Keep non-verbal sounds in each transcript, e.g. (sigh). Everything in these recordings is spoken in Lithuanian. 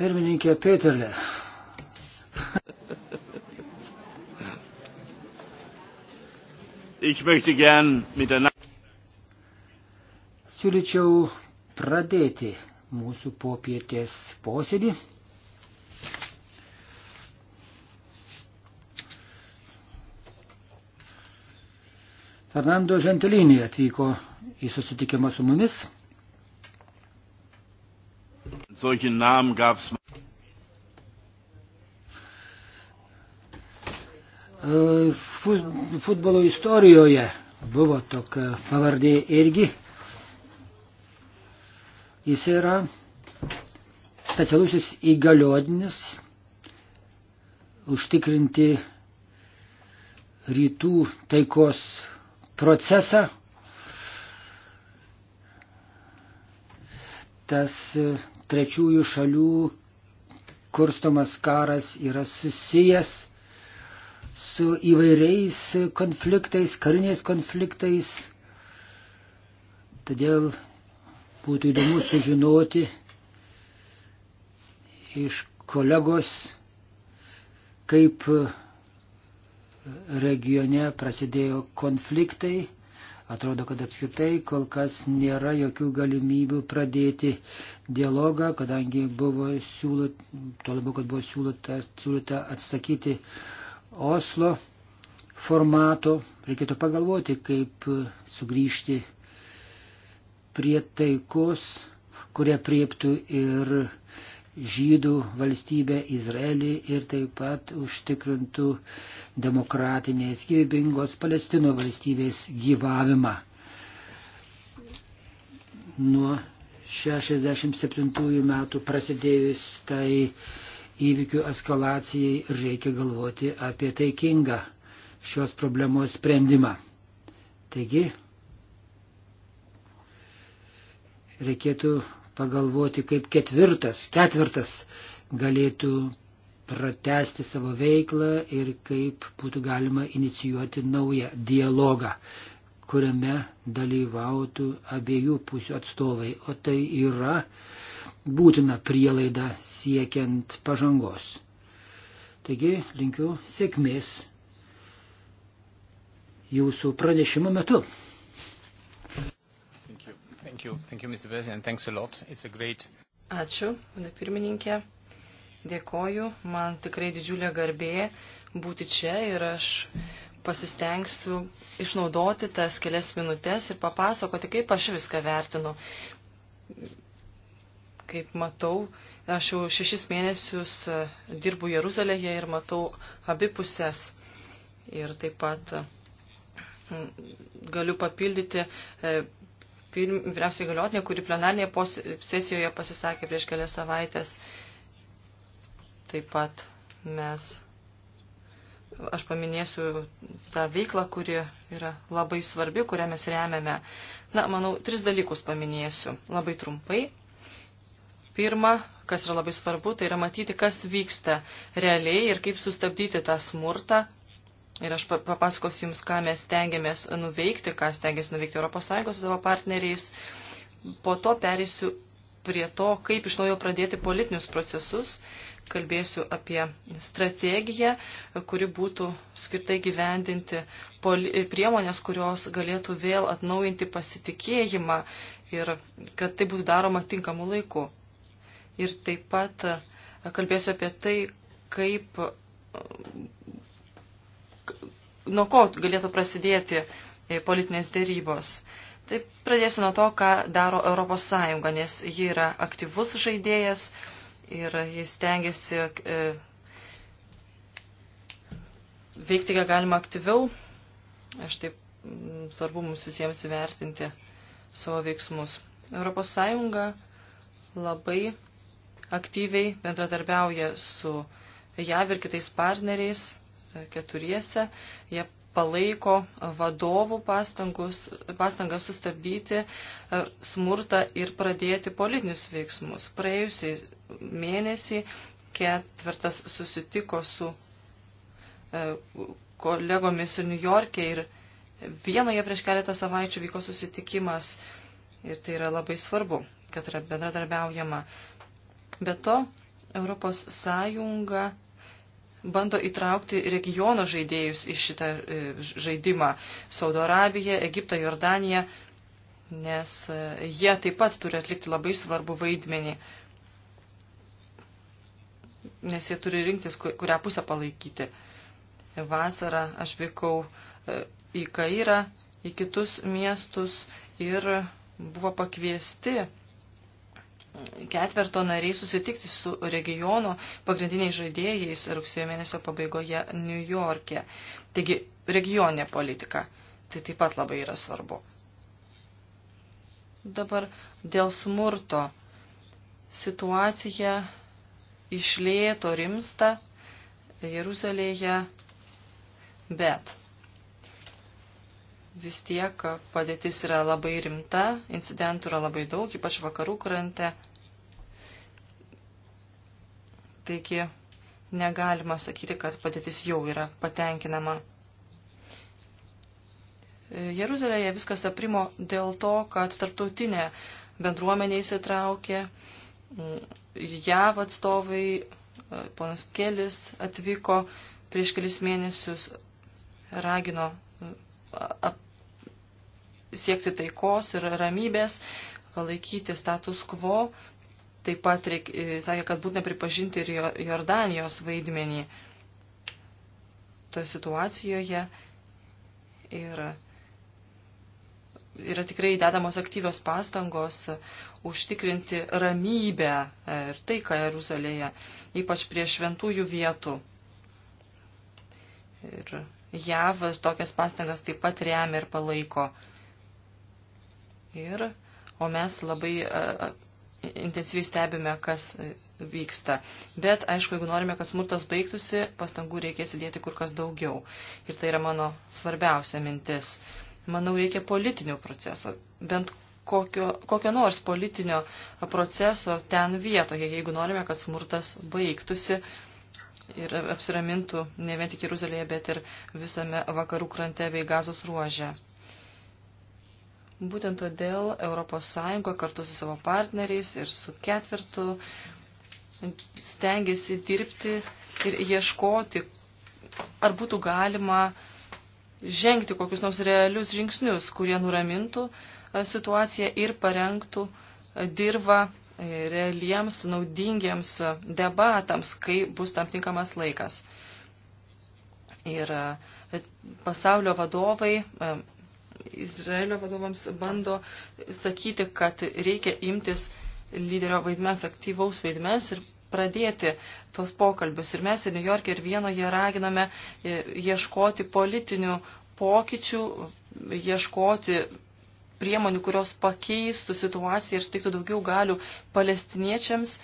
Pirmininkė Peterle. Ich möchte gern miteinander. Siūlyčiau pradėti mūsų popietės posėdį. Fernando Žentilinį atvyko į susitikimą su mumis solche Namen gab es. Futbolo istorijoje buvo tokia pavardė irgi. Jis yra specialusis įgaliotinis užtikrinti rytų taikos procesą. Tas trečiųjų šalių kurstomas karas yra susijęs su įvairiais konfliktais, kariniais konfliktais. Todėl būtų įdomu sužinoti iš kolegos, kaip regione prasidėjo konfliktai Atrodo, kad apskritai kol kas nėra jokių galimybių pradėti dialogą, kadangi buvo siūlyta, tuo labiau, kad buvo siūlyta, siūlyta atsakyti Oslo formato. Reikėtų pagalvoti, kaip sugrįžti prie taikos, kurie prieptų ir žydų valstybę Izraelį ir taip pat užtikrintų demokratinės gyvybingos Palestino valstybės gyvavimą. Nuo 67 metų prasidėjus tai įvykių eskalacijai reikia galvoti apie taikingą šios problemos sprendimą. Taigi, reikėtų pagalvoti, kaip ketvirtas, ketvirtas galėtų pratesti savo veiklą ir kaip būtų galima inicijuoti naują dialogą, kuriame dalyvautų abiejų pusių atstovai. O tai yra būtina prielaida siekiant pažangos. Taigi linkiu sėkmės jūsų pranešimo metu. Thank you. Thank you. Thank you, Mr. President. Thanks a lot. It's a great... Ačiū, mano pirmininkė. Dėkoju. Man tikrai didžiulė garbė būti čia ir aš pasistengsiu išnaudoti tas kelias minutės ir papasakoti, kaip aš viską vertinu. Kaip matau, aš jau šešis mėnesius e, dirbu Jeruzalėje ir matau abipusės. Ir taip pat galiu papildyti e, vyriausiai galiotinė, kuri plenarnėje sesijoje pasisakė prieš kelias savaitės. Taip pat mes, aš paminėsiu tą veiklą, kuri yra labai svarbi, kurią mes remiame. Na, manau, tris dalykus paminėsiu labai trumpai. Pirma, kas yra labai svarbu, tai yra matyti, kas vyksta realiai ir kaip sustabdyti tą smurtą, Ir aš papasakosiu Jums, ką mes stengiamės nuveikti, ką stengiasi nuveikti ES su savo partneriais. Po to perėsiu prie to, kaip iš naujo pradėti politinius procesus. Kalbėsiu apie strategiją, kuri būtų skirta gyvendinti priemonės, kurios galėtų vėl atnaujinti pasitikėjimą ir kad tai būtų daroma tinkamu laiku. Ir taip pat kalbėsiu apie tai, kaip nuo ko galėtų prasidėti e, politinės dėrybos. Tai pradėsiu nuo to, ką daro Europos Sąjunga, nes ji yra aktyvus žaidėjas ir jis tengiasi e, veikti, ką galima aktyviau. Aš taip svarbu mums visiems įvertinti savo veiksmus. Europos Sąjunga labai aktyviai bendradarbiauja su JAV ir kitais partneriais keturiese. Jie palaiko vadovų pastangus, pastangas sustabdyti e, smurtą ir pradėti politinius veiksmus. Praėjusiai mėnesį ketvirtas susitiko su e, kolegomis ir New York'e ir vienoje prieš keletą savaičių vyko susitikimas ir tai yra labai svarbu, kad yra bendradarbiaujama. Be to, Europos Sąjunga bando įtraukti regiono žaidėjus į šitą e, žaidimą - Saudo Arabiją, Egiptą, Jordaniją, nes e, jie taip pat turi atlikti labai svarbu vaidmenį, nes jie turi rinktis, kurią pusę palaikyti. Vasarą aš vykau e, į Kairą, į kitus miestus ir buvo pakviesti ketverto nariai susitikti su regiono pagrindiniais žaidėjais rugsėjo mėnesio pabaigoje New York'e. Taigi regioninė politika. Tai taip pat labai yra svarbu. Dabar dėl smurto. Situacija išlėto rimsta Jeruzalėje, bet vis tiek padėtis yra labai rimta, incidentų yra labai daug, ypač vakarų krante. Taigi negalima sakyti, kad padėtis jau yra patenkinama. Jeruzalėje viskas aprimo dėl to, kad tarptautinė bendruomenė įsitraukė, JAV atstovai, ponas Kelis atvyko prieš kelis mėnesius, ragino siekti taikos ir ramybės, palaikyti status quo. Taip pat reik, e, sakė, kad būtina pripažinti ir Jordanijos vaidmenį toje situacijoje. Ir yra tikrai dedamos aktyvios pastangos užtikrinti ramybę e, ir taiką Jeruzalėje, ypač prie šventųjų vietų. Ir JAV tokias pastangas taip pat remia ir palaiko. Ir, o mes labai a, a, intensyviai stebime, kas e, vyksta. Bet, aišku, jeigu norime, kad smurtas baigtųsi, pastangų reikės įdėti kur kas daugiau. Ir tai yra mano svarbiausia mintis. Manau, reikia politinio proceso, bent kokio, kokio nors politinio proceso ten vietoje, jeigu norime, kad smurtas baigtųsi ir apsiramintų ne vien tik Jeruzalėje, bet ir visame vakarų krante bei gazos ruože. Būtent todėl ES kartu su savo partneriais ir su ketvirtu stengiasi dirbti ir ieškoti, ar būtų galima žengti kokius nors realius žingsnius, kurie nuramintų situaciją ir parengtų dirbą realiems naudingiems debatams, kai bus tam tinkamas laikas. Ir e, pasaulio vadovai, e, Izraelio vadovams bando sakyti, kad reikia imtis lyderio vaidmens, aktyvaus vaidmens ir pradėti tuos pokalbius. Ir mes ir New York ir Vienoje raginame e, ieškoti politinių pokyčių, ieškoti priemonių, kurios pakeistų situaciją ir suteiktų daugiau galių palestiniečiams,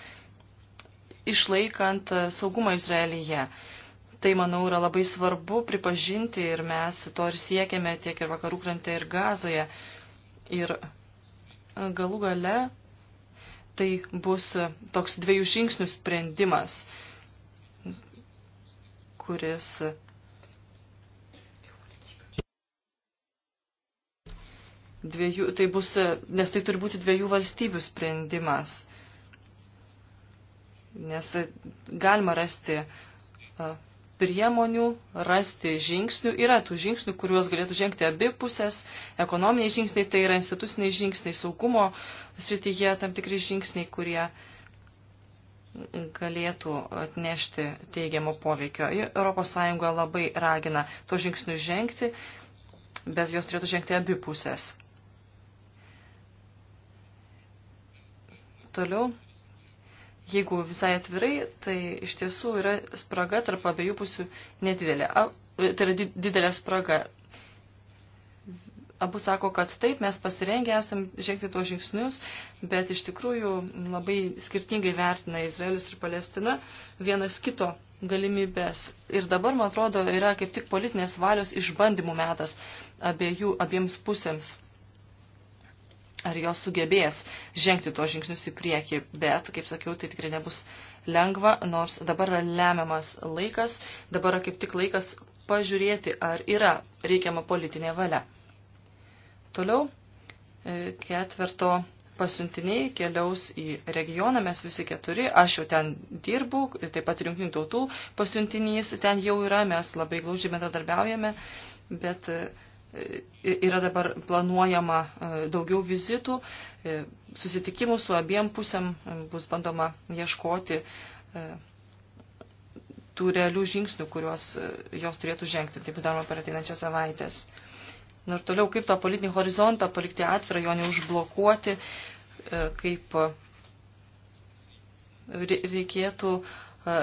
išlaikant e, saugumą Izraelyje. Tai, manau, yra labai svarbu pripažinti ir mes to ir siekiame tiek ir vakarų krante, ir gazoje. Ir e, galų gale tai bus e, toks dviejų žingsnių sprendimas, kuris dviejų, tai bus, e, nes tai turi būti dviejų valstybių sprendimas. Nes e, galima rasti e, priemonių, rasti žingsnių. Yra tų žingsnių, kuriuos galėtų žengti abi pusės. Ekonominiai žingsniai tai yra instituciniai žingsniai, saugumo srityje tam tikri žingsniai, kurie galėtų atnešti teigiamo poveikio. ES labai ragina to žingsnių žengti, bet jos turėtų žengti abi pusės. Toliau, jeigu visai atvirai, tai iš tiesų yra spraga tarp abiejų pusių nedidelė. A, tai yra didelė spraga. Abu sako, kad taip, mes pasirengę esam žengti tuos žingsnius, bet iš tikrųjų labai skirtingai vertina Izraelis ir Palestina vienas kito galimybės. Ir dabar, man atrodo, yra kaip tik politinės valios išbandymų metas abiejų, abiems pusėms ar jos sugebės žengti tuos žingsnius į priekį, bet, kaip sakiau, tai tikrai nebus lengva, nors dabar yra lemiamas laikas, dabar yra kaip tik laikas pažiūrėti, ar yra reikiama politinė valia. Toliau e, ketverto pasiuntiniai keliaus į regioną, mes visi keturi, aš jau ten dirbu, taip pat rinktinių tautų pasiuntinys ten jau yra, mes labai glaužiai bendradarbiaujame, bet uh, yra dabar planuojama e, daugiau vizitų, e, susitikimų su abiem pusėm e, bus bandoma ieškoti tų realių žingsnių, kuriuos jos turėtų žengti. Tai bus daroma per ateinančią savaitės. Na ir toliau, kaip tą politinį horizontą palikti atvirą, jo neužblokuoti, kaip reikėtų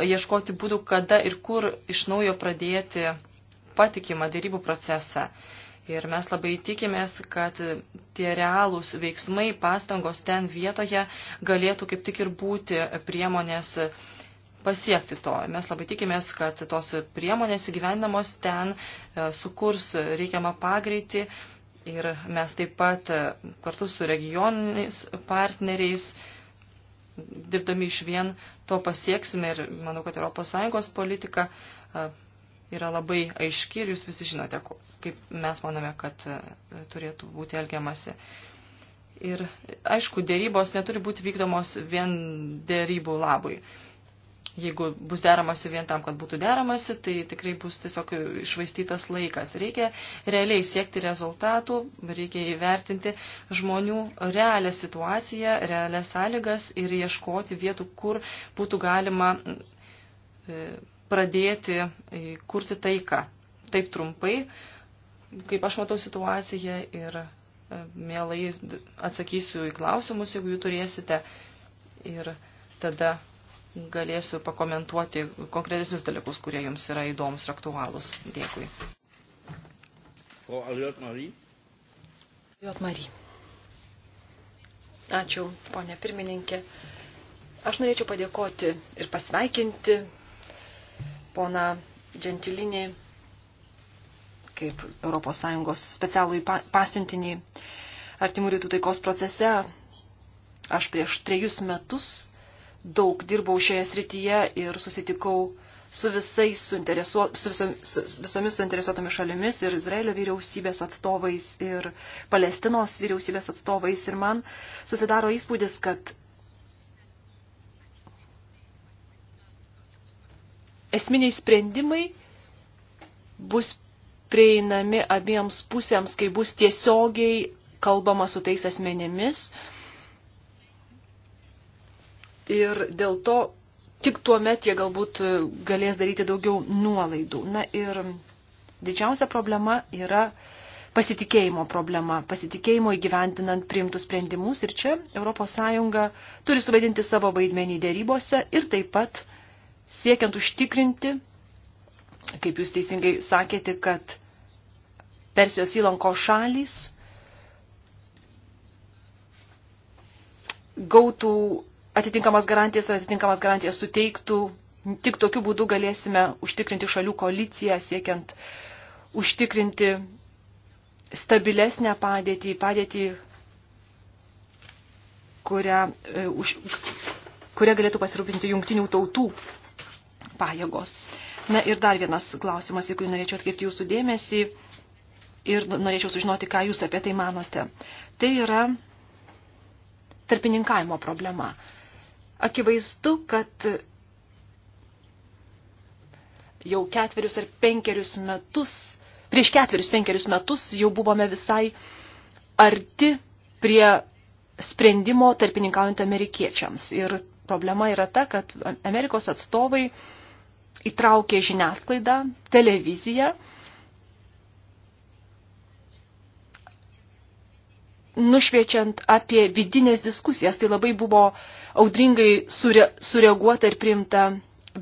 ieškoti būdų, kada ir kur iš naujo pradėti patikimą dėrybų procesą. Ir mes labai tikimės, kad tie realūs veiksmai, pastangos ten vietoje galėtų kaip tik ir būti priemonės pasiekti to. Mes labai tikimės, kad tos priemonės įgyvendamos ten e, sukurs reikiamą pagreitį ir mes taip pat e, kartu su regioniniais partneriais dirbdami iš vien to pasieksime ir manau, kad ES politika e, yra labai aiški ir jūs visi žinote, kaip mes manome, kad e, turėtų būti elgiamasi. Ir aišku, dėrybos neturi būti vykdomos vien dėrybų labui. Jeigu bus deramasi vien tam, kad būtų deramasi, tai tikrai bus tiesiog išvaistytas laikas. Reikia realiai siekti rezultatų, reikia įvertinti žmonių realią situaciją, realias sąlygas ir ieškoti vietų, kur būtų galima e, pradėti e, kurti taiką. Taip trumpai, kaip aš matau situaciją ir e, mielai atsakysiu į klausimus, jeigu jų turėsite. Ir tada galėsiu pakomentuoti konkretesnius dalykus, kurie jums yra įdomus ir aktualūs. Dėkui. O Aliot Marie? Aliot Marie. Ačiū, ponė pirmininkė. Aš norėčiau padėkoti ir pasveikinti pona Gentilinį kaip ES specialų pasiuntinį artimų rytų taikos procese. Aš prieš trejus metus daug dirbau šioje srityje ir susitikau su, visais, su, viso, su visomis suinteresuotomis šalimis ir Izraelio vyriausybės atstovais ir Palestinos vyriausybės atstovais. Ir man susidaro įspūdis, kad esminiai sprendimai bus prieinami abiems pusėms, kai bus tiesiogiai kalbama su tais asmenėmis. Ir dėl to tik tuo met jie galbūt galės daryti daugiau nuolaidų. Na ir didžiausia problema yra pasitikėjimo problema, pasitikėjimo įgyventinant priimtus sprendimus ir čia ES turi suvaidinti savo vaidmenį dėrybose ir taip pat siekiant užtikrinti, kaip jūs teisingai sakėte, kad Persijos įlanko šalys gautų atitinkamas garantijas ir atitinkamas garantijas suteiktų. Tik tokiu būdu galėsime užtikrinti šalių koaliciją, siekiant užtikrinti stabilesnę padėtį, padėtį, kurią, e, už, kurią galėtų pasirūpinti jungtinių tautų pajėgos. Na ir dar vienas klausimas, į kurį norėčiau atkreipti jūsų dėmesį ir norėčiau sužinoti, ką jūs apie tai manote. Tai yra tarpininkavimo problema. Akivaizdu, kad jau ketverius ar penkerius metus, prieš ketverius penkerius metus jau buvome visai arti prie sprendimo tarpininkaujant amerikiečiams. Ir problema yra ta, kad Amerikos atstovai įtraukė žiniasklaidą, televiziją. Nušviečiant apie vidinės diskusijas, tai labai buvo audringai sure, sureaguota ir priimta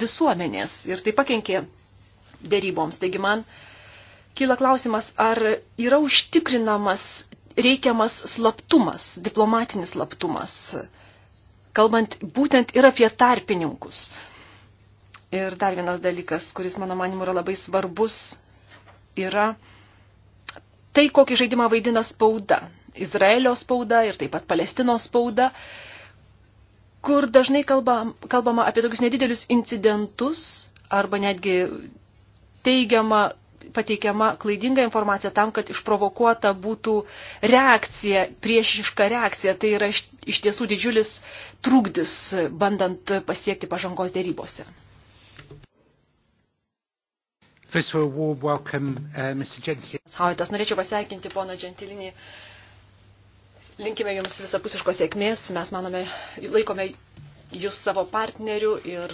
visuomenės ir tai pakenkė dėryboms. Taigi man kyla klausimas, ar yra užtikrinamas reikiamas slaptumas, diplomatinis slaptumas, kalbant būtent ir apie tarpininkus. Ir dar vienas dalykas, kuris mano manimu yra labai svarbus, yra tai, kokį žaidimą vaidina spauda. Izraelio spauda ir taip pat Palestinos spauda, kur dažnai kalbam, kalbama apie tokius nedidelius incidentus arba netgi teigiama, pateikiama klaidinga informacija tam, kad išprovokuota būtų reakcija, priešiška reakcija. Tai yra iš, iš tiesų didžiulis trūkdis, bandant pasiekti pažangos dėrybose. Hauitas, uh, norėčiau pasveikinti pono Džentilinį. Linkime Jums visapusiškos sėkmės. Mes manome, laikome Jūs savo partnerių ir,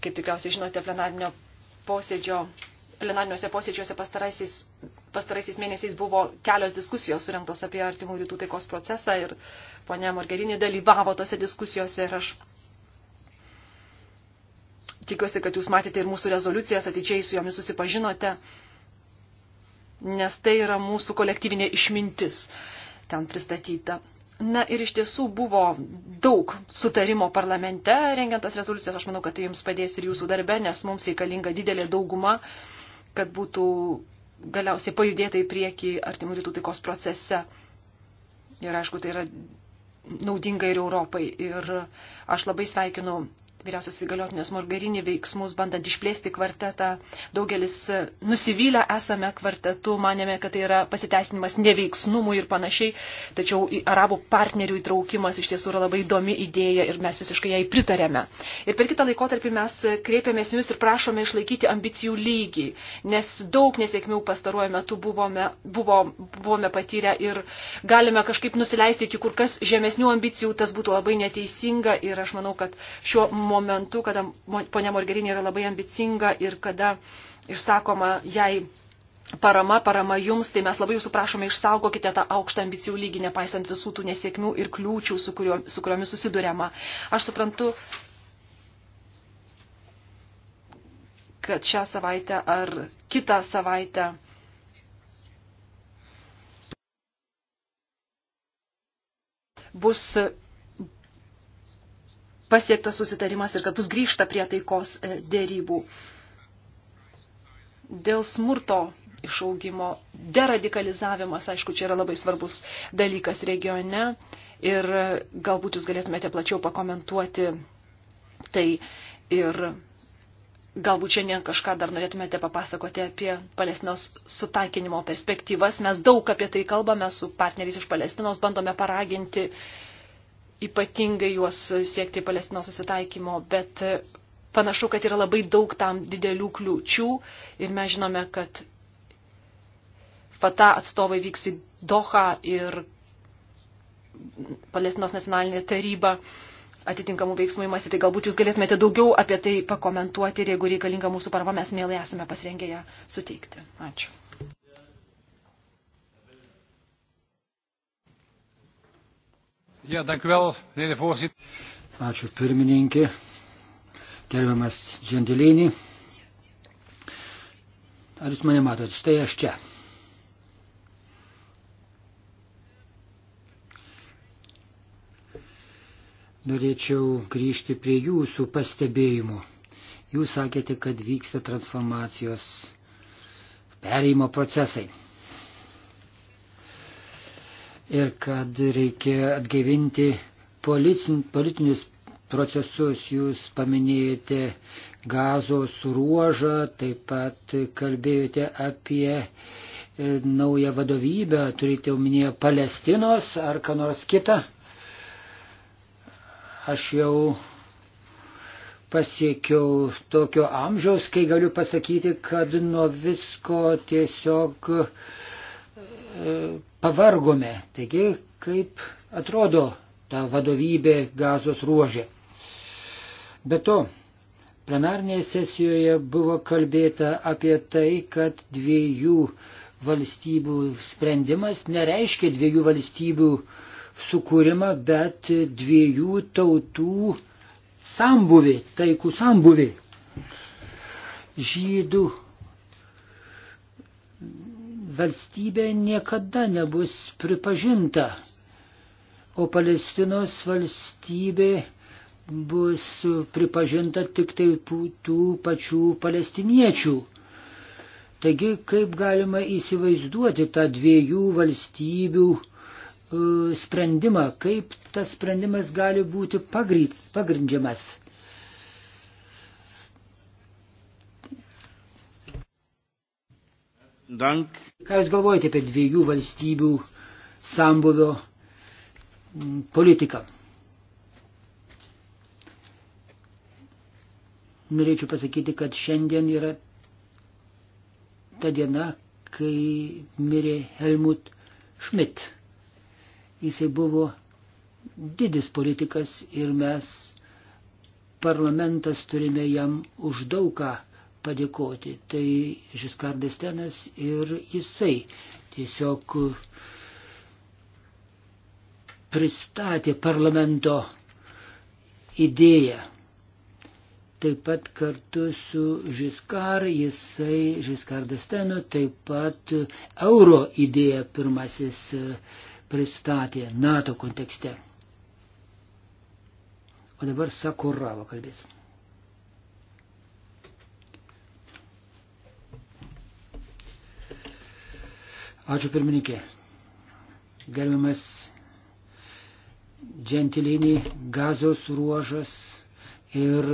kaip tikriausiai žinote, plenarinio posėdžio plenariniuose posėdžiuose pastaraisiais, pastaraisiais mėnesiais buvo kelios diskusijos surinktos apie artimų rytų taikos procesą ir ponia Morgerinė dalyvavo tose diskusijose ir aš tikiuosi, kad jūs matėte ir mūsų rezoliucijas, atidžiai su jomis susipažinote, nes tai yra mūsų kolektyvinė išmintis ten pristatyta. Na ir iš tiesų buvo daug sutarimo parlamente rengiantas rezoliucijas. Aš manau, kad tai jums padės ir jūsų darbe, nes mums reikalinga didelė dauguma, kad būtų galiausiai pajudėta į priekį artimų rytų taikos procese. Ir aišku, tai yra naudinga ir Europai. Ir aš labai sveikinu vyriausios įgaliotinės Morgarinį veiksmus, bandant išplėsti kvartetą. Daugelis nusivylę esame kvartetu, manėme, kad tai yra pasiteisinimas neveiksnumui ir panašiai, tačiau arabų partnerių įtraukimas iš tiesų yra labai įdomi idėja ir mes visiškai jai pritarėme. Ir per kitą laikotarpį mes kreipėmės jūs ir prašome išlaikyti ambicijų lygį, nes daug nesėkmių pastaruoju metu buvome, buvo, buvome patyrę ir galime kažkaip nusileisti iki kur kas žemesnių ambicijų, tas būtų labai neteisinga ir aš manau, kad šiuo momentu, kada ponia Morgerinė yra labai ambicinga ir kada išsakoma jai parama, parama jums, tai mes labai jūsų prašome išsaugokite tą aukštą ambicijų lygį, nepaisant visų tų nesėkmių ir kliūčių, su, kurio, su kuriomis susidurėma. Aš suprantu, kad šią savaitę ar kitą savaitę bus pasiektas susitarimas ir kad bus grįžta prie taikos e, dėrybų. Dėl smurto išaugimo deradikalizavimas, aišku, čia yra labai svarbus dalykas regione ir e, galbūt jūs galėtumėte plačiau pakomentuoti tai ir Galbūt šiandien kažką dar norėtumėte papasakoti apie Palestinos sutaikinimo perspektyvas. Mes daug apie tai kalbame su partneriais iš Palestinos, bandome paraginti ypatingai juos siekti Palestino susitaikymo, bet e, panašu, kad yra labai daug tam didelių kliūčių ir mes žinome, kad Fata atstovai vyks į Doha ir Palestinos nacionalinė taryba atitinkamų veiksmų įmasi, tai galbūt jūs galėtumėte daugiau apie tai pakomentuoti ir jeigu reikalinga mūsų parama, mes mielai esame pasirengę ją suteikti. Ačiū. Ja, dank u wel, meneer de voorzitter. Ačiū pirmininkė, gerbiamas Džendelinį. Ar jūs mane matote? Štai aš čia. Norėčiau grįžti prie jūsų pastebėjimų. Jūs sakėte, kad vyksta transformacijos perėjimo procesai ir kad reikia atgaivinti politinius procesus. Jūs paminėjote gazos ruožą, taip pat kalbėjote apie e, naują vadovybę, turite omenyje Palestinos ar ką nors kitą. Aš jau pasiekiau tokio amžiaus, kai galiu pasakyti, kad nuo visko tiesiog uh, pavargome. Taigi, kaip atrodo ta vadovybė gazos ruožė. Be to, plenarnėje sesijoje buvo kalbėta apie tai, kad dviejų valstybių sprendimas nereiškia dviejų valstybių sukūrimą, bet dviejų tautų sambuvi, taikų sambuvi. Žydų valstybė niekada nebus pripažinta, o Palestinos valstybė bus pripažinta tik tai tų pačių palestiniečių. Taigi, kaip galima įsivaizduoti tą dviejų valstybių uh, sprendimą, kaip tas sprendimas gali būti pagrindžiamas. Dank. Ką Jūs galvojate apie dviejų valstybių sambuvio politiką? Norėčiau pasakyti, kad šiandien yra ta diena, kai mirė Helmut Schmidt. Jisai buvo didis politikas ir mes parlamentas turime jam už daugą padėkoti. Tai Žiskardas Tenas ir jisai tiesiog pristatė parlamento idėją. Taip pat kartu su Žiskar, jisai, Žiskardas Tenu, taip pat euro idėją pirmasis pristatė NATO kontekste. O dabar Sakurava kalbėsim. Ačiū pirmininkė. Gerbiamas džentilinį gazos ruožas ir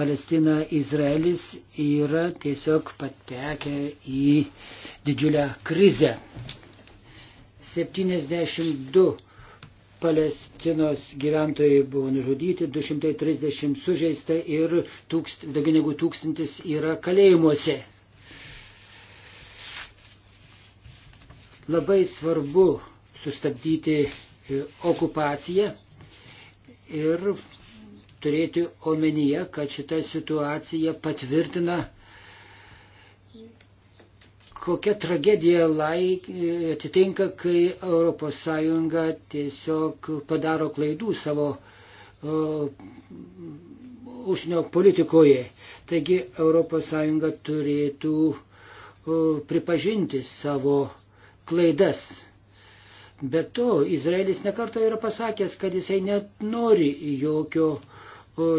Palestina, Izraelis yra tiesiog patekę į didžiulę krizę. 72 Palestinos gyventojai buvo nužudyti, 230 sužeista ir tūkst, daugiau negu tūkstantis yra kalėjimuose. Labai svarbu sustabdyti e, okupaciją ir turėti omenyje, kad šita situacija patvirtina, kokia tragedija laik, e, atsitinka, kai ES tiesiog padaro klaidų savo o, užsienio politikoje. Taigi ES turėtų o, pripažinti savo klaidas. Be to, Izraelis nekarta yra pasakęs, kad jisai net nori jokio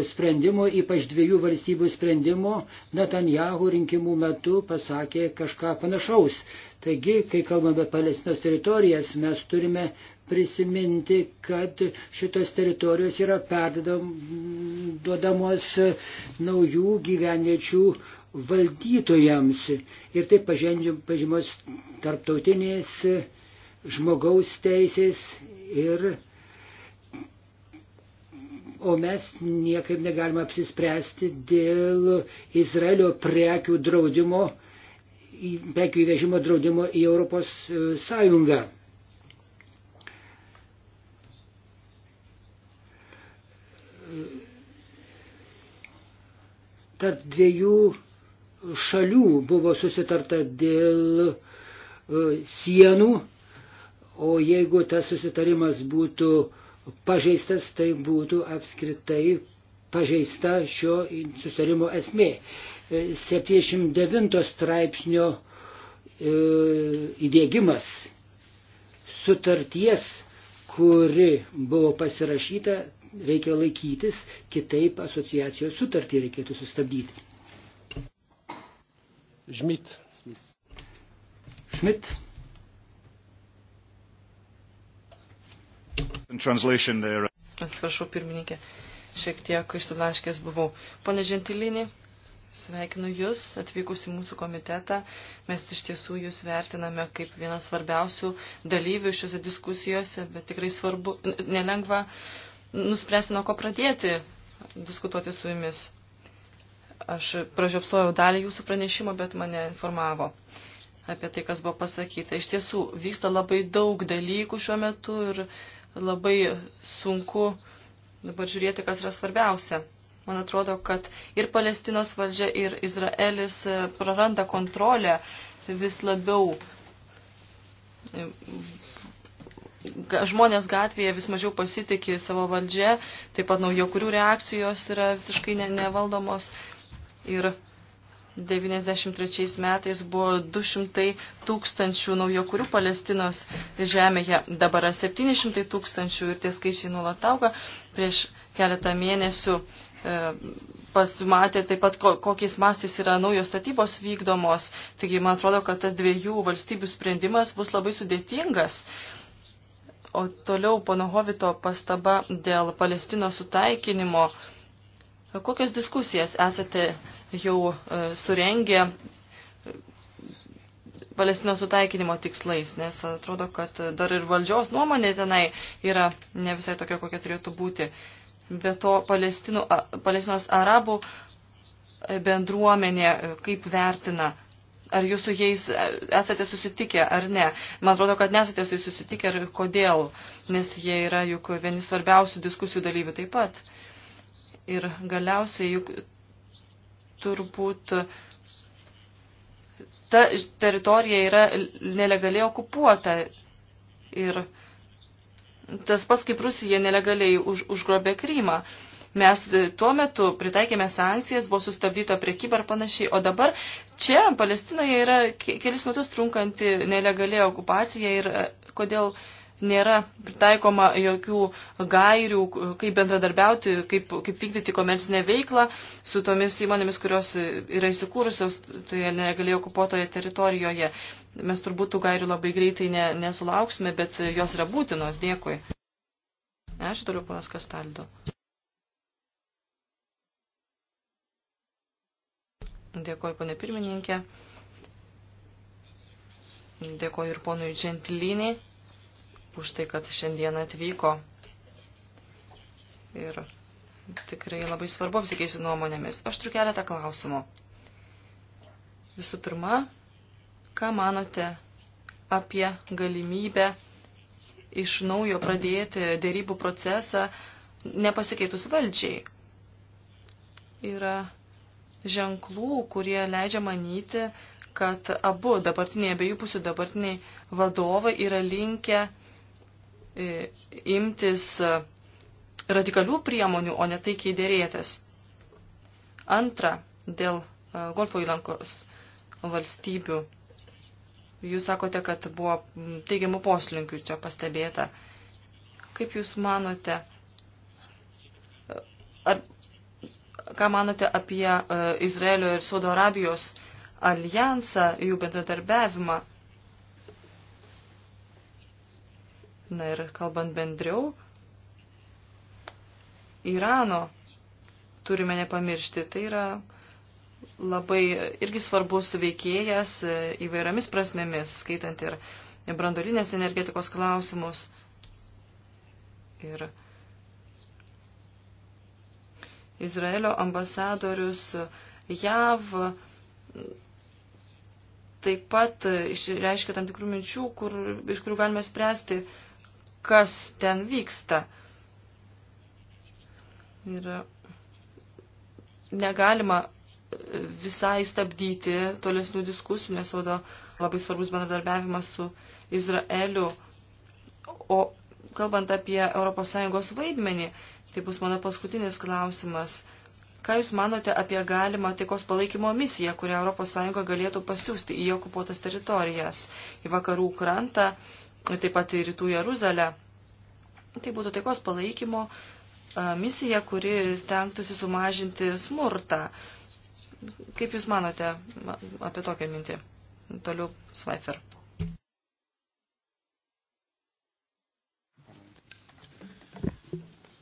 sprendimo, ypač dviejų valstybių sprendimo. Netanjahu rinkimų metu pasakė kažką panašaus. Taigi, kai kalbame apie Palestinos teritorijas, mes turime prisiminti, kad šitos teritorijos yra perdodamos naujų gyvenviečių valdytojams ir taip pažymos tarptautinės žmogaus teisės ir o mes niekaip negalime apsispręsti dėl Izraelio prekių draudimo, prekių įvežimo draudimo į Europos e, Sąjungą. Tarp dviejų šalių buvo susitarta dėl e, sienų, o jeigu tas susitarimas būtų pažeistas, tai būtų apskritai pažeista šio susitarimo esmė. 79 e, straipsnio e, įdėgymas sutarties, kuri buvo pasirašyta, reikia laikytis, kitaip asociacijos sutartį reikėtų sustabdyti. Žmit. Schmidt. Uh, Atsiprašau, pirmininkė, šiek tiek išsilaškęs buvau. Pone Žentilinį, sveikinu Jūs atvykus į mūsų komitetą. Mes iš tiesų Jūs vertiname kaip vieną svarbiausių dalyvių šiuose diskusijose, bet tikrai svarbu, nelengva nuspręsti, nuo ko pradėti diskutuoti su Jumis. Aš pražiopsojau dalį jūsų pranešimo, bet mane informavo apie tai, kas buvo pasakyta. Iš tiesų, vyksta labai daug dalykų šiuo metu ir labai sunku dabar žiūrėti, kas yra svarbiausia. Man atrodo, kad ir Palestinos valdžia, ir Izraelis e, praranda kontrolę vis labiau. Žmonės gatvėje vis mažiau pasitikė savo valdžia, taip pat naujo kurių reakcijos yra visiškai nevaldomos. Ne ir 93 metais buvo 200 tūkstančių naujokurių Palestinos žemėje, dabar 700 tūkstančių ir tie skaičiai nuolat auga. Prieš keletą mėnesių e, pasimatė taip pat, ko, kokiais mastais yra naujos statybos vykdomos. Taigi, man atrodo, kad tas dviejų valstybių sprendimas bus labai sudėtingas. O toliau pono Hovito pastaba dėl Palestino sutaikinimo. Kokias diskusijas esate jau e, surengė e, Palestinos sutaikinimo tikslais, nes atrodo, kad dar ir valdžios nuomonė tenai yra ne visai tokia, kokia turėtų būti. Be to, Palestino, Palestinos arabų e, bendruomenė kaip vertina, ar jūs su jais esate susitikę ar ne. Man atrodo, kad nesate su jais susitikę ir kodėl, nes jie yra juk vieni svarbiausių diskusijų dalyvių taip pat. Ir galiausiai juk turbūt ta teritorija yra nelegaliai okupuota ir tas pats kaip Rusija nelegaliai už, užgrobė Krymą. Mes tuo metu pritaikėme sankcijas, buvo sustabdyta priekyba ir panašiai, o dabar čia, Palestinoje, yra kelis metus trunkanti nelegaliai okupacija ir e, kodėl uh, nėra pritaikoma jokių gairių, kaip bendradarbiauti, kaip, kaip vykdyti komercinę veiklą su tomis įmonėmis, kurios yra įsikūrusios toje negalėjo okupuotoje teritorijoje. Mes turbūt tų gairių labai greitai ne, nesulauksime, bet jos yra būtinos. Dėkui. Aš turiu panas Kastaldo. Dėkoju, ponė pirmininkė. Dėkoju ir ponui Džentilinį už tai, kad šiandien atvyko. Ir tikrai labai svarbu apsikeisiu nuomonėmis. Aš turiu keletą klausimų. Visų pirma, ką manote apie galimybę iš naujo pradėti dėrybų procesą nepasikeitus valdžiai? Yra ženklų, kurie leidžia manyti, kad abu dabartiniai, abiejų pusių dabartiniai vadovai yra linkę E, imtis e, radikalių priemonių, o ne taikiai dėrėtis. Antra, dėl e, Golfo įlankos valstybių. Jūs sakote, kad buvo teigiamų poslinkių čia pastebėta. Kaip Jūs manote, ar, ką manote apie Izraelio ir Saudo Arabijos alijansą, jų bendradarbiavimą Na ir kalbant bendriau, Irano turime nepamiršti. Tai yra labai irgi svarbus veikėjas įvairiamis prasmėmis, skaitant ir brandolinės energetikos klausimus. Ir Izraelio ambasadorius JAV taip pat išreiškia tam tikrų minčių, kur, iš kurių galime spręsti, uh, kas ten vyksta. Ir negalima visai stabdyti tolesnių diskusijų, nes rodo labai svarbus bendradarbiavimas su Izraeliu. O kalbant apie ES vaidmenį, tai bus mano paskutinis klausimas. Ką Jūs manote apie galimą taikos palaikymo misiją, kurią ES galėtų pasiūsti į okupuotas teritorijas, į vakarų krantą, taip pat ir rytų Jeruzalę. Tai būtų taikos palaikymo e, misija, kuri stengtųsi sumažinti smurtą. Kaip Jūs manote apie tokią mintį? Toliau Svaifer.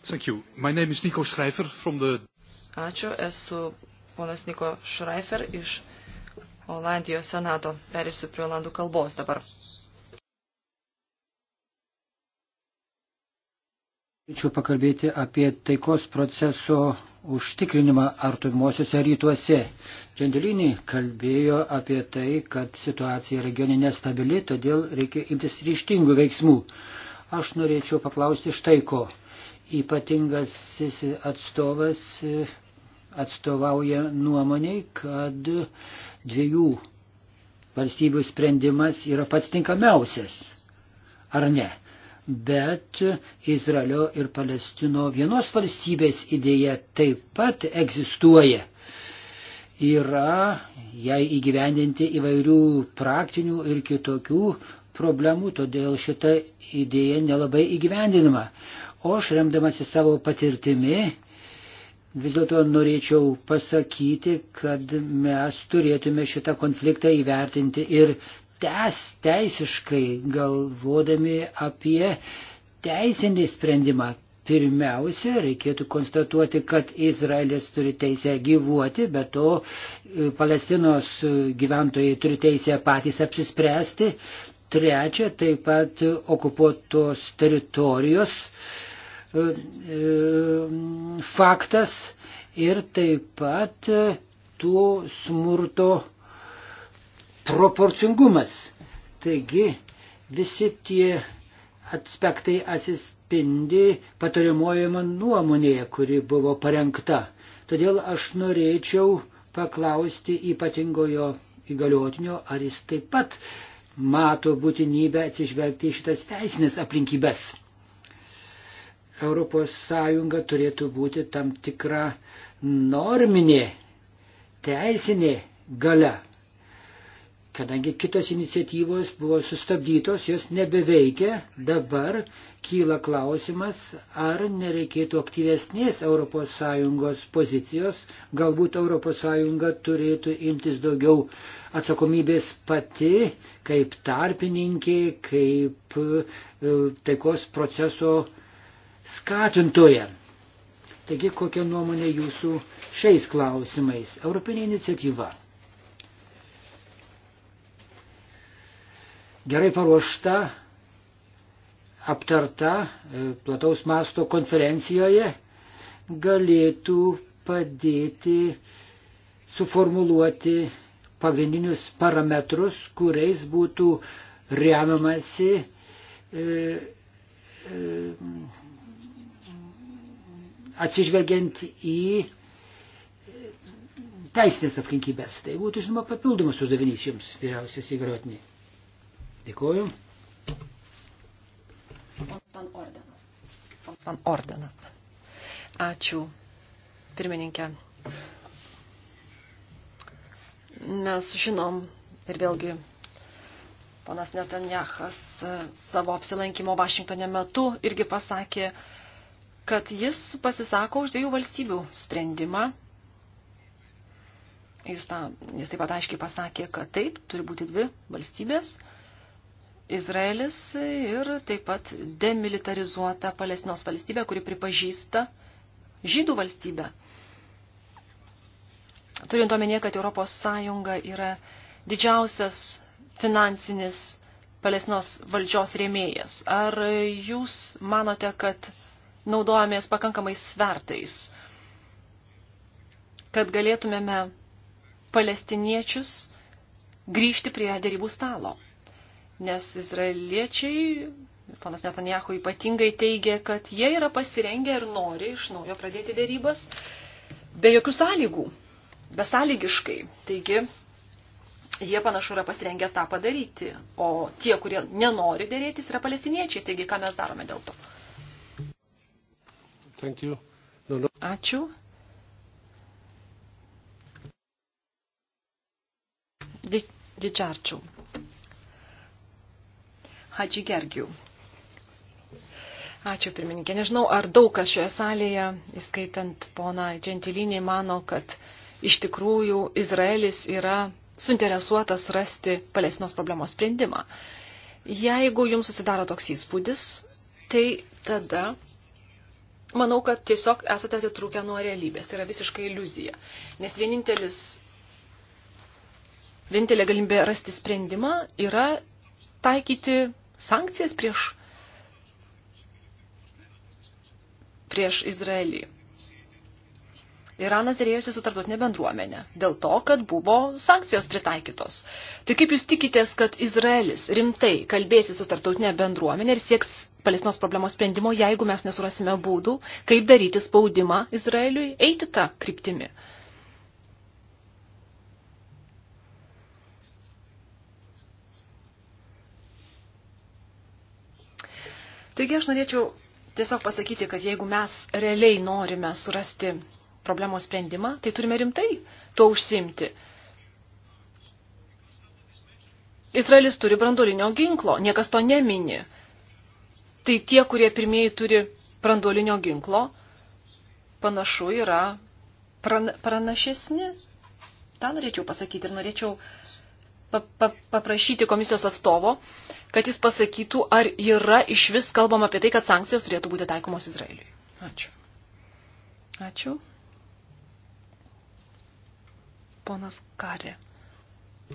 Thank you. My name is Nico Schreifer from the... Ačiū, esu ponas Niko Schreifer iš Olandijos senato. Perėsiu prie Olandų kalbos dabar. Norėčiau pakalbėti apie taikos proceso užtikrinimą artimuosiuose rytuose. Džendelinį kalbėjo apie tai, kad situacija regione nestabili, todėl reikia imtis ryštingų veiksmų. Aš norėčiau paklausti štai ko. Ypatingas atstovas e, atstovauja nuomoniai, kad dviejų valstybių sprendimas yra pats tinkamiausias. Ar ne? bet Izraelio ir Palestino vienos valstybės idėja taip pat egzistuoja. Yra jai įgyvendinti įvairių praktinių ir kitokių problemų, todėl šita idėja nelabai įgyvendinama. O aš remdamasi savo patirtimi vis dėlto norėčiau pasakyti, kad mes turėtume šitą konfliktą įvertinti ir tęs teisiškai galvodami apie teisinį sprendimą. Pirmiausia, reikėtų konstatuoti, kad Izraelis turi teisę gyvuoti, bet to e, Palestinos e, gyventojai turi teisę patys apsispręsti. Trečia, taip pat okupuotos teritorijos e, faktas ir taip pat tų smurto proporcingumas. Taigi visi tie aspektai atsispindi patariamojama nuomonėje, kuri buvo parengta. Todėl aš norėčiau paklausti ypatingojo įgaliotinio, ar jis taip pat mato būtinybę atsižvelgti į šitas teisinės aplinkybės. Europos Sąjunga turėtų būti tam tikra norminė, teisinė gale kadangi kitos iniciatyvos buvo sustabdytos, jos nebeveikia, dabar kyla klausimas, ar nereikėtų aktyvesnės ES pozicijos, galbūt ES turėtų imtis daugiau atsakomybės pati, kaip tarpininkė, kaip e, taikos proceso skatintoja. Taigi, kokia nuomonė jūsų šiais klausimais? Europinė iniciatyva gerai paruošta, aptarta e, plataus masto konferencijoje galėtų padėti suformuluoti pagrindinius parametrus, kuriais būtų remiamasi e, e, atsižvelgiant į teisinės aplinkybės. Tai būtų, žinoma, papildomas uždavinys jums, vyriausias įgaliotinė. Dėkuoju. Van Ordenas. Van Ordenas. Ačiū, pirmininkė. Mes žinom ir vėlgi ponas Netanjahas e, savo apsilankimo Vašingtonė metu irgi pasakė, kad jis pasisako už dviejų valstybių sprendimą. Jis, ta, jis taip pat aiškiai pasakė, kad taip, turi būti dvi valstybės. Izraelis ir taip pat demilitarizuota Palestinos valstybė, kuri pripažįsta žydų valstybę. Turint omenyje, kad Europos Sąjunga yra didžiausias finansinis Palestinos valdžios rėmėjas. Ar jūs manote, kad naudojamės pakankamai svertais, kad galėtumėme palestiniečius grįžti prie dėrybų stalo? nes izraeliečiai, panas Netanjahu ypatingai teigia, kad jie yra pasirengę ir nori iš naujo pradėti dėrybas be jokių sąlygų, besąlygiškai. Taigi, jie panašu yra pasirengę tą padaryti, o tie, kurie nenori dėrėtis, yra palestiniečiai, taigi ką mes darome dėl to. No, no. Ačiū. Di, didžiarčiau. Hadži Gergių. Ačiū, pirmininkė. Nežinau, ar daug kas šioje salėje, įskaitant poną Gentilinį, mano, kad iš tikrųjų Izraelis yra suinteresuotas rasti Palestinos problemos sprendimą. Jeigu jums susidaro toks įspūdis, tai tada manau, kad tiesiog esate atitrūkę nuo realybės. Tai yra visiškai iliuzija. Nes vienintelis, vienintelė galimybė rasti sprendimą yra taikyti sankcijas prieš, prieš Izraelį. Iranas dėrėjosi su tarptautinė bendruomenė dėl to, kad buvo sankcijos pritaikytos. Tai kaip jūs tikitės, kad Izraelis rimtai kalbėsi su tarptautinė bendruomenė ir sieks Palestinos problemos sprendimo, jeigu mes nesurasime būdų, kaip daryti spaudimą Izraeliui eiti tą kryptimį? Taigi aš norėčiau tiesiog pasakyti, kad jeigu mes realiai norime surasti problemos sprendimą, tai turime rimtai tuo užsimti. Izraelis turi branduolinio ginklo, niekas to nemini. Tai tie, kurie pirmieji turi branduolinio ginklo, panašu yra pranašesni. Ta norėčiau pasakyti ir norėčiau paprašyti komisijos atstovo, kad jis pasakytų, ar yra iš vis kalbama apie tai, kad sankcijos turėtų būti taikomos Izraeliui. Ačiū. Ačiū. Ponas Karė.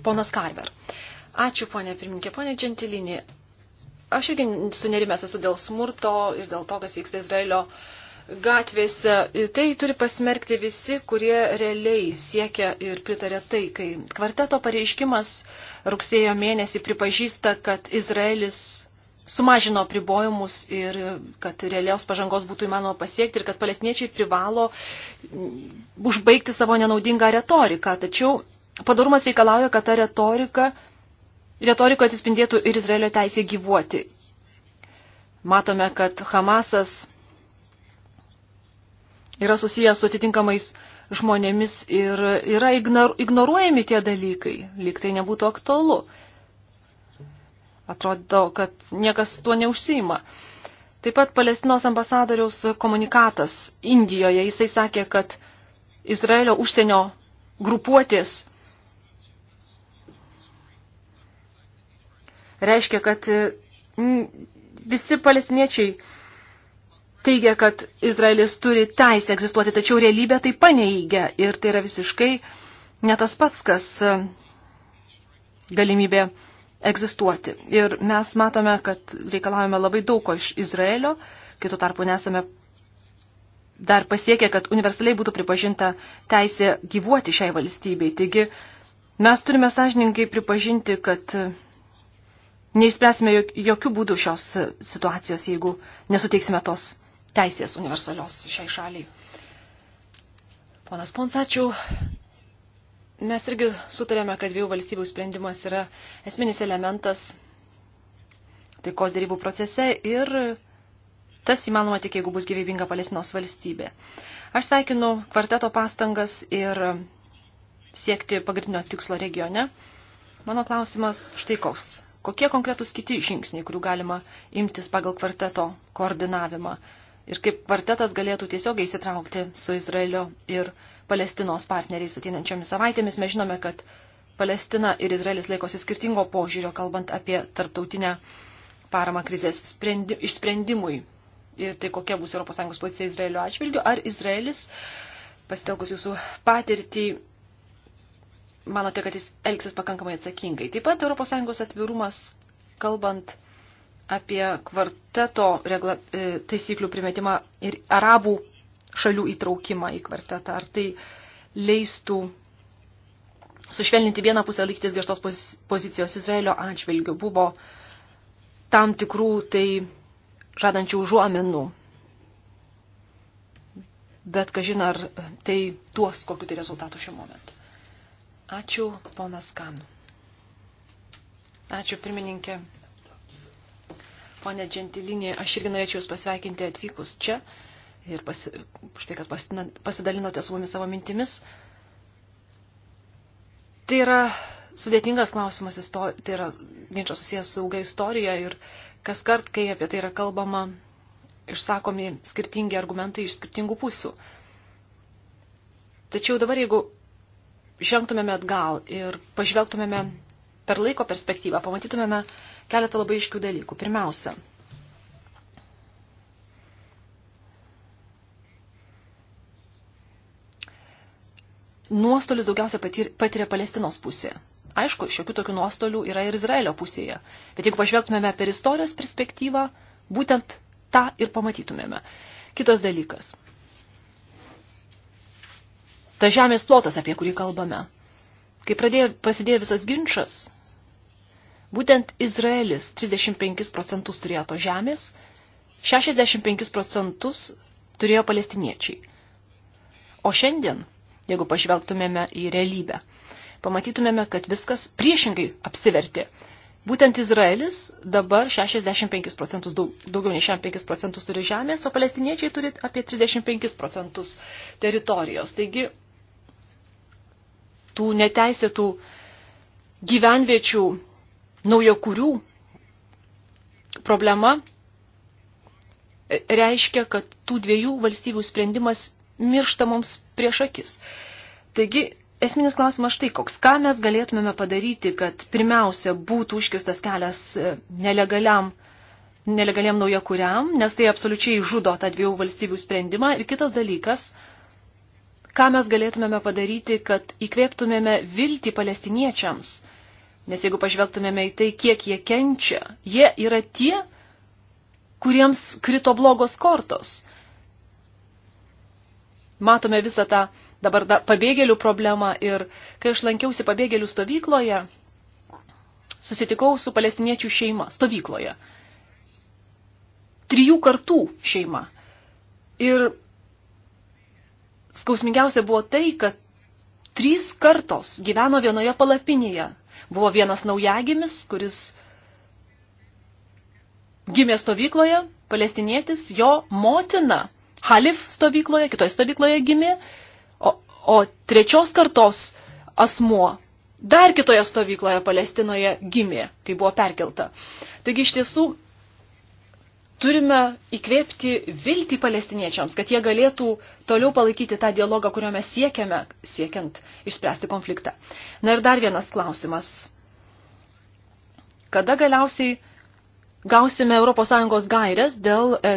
Ponas Karver. Ačiū, ponė pirminkė. Ponė Džentilinė, aš irgi sunerimęs esu dėl smurto ir dėl to, kas vyksta Izraelio uh, gatvėse. Tai turi pasmerkti visi, kurie realiai siekia ir pritarė taikai. Kvarteto pareiškimas rugsėjo mėnesį pripažįsta, kad Izraelis sumažino pribojimus ir kad realios pažangos būtų įmanoma pasiekti ir kad palestiniečiai privalo mm, užbaigti savo nenaudingą retoriką. Tačiau padarumas reikalauja, kad ta retorika, retorika atsispindėtų ir Izraelio teisė gyvuoti. Matome, kad Hamasas yra susijęs su atitinkamais žmonėmis ir yra ignoruojami tie dalykai, lyg tai nebūtų aktualu. Atrodo, kad niekas tuo neužsima. Taip pat Palestinos ambasadoriaus komunikatas Indijoje, jisai sakė, kad Izraelio užsienio grupuotės reiškia, kad mm, visi palestiniečiai teigia, kad Izraelis turi teisę egzistuoti, tačiau realybė tai paneigia ir tai yra visiškai ne tas pats, kas e, galimybė egzistuoti. Ir mes matome, kad reikalavome labai daug ko iš Izraelio, kitų tarpų nesame dar pasiekę, kad universaliai būtų pripažinta teisė gyvuoti šiai valstybei. Taigi mes turime sąžininkai pripažinti, kad e, neišspręsime jokių būdų šios e, situacijos, jeigu nesuteiksime tos teisės universalios šiai šaliai. Ponas Ponsačiau, mes irgi sutarėme, kad dviejų valstybių sprendimas yra esminis elementas taikos dėrybų procese ir tas įmanoma tik, jeigu bus gyvybinga Palestinos valstybė. Aš sveikinu kvarteto pastangas ir siekti pagrindinio tikslo regione. Mano klausimas štai koks. Kokie konkretūs kiti žingsniai, kurių galima imtis pagal kvarteto koordinavimą? ir kaip kvartetas galėtų tiesiogiai įsitraukti su Izraelio ir Palestinos partneriais ateinančiomis savaitėmis. Mes žinome, kad Palestina ir Izraelis laikosi skirtingo požiūrio, kalbant apie tarptautinę paramą krizės sprendi, išsprendimui ir tai kokia bus ES pozicija Izraelio atžvilgiu. Ar Izraelis, pasitelkus jūsų patirtį, manote, kad jis elgsis pakankamai atsakingai? Taip pat ES atvirumas, kalbant apie kvarteto regla, e, taisyklių primetimą ir arabų šalių įtraukimą į kvartetą. Ar tai leistų sušvelninti vieną pusę laikytis griežtos pozicijos Izraelio atžvilgių? Buvo tam tikrų tai žadančių užuomenų. Bet kažin ar tai duos kokiu tai rezultatu šiuo momentu. Ačiū, ponas Kan. Ačiū, pirmininkė. Pone Džentilinė, aš irgi norėčiau Jūs pasveikinti atvykus čia ir pasi, štai, kad pasidalinote su mumis savo mintimis. Tai yra sudėtingas klausimas, tai yra ginčio susijęs su ilga istorija ir kas kart, kai apie tai yra kalbama, išsakomi skirtingi argumentai iš skirtingų pusių. Tačiau dabar, jeigu žengtumėme atgal ir pažvelgtumėme per laiko perspektyvą, pamatytumėme, keletą labai iškių dalykų. Pirmiausia, nuostolius daugiausia patiria Palestinos pusė. Aišku, šiokių tokių nuostolių yra ir Izraelio pusėje. Bet jeigu pažvelgtumėme per istorijos perspektyvą, būtent tą ir pamatytumėme. Kitas dalykas. Ta žemės plotas, apie kurį kalbame. Kai pradėjo, prasidėjo visas ginčas, Būtent Izraelis 35 procentus turėjo to žemės, 65 procentus turėjo palestiniečiai. O šiandien, jeigu pažvelgtumėme į realybę, pamatytumėme, kad viskas priešingai apsivertė. Būtent Izraelis dabar 65 procentus, daug, daugiau nei 65 procentus turi žemės, o palestiniečiai turi apie 35 procentus teritorijos. Taigi, tų neteisėtų gyvenviečių naujo kurių problema reiškia, kad tų dviejų valstybių sprendimas miršta mums prieš akis. Taigi, esminis klausimas štai koks. Ką mes galėtumėme padaryti, kad pirmiausia būtų užkirstas kelias e, nelegaliam, nelegaliam naujakuriam, nes tai absoliučiai žudo tą dviejų valstybių sprendimą. Ir kitas dalykas, ką mes galėtumėme padaryti, kad įkvėptumėme viltį palestiniečiams – Nes jeigu pažvelgtumėme į tai, kiek jie kenčia, jie yra tie, kuriems krito blogos kortos. Matome visą tą dabar da, pabėgėlių problemą ir kai aš lankiausi pabėgėlių stovykloje, susitikau su palestiniečių šeima stovykloje. Trijų kartų šeima. Ir skausmingiausia buvo tai, kad trys kartos gyveno vienoje palapinėje Buvo vienas naujagimis, kuris gimė stovykloje, palestinietis, jo motina Halif stovykloje, kitoje stovykloje gimė, o, o trečios kartos asmuo dar kitoje stovykloje Palestinoje gimė, kai buvo perkelta. Taigi iš tiesų turime įkvėpti viltį palestiniečiams, kad jie galėtų toliau palaikyti tą dialogą, kurio mes siekiame, siekiant išspręsti konfliktą. Na ir dar vienas klausimas. Kada galiausiai gausime ES gairės dėl e,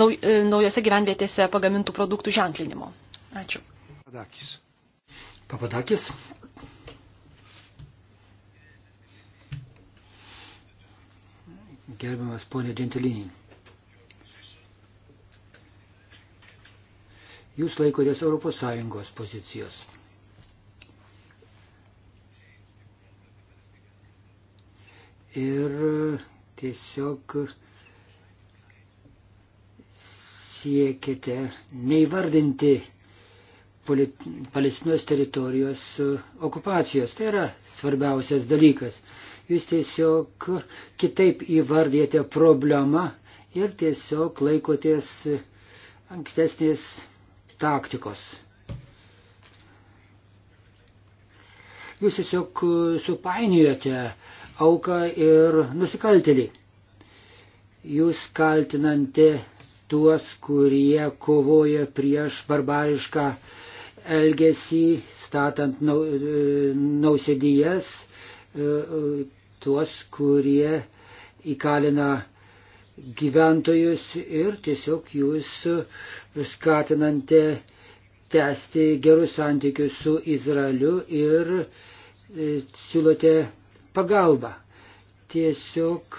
nau, e, naujose gyvenvietėse pagamintų produktų ženklinimo? Ačiū. Papadakis. Papadakis. Gerbiamas ponė Džentilinį. jūs laikotės ES pozicijos. Ir tiesiog siekite neįvardinti Palestinos teritorijos okupacijos. Tai yra svarbiausias dalykas. Jūs tiesiog kitaip įvardėte problemą ir tiesiog laikotės ankstesnės taktikos. Jūs tiesiog supainiojate auką ir nusikaltelį. Jūs kaltinate tuos, kurie kovoja prieš barbarišką elgesį, statant e, nausėdijas, e, e, tuos, kurie įkalina gyventojus ir tiesiog jūs skatinante tęsti gerus santykius su Izraeliu ir e, siūlote pagalbą. Tiesiog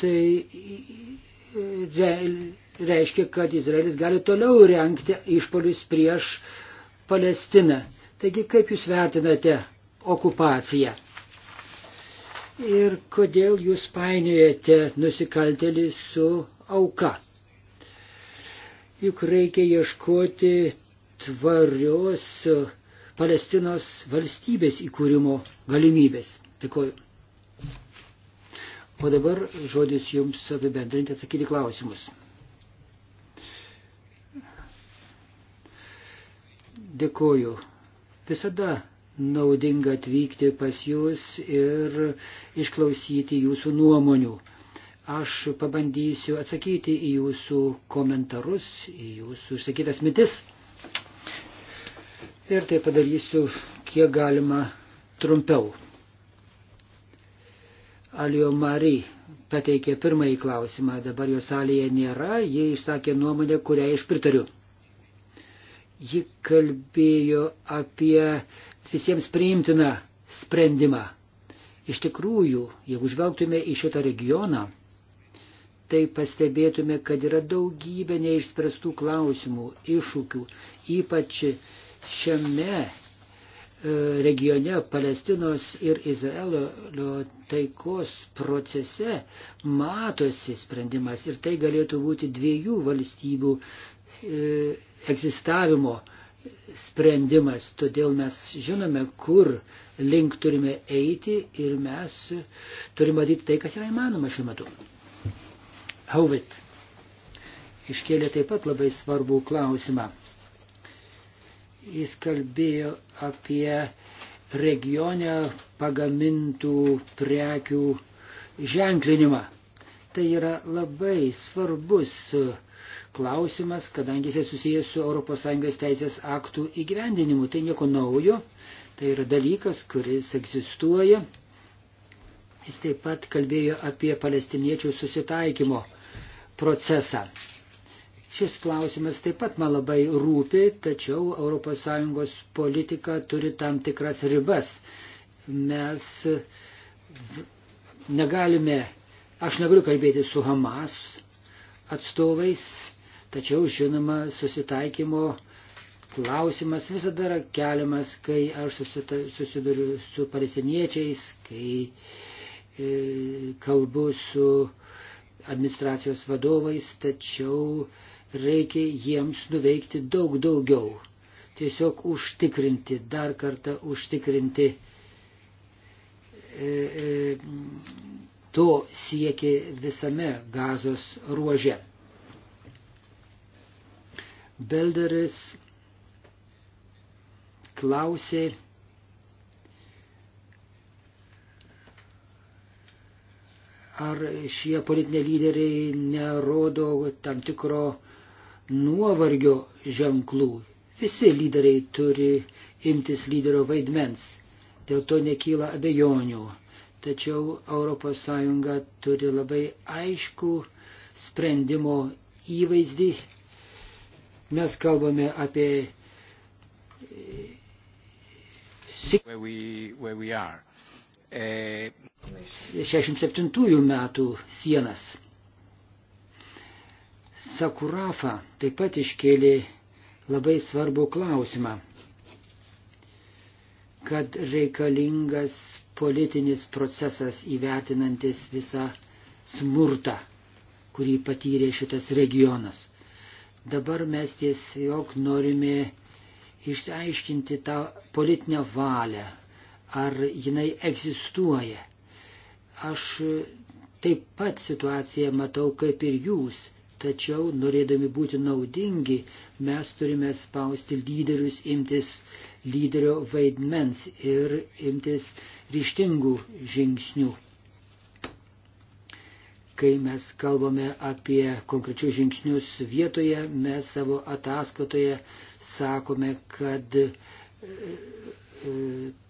tai e, reiškia, kad Izraelis gali toliau renkti išpolius prieš Palestiną. Taigi, kaip jūs vertinate okupaciją? Ir kodėl jūs painiojate nusikaltelį su auka? Juk reikia ieškoti tvarios Palestinos valstybės įkūrimo galimybės. Dėkuoju. O dabar žodis jums apibendrinti atsakyti klausimus. Dėkuoju. Visada naudinga atvykti pas jūs ir išklausyti jūsų nuomonių. Aš pabandysiu atsakyti į jūsų komentarus, į jūsų išsakytas mitis. Ir tai padarysiu kiek galima trumpiau. Alio Mari pateikė pirmąjį klausimą, dabar jo salėje nėra, ji išsakė nuomonę, kurią aš pritariu. Ji kalbėjo apie visiems priimtiną sprendimą. Iš tikrųjų, jeigu žvelgtume į šitą regioną, tai pastebėtume, kad yra daugybė neišspręstų klausimų, iššūkių, ypač šiame e, regione Palestinos ir Izraelio taikos procese matosi sprendimas ir tai galėtų būti dviejų valstybių e, egzistavimo sprendimas, todėl mes žinome, kur link turime eiti ir mes turime matyti tai, kas yra įmanoma šiuo metu. Hauvit iškėlė taip pat labai svarbų klausimą. Jis kalbėjo apie regione pagamintų prekių ženklinimą. Tai yra labai svarbus uh, klausimas, kadangi jisai susijęs su ES teisės aktų įgyvendinimu. Tai nieko naujo, tai yra dalykas, kuris egzistuoja. Jis taip pat kalbėjo apie palestiniečių susitaikymo procesą. Šis klausimas taip pat man labai rūpi, tačiau ES politika turi tam tikras ribas. Mes negalime, aš negaliu kalbėti su Hamas atstovais, Tačiau, žinoma, susitaikymo klausimas visada yra keliamas, kai aš susiduriu su palestiniečiais, kai e, kalbu su administracijos vadovais, tačiau reikia jiems nuveikti daug daugiau. Tiesiog užtikrinti, dar kartą užtikrinti e, e, to sieki visame gazos ruože. Belderis klausė, ar šie politiniai lyderiai nerodo tam tikro nuovargio ženklų. Visi lyderiai turi imtis lyderio vaidmens, dėl to nekyla abejonių. Tačiau ES turi labai aišku sprendimo įvaizdį Mes kalbame apie. Where we, where we are. 67 eh, metų sienas. Sakurafa taip pat iškėlė labai svarbų klausimą, kad reikalingas politinis procesas įvertinantis visą smurtą, kurį patyrė šitas regionas. Dabar mes tiesiog norime išsiaiškinti tą politinę valią, ar jinai egzistuoja. Aš taip pat situaciją matau kaip ir jūs, tačiau norėdami būti naudingi, mes turime spausti lyderius imtis lyderio vaidmens ir imtis ryštingų žingsnių. Kai mes kalbame apie konkrečius žingsnius vietoje, mes savo ataskatoje sakome, kad e, e,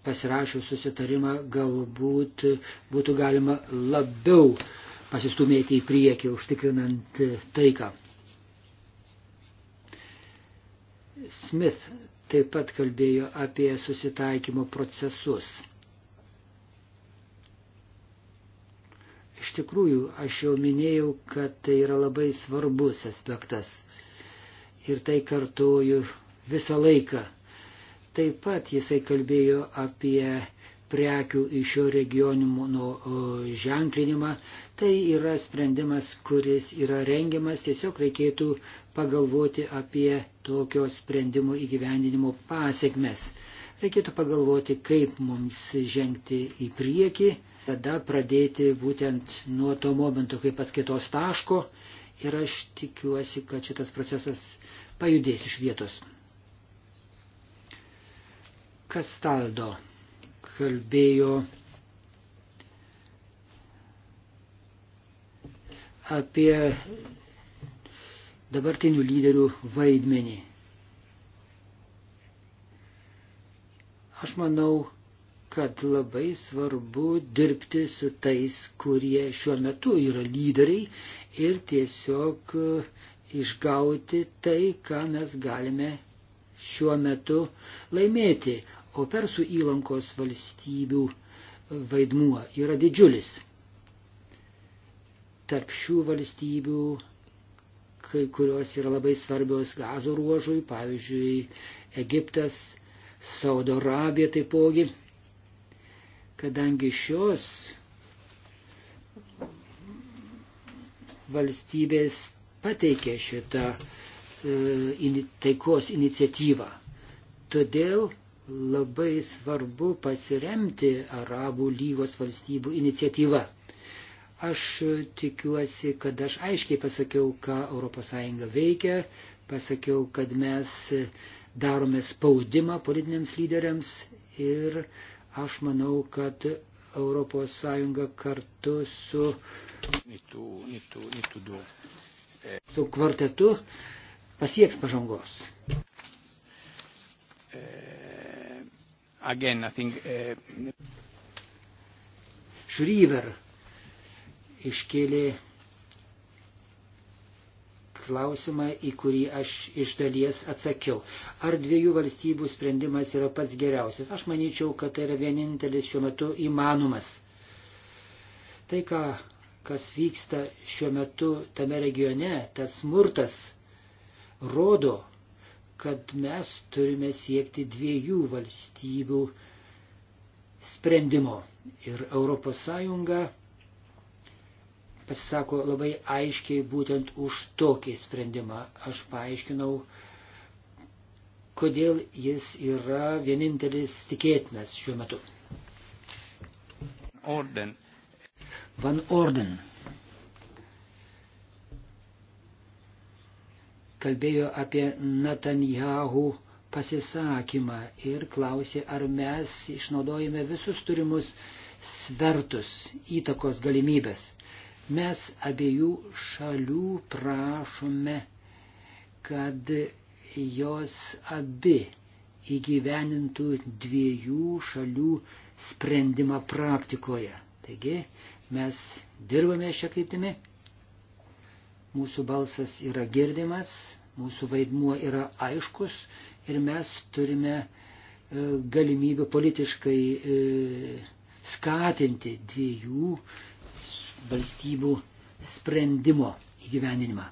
pasirašius susitarimą galbūt būtų galima labiau pasistumėti į priekį, užtikrinant taiką. Smith taip pat kalbėjo apie susitaikymo procesus. Iš tikrųjų, aš jau minėjau, kad tai yra labai svarbus aspektas. Ir tai kartuoju visą laiką. Taip pat jisai kalbėjo apie prekių iš šio regionų nu, ženklinimą. Tai yra sprendimas, kuris yra rengiamas, tiesiog reikėtų pagalvoti apie tokio sprendimo įgyvendinimo pasiekmes. Reikėtų pagalvoti, kaip mums žengti į priekį tada pradėti būtent nuo to momento kaip atskaitos taško ir aš tikiuosi, kad šitas procesas pajudės iš vietos. Kastaldo kalbėjo apie dabartinių lyderių vaidmenį. Aš manau, kad labai svarbu dirbti su tais, kurie šiuo metu yra lyderiai ir tiesiog e, išgauti tai, ką mes galime šiuo metu laimėti. O persų įlankos valstybių e, vaidmuo yra didžiulis. Tarp šių valstybių kai kurios yra labai svarbios gazo ruožui, pavyzdžiui, Egiptas, Saudo Arabija taipogi kadangi šios valstybės pateikė šitą e, taikos iniciatyvą. Todėl labai svarbu pasiremti Arabų lygos valstybių iniciatyvą. Aš tikiuosi, kad aš aiškiai pasakiau, ką ES veikia, pasakiau, kad mes darome spaudimą politiniams lyderiams ir Aš manau, kad ES kartu su, e. su kvartetu pasieks pažangos. E. Again, I think, uh... Šryver iškėlė klausimą, į kurį aš iš dalies atsakiau. Ar dviejų valstybių sprendimas yra pats geriausias? Aš manyčiau, kad tai yra vienintelis šiuo metu įmanomas. Tai, ką, kas vyksta šiuo metu tame regione, tas smurtas, rodo, kad mes turime siekti dviejų valstybių sprendimo. Ir ES pasisako labai aiškiai būtent už tokį sprendimą. Aš paaiškinau, kodėl jis yra vienintelis tikėtinas šiuo metu. Orden. Van Orden. Kalbėjo apie Netanjahu pasisakymą ir klausė, ar mes išnaudojame visus turimus svertus įtakos galimybės. Mes abiejų šalių prašome, kad jos abi įgyvenintų dviejų šalių sprendimą praktikoje. Taigi mes dirbame šią kryptimį, mūsų balsas yra girdimas, mūsų vaidmuo yra aiškus ir mes turime e, galimybę politiškai e, skatinti dviejų valstybių sprendimo įgyveninimą.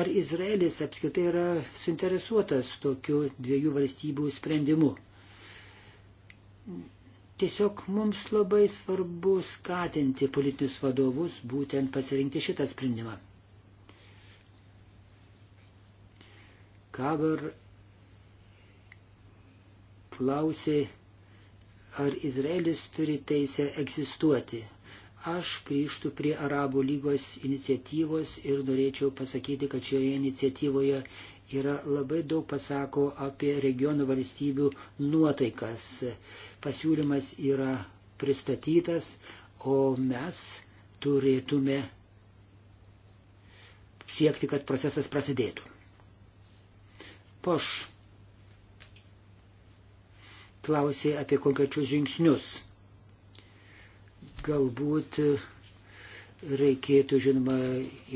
Ar Izraelis apskritai yra suinteresuotas tokiu dviejų valstybių sprendimu? Tiesiog mums labai svarbu skatinti politinius vadovus būtent pasirinkti šitą sprendimą. Kabar klausė ar Izraelis turi teisę egzistuoti. Aš grįžtų prie Arabų lygos iniciatyvos ir norėčiau pasakyti, kad šioje iniciatyvoje yra labai daug pasako apie regionų valstybių nuotaikas. Pasiūlymas yra pristatytas, o mes turėtume siekti, kad procesas prasidėtų. Poš klausė apie konkrečius žingsnius. Galbūt reikėtų, žinoma,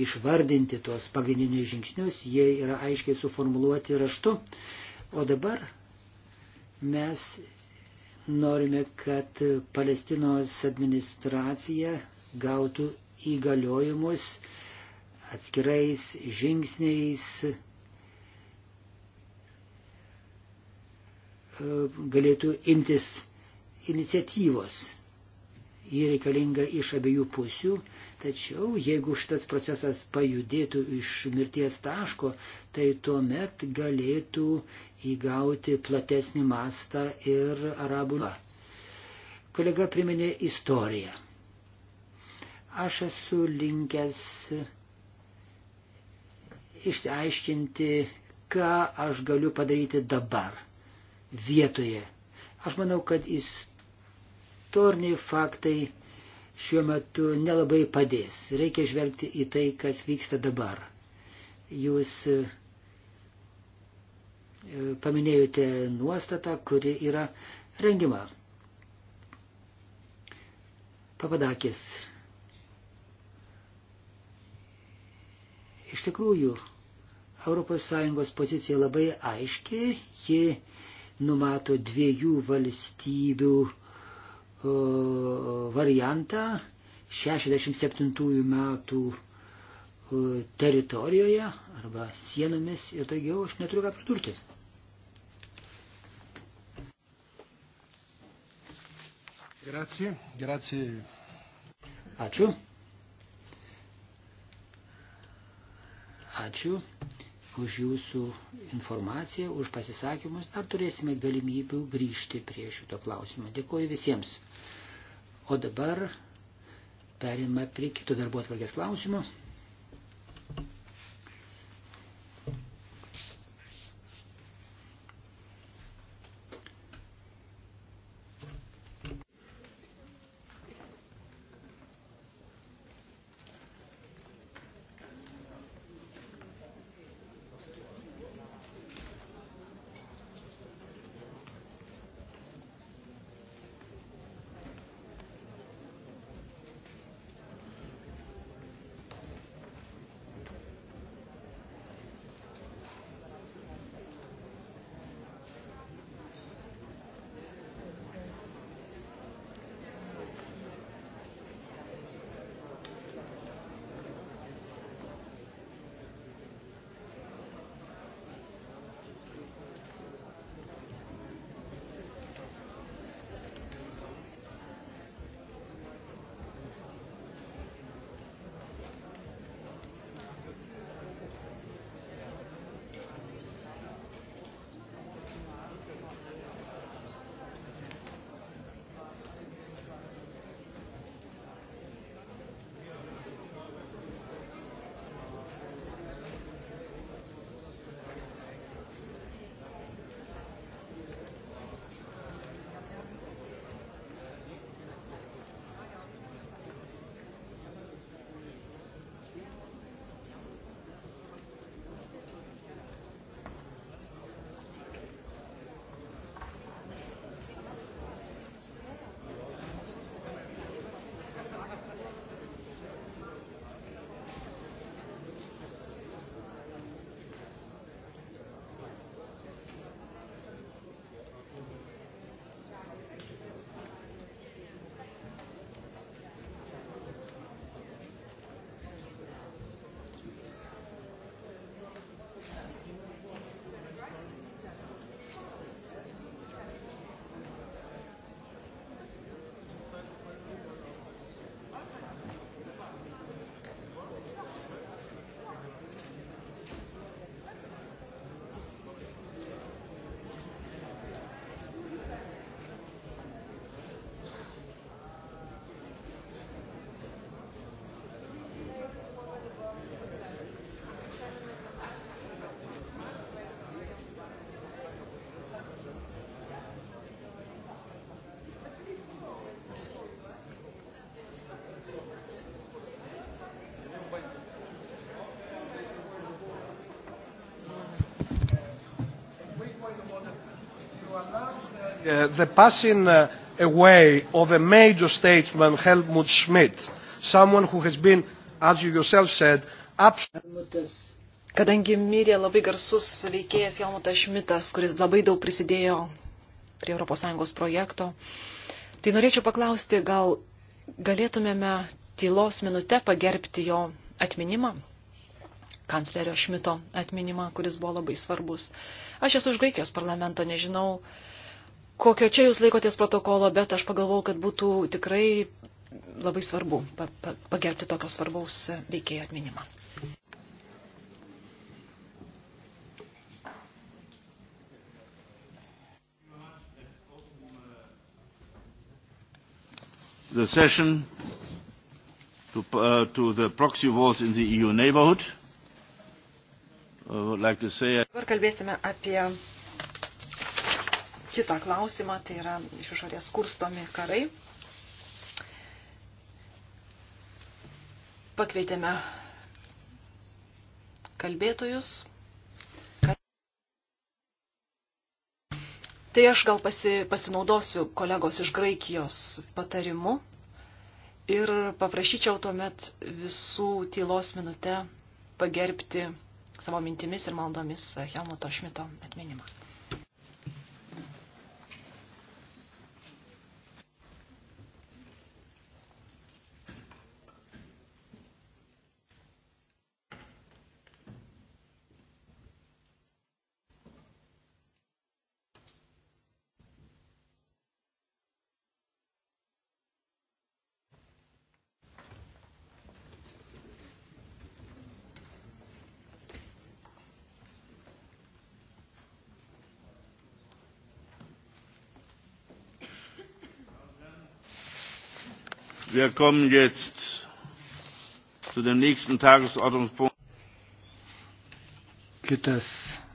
išvardinti tuos pagrindinius žingsnius, jie yra aiškiai suformuluoti raštu. O dabar mes norime, kad Palestinos administracija gautų įgaliojimus atskirais žingsniais E, galėtų imtis iniciatyvos. Ji reikalinga iš abiejų pusių, tačiau jeigu šitas procesas pajudėtų iš mirties taško, tai tuomet galėtų įgauti platesnį mastą ir arabų. Kolega priminė istoriją. Aš esu linkęs išsiaiškinti, ką aš galiu padaryti dabar vietoje. Aš manau, kad istoriniai faktai šiuo metu nelabai padės. Reikia žvelgti į tai, kas vyksta dabar. Jūs e, paminėjote nuostatą, kuri yra rengima. Papadakis. Iš tikrųjų, ES pozicija labai aiški, ji numato dviejų valstybių o, variantą 67 metų teritorijoje arba sienomis ir daugiau aš neturiu ką pridurti. Grazie, grazie. Ačiū. Ačiū už jūsų informaciją, už pasisakymus. Ar turėsime galimybių grįžti prie šito klausimo? Dėkuoju visiems. O dabar perima prie kito darbo atvarkės klausimo. uh, the passing uh, away of a major statesman, Helmut Schmidt, someone who has been, as you yourself said, absolutely. Kadangi mirė labai garsus veikėjas Helmutas Šmitas, kuris labai daug prisidėjo prie ES projekto, tai norėčiau paklausti, gal galėtumėme tylos minute pagerbti jo atminimą, kanclerio Šmito atminimą, kuris buvo labai svarbus. Aš esu už Graikijos parlamento, nežinau, uh, kokio čia jūs laikotės protokolo, bet aš pagalvojau, kad būtų tikrai labai svarbu pagerbti tokio svarbaus veikėjo atminimą. The session to, uh, to the proxy wars in the EU neighborhood. Uh, like to say, Dabar kalbėsime apie kitą klausimą, tai yra iš išorės kurstomi karai. Pakvietėme kalbėtojus. Tai aš gal pasi, pasinaudosiu kolegos iš Graikijos patarimu ir paprašyčiau tuomet visų tylos minutę pagerbti savo mintimis ir maldomis Helmuto Šmito atminimą. Wir kommen jetzt zu dem nächsten Tagesordnungspunkt. Kitas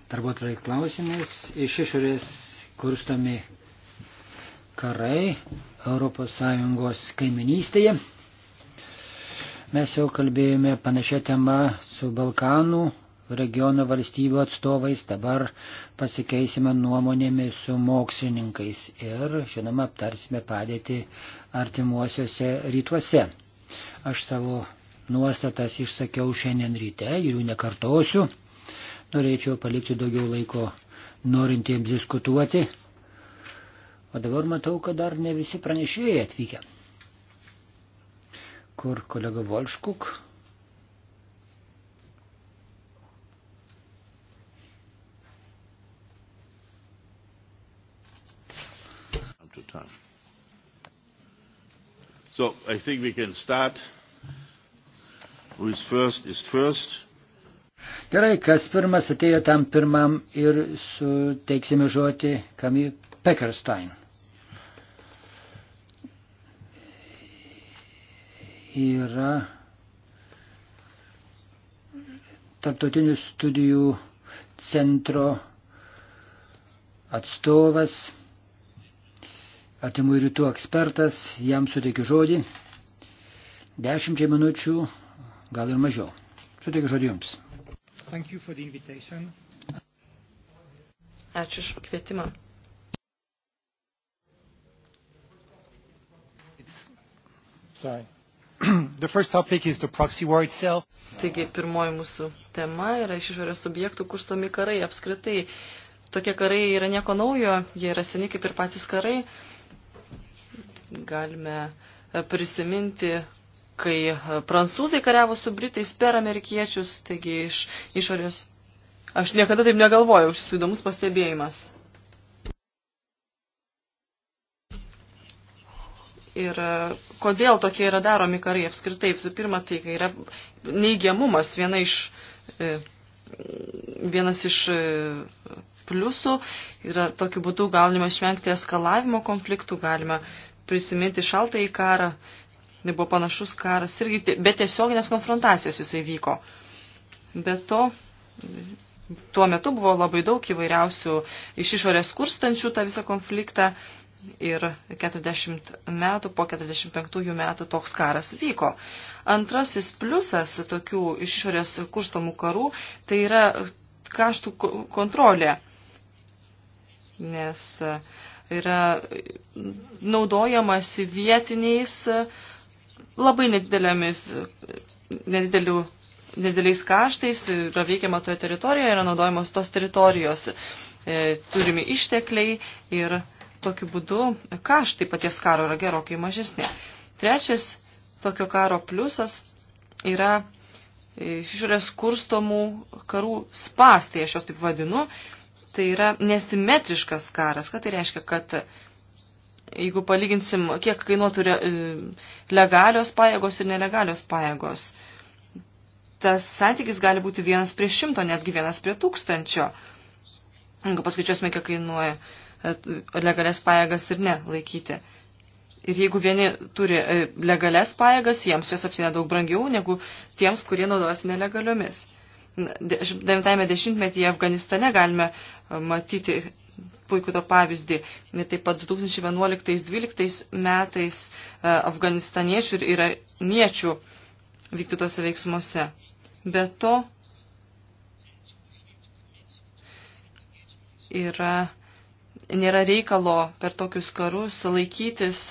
darbotvarkės klausimas. Iš išorės kurstomi karai ES kaiminystėje. Mes jau kalbėjome panašią temą su Balkanų regiono valstybių atstovais, dabar pasikeisime nuomonėmis su mokslininkais ir, žinoma, aptarsime padėti artimuosiuose rytuose. Aš savo nuostatas išsakiau šiandien ryte, jų nekartosiu. Norėčiau palikti daugiau laiko norintiems diskutuoti. O dabar matau, kad dar ne visi pranešėjai atvykę. Kur kolega Volškuk So I think we can start. Who is first is first. Gerai, kas pirmas atėjo tam pirmam ir suteiksime žodį Kami Pekerstein. Yra tarptautinių studijų centro atstovas artimų rytų ekspertas, jam suteikiu žodį. Dešimčiai minučių, gal ir mažiau. Suteikiu žodį jums. Ačiū už pakvietimą. Sorry. (clears throat) The first topic is the proxy war itself. Taigi pirmoji mūsų tema yra iš išorės subjektų kurstomi karai apskritai. Tokie karai yra nieko naujo, jie yra seni kaip ir patys karai. Uh, Galime prisiminti, kai prancūzai kariavo su britais per amerikiečius, taigi iš išorės. Aš niekada taip negalvojau, šis įdomus pastebėjimas. Ir kodėl tokie yra daromi karai apskritai? Visų pirma, tai yra neigiamumas viena iš, e, vienas iš e, pliusų. Yra tokiu būdu galima išvengti eskalavimo konfliktų, galima prisiminti šaltąjį karą, tai buvo panašus karas, irgi be tiesioginės konfrontacijos jisai vyko. Be to, tuo metu buvo labai daug įvairiausių iš išorės kurstančių tą visą konfliktą ir 40 metų, po 45 metų toks karas vyko. Antrasis pliusas tokių iš išorės kurstomų karų tai yra kaštų kontrolė, nes uh, yra naudojamas vietiniais e, labai nedidelėmis, nedidelių, nedideliais kaštais, yra veikiama toje teritorijoje, yra naudojamos tos teritorijos e, turimi ištekliai ir tokiu būdu kaštai paties karo yra gerokai mažesni. Trečias tokio karo pliusas yra e, išorės kurstomų karų spastai, aš jos taip vadinu, tai yra nesimetriškas karas. Ką tai reiškia, kad jeigu palyginsim, kiek kainuotų e, legalios pajėgos ir nelegalios pajėgos, tas santykis gali būti vienas prie šimto, netgi vienas prie tūkstančio. Jeigu paskaičiuosime, kiek kainuoja e, legalias pajėgas ir ne laikyti. Ir jeigu vieni turi e, legalias pajėgas, jiems jos apsina daug brangiau negu tiems, kurie naudojasi nelegaliomis. 90-ame dešimtmetyje Afganistane galime matyti puikų to pavyzdį. Taip pat 2011-2012 metais afganistaniečių ir iraniečių vykdytose veiksmuose. Be to yra, nėra reikalo per tokius karus laikytis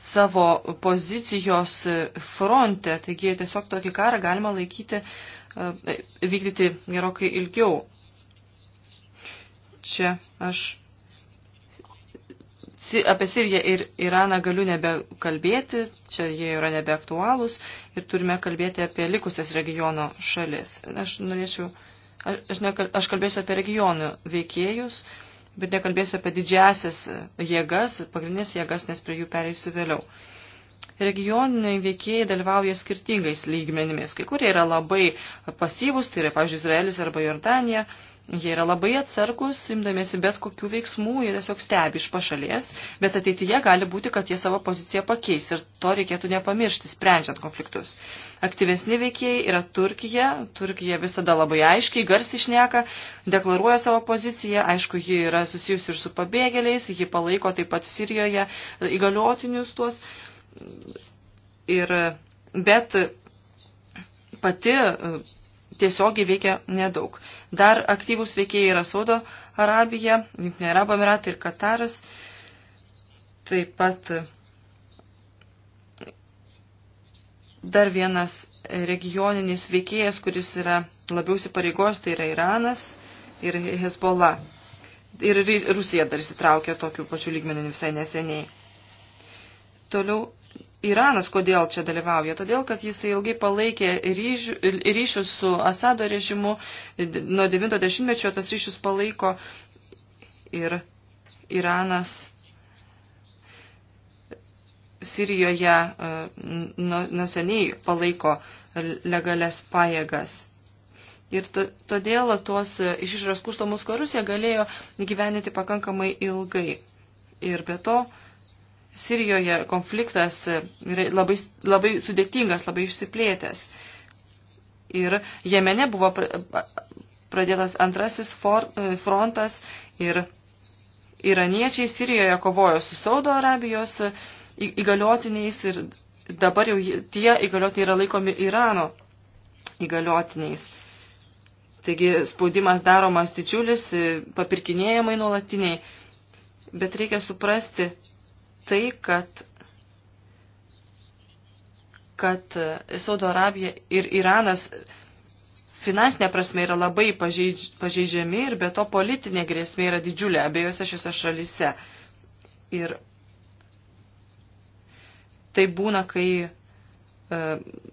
savo pozicijos fronte, taigi tiesiog tokį karą galima laikyti, e, vykdyti gerokai ilgiau. Čia aš apie Siriją ir Iraną galiu nebekalbėti, čia jie yra nebeaktualūs ir turime kalbėti apie likusias regiono šalis. Aš norėčiau, aš, aš, ne, aš kalbėsiu apie regionų veikėjus, bet nekalbėsiu apie didžiasias jėgas, pagrindinės jėgas, nes prie jų pereisiu vėliau. Regioniniai veikėjai dalyvauja skirtingais lygmenimis. Kai kurie yra labai pasyvūs, tai yra, pavyzdžiui, Izraelis arba Jordanija, Jie yra labai atsargus, imdamėsi bet kokių veiksmų, jie tiesiog stebi iš pašalies, bet ateityje gali būti, kad jie savo poziciją pakeis ir to reikėtų nepamiršti, sprendžiant konfliktus. Aktyvesni veikėjai yra Turkija, Turkija visada labai aiškiai, garsiai šneka, deklaruoja savo poziciją, aišku, ji yra susijusi ir su pabėgėliais, ji palaiko taip pat Sirijoje įgaliotinius tuos. Ir, bet pati tiesiogiai veikia nedaug. Dar aktyvūs veikėjai yra Saudo Arabija, Junktinė Arabo Emiratai ir Kataras. Taip pat dar vienas regioninis veikėjas, kuris yra labiausiai pareigos, tai yra Iranas ir Hezbollah. Ir Rusija dar įsitraukė tokiu pačiu lygmeniniu visai neseniai. Toliau Iranas kodėl čia dalyvauja? Todėl, kad jis ilgai palaikė ryšius su Asado režimu, nuo 90-mečio tas ryšius palaiko ir Iranas Sirijoje e, nuseniai palaiko legales pajėgas. Ir todėl tuos iš išraskustomus karus jie galėjo gyveninti pakankamai ilgai. Ir be to, uh, Sirijoje konfliktas labai, labai sudėtingas, labai išsiplėtęs. Ir Jemene buvo pradėtas antrasis for, e, frontas ir iraniečiai Sirijoje kovojo su Saudo Arabijos įgaliotiniais ir dabar jau tie įgaliotiniai yra laikomi Irano įgaliotiniais. Taigi spaudimas daromas didžiulis, e, papirkinėjimai nuolatiniai. Bet reikia suprasti, tai, kad kad Saudo Arabija ir Iranas finansinė prasme yra labai pažeidž, pažeidžiami ir be to politinė grėsmė yra didžiulė abiejose šiose šalise. Ir tai būna, kai uh,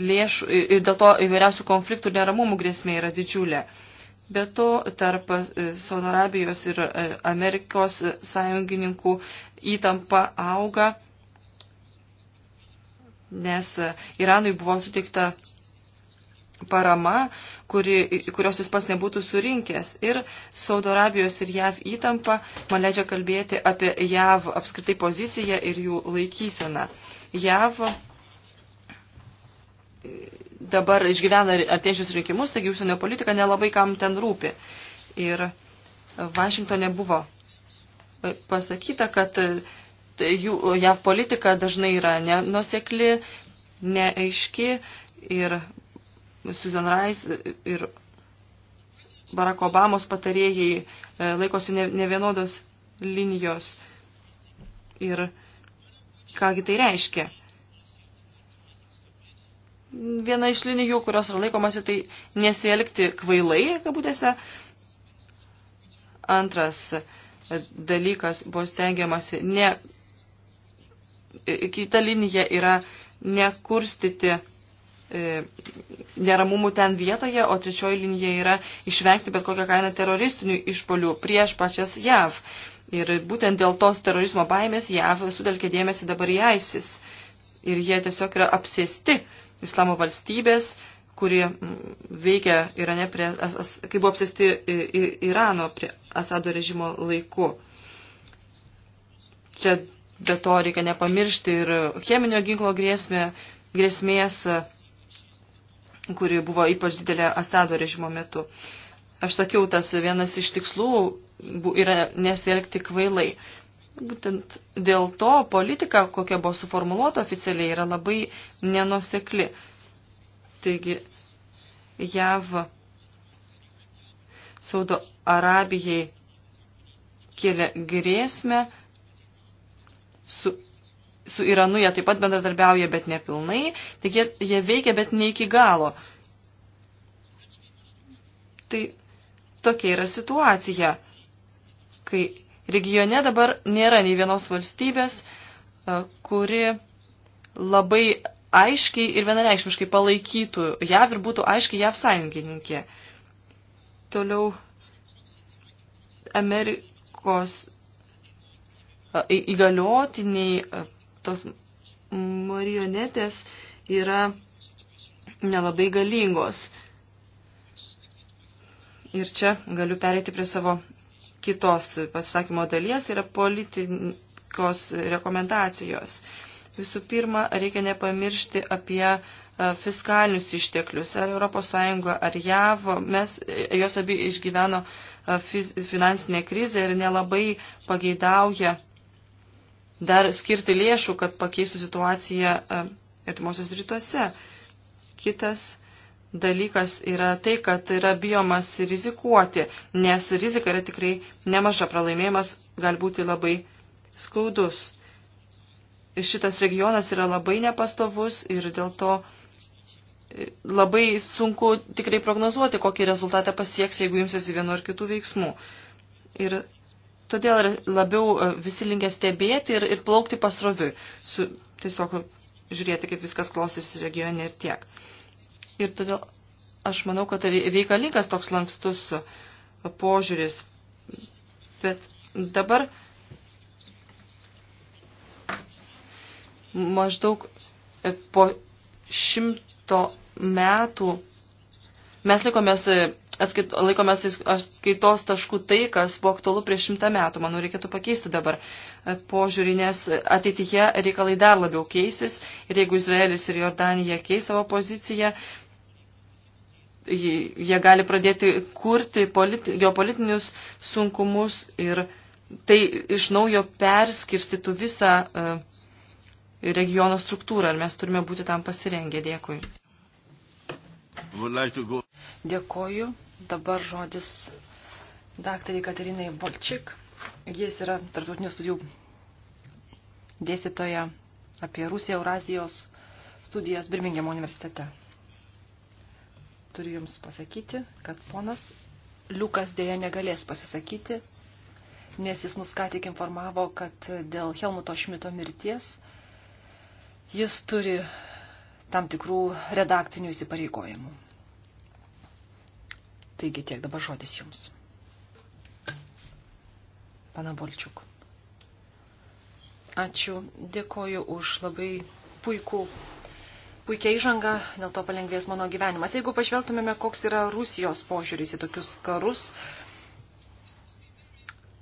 lėšų ir dėl to įvairiausių konfliktų ir neramumų grėsmė yra didžiulė. Uh, Be to, tarp e, Saudo Arabijos ir e, Amerikos e, sąjungininkų įtampa auga, nes Iranui buvo suteikta parama, kuri, kurios jis pas nebūtų surinkęs. Ir Saudo Arabijos ir JAV įtampa man leidžia kalbėti apie JAV apskritai poziciją ir jų laikyseną. JAV dabar išgyvena artėžius rinkimus, taigi užsienio politika nelabai kam ten rūpi. Ir Vašingtonė buvo pasakyta, kad e, tai jų, JAV politika dažnai yra nenusekli, neaiški ir Susan Rice ir Barack Obamos patarėjai e, laikosi nevienodos linijos ir kągi tai reiškia viena iš linijų, kurios yra laikomasi, tai nesielgti kvailai, kabutėse. Antras dalykas buvo stengiamasi ne. Kita linija yra nekurstyti e, neramumų ten vietoje, o trečioji linija yra išvengti bet kokią kainą teroristinių išpolių prieš pačias JAV. Ir būtent dėl tos terorizmo baimės JAV sudelkė dėmesį dabar į ISIS. Ir jie tiesiog yra apsėsti uh, islamo valstybės, kuri veikia Irane, prie, kai buvo apsėsti Irano prie Asado režimo laiku. Čia be to reikia nepamiršti ir cheminio ginklo grėsmė, grėsmės, kuri buvo ypač didelė Asado režimo metu. Aš sakiau, tas vienas iš tikslų yra nesielgti kvailai. Būtent dėl to politika, kokia buvo suformuoluota oficialiai, yra labai nenusekli. Taigi JAV Saudo Arabijai kėlė grėsmę, su, su Iranu jie taip pat bendradarbiauja, bet nepilnai, taigi jie, jie veikia, bet ne iki galo. Tai tokia yra situacija, kai Regione dabar nėra nei vienos valstybės, e, kuri labai aiškiai ir vienareikšmiškai palaikytų JAV ir būtų aiškiai JAV sąjungininkė. Toliau Amerikos e, įgaliotiniai e, tos marionetės yra nelabai galingos. Ir čia galiu pereiti prie savo kitos pasisakymo dalies yra politikos rekomendacijos. Visų pirma, reikia nepamiršti apie e, fiskalinius išteklius. Ar ES, ar JAV, mes, e, jos abi išgyveno e, fiz, finansinę krizę ir nelabai pageidauja dar skirti lėšų, kad pakeistų situaciją artimuosios rytuose. Kitas dalykas yra tai, kad yra bijomas rizikuoti, nes rizika yra tikrai nemaža, pralaimėjimas gali būti labai skaudus. Šitas regionas yra labai nepastovus ir dėl to e, labai sunku tikrai prognozuoti, kokį rezultatą pasieks, jeigu imsiasi vienu ar kitų veiksmų. Ir todėl labiau e, visi linkia stebėti ir, ir plaukti pasroviui, su, tiesiog žiūrėti, kaip viskas klostys regione ir tiek. Ir todėl aš manau, kad tai reikalingas toks lankstus požiūris. Bet dabar maždaug po šimto metų mes likomės, atskait, laikomės atskaitos taškų tai, kas buvo aktualu prieš šimtą metų. Manau, reikėtų pakeisti dabar požiūrį, nes ateityje reikalai dar labiau keisis ir jeigu Izraelis ir Jordanija keis savo poziciją, jie gali pradėti kurti politi, geopolitinius sunkumus ir tai iš naujo perskirstytų visą e, regiono struktūrą ir mes turime būti tam pasirengę. Dėkui. Dėkoju. Dabar žodis daktarai Katerinai Volčik. Jis yra tarptautinių studijų dėstytoja apie Rusiją Eurazijos studijas Birmingemo universitete turiu Jums pasakyti, kad ponas Liukas dėja negalės pasisakyti, nes jis nuskatik informavo, kad dėl Helmuto Šmito mirties jis turi tam tikrų redakcinių įsipareigojimų. Taigi tiek dabar žodis Jums. Pana Bolčiuk. Ačiū, dėkoju už labai puikų puikia įžanga, dėl to palengvės mano gyvenimas. Jeigu pažvelgtumėme, koks yra Rusijos požiūris į tokius karus,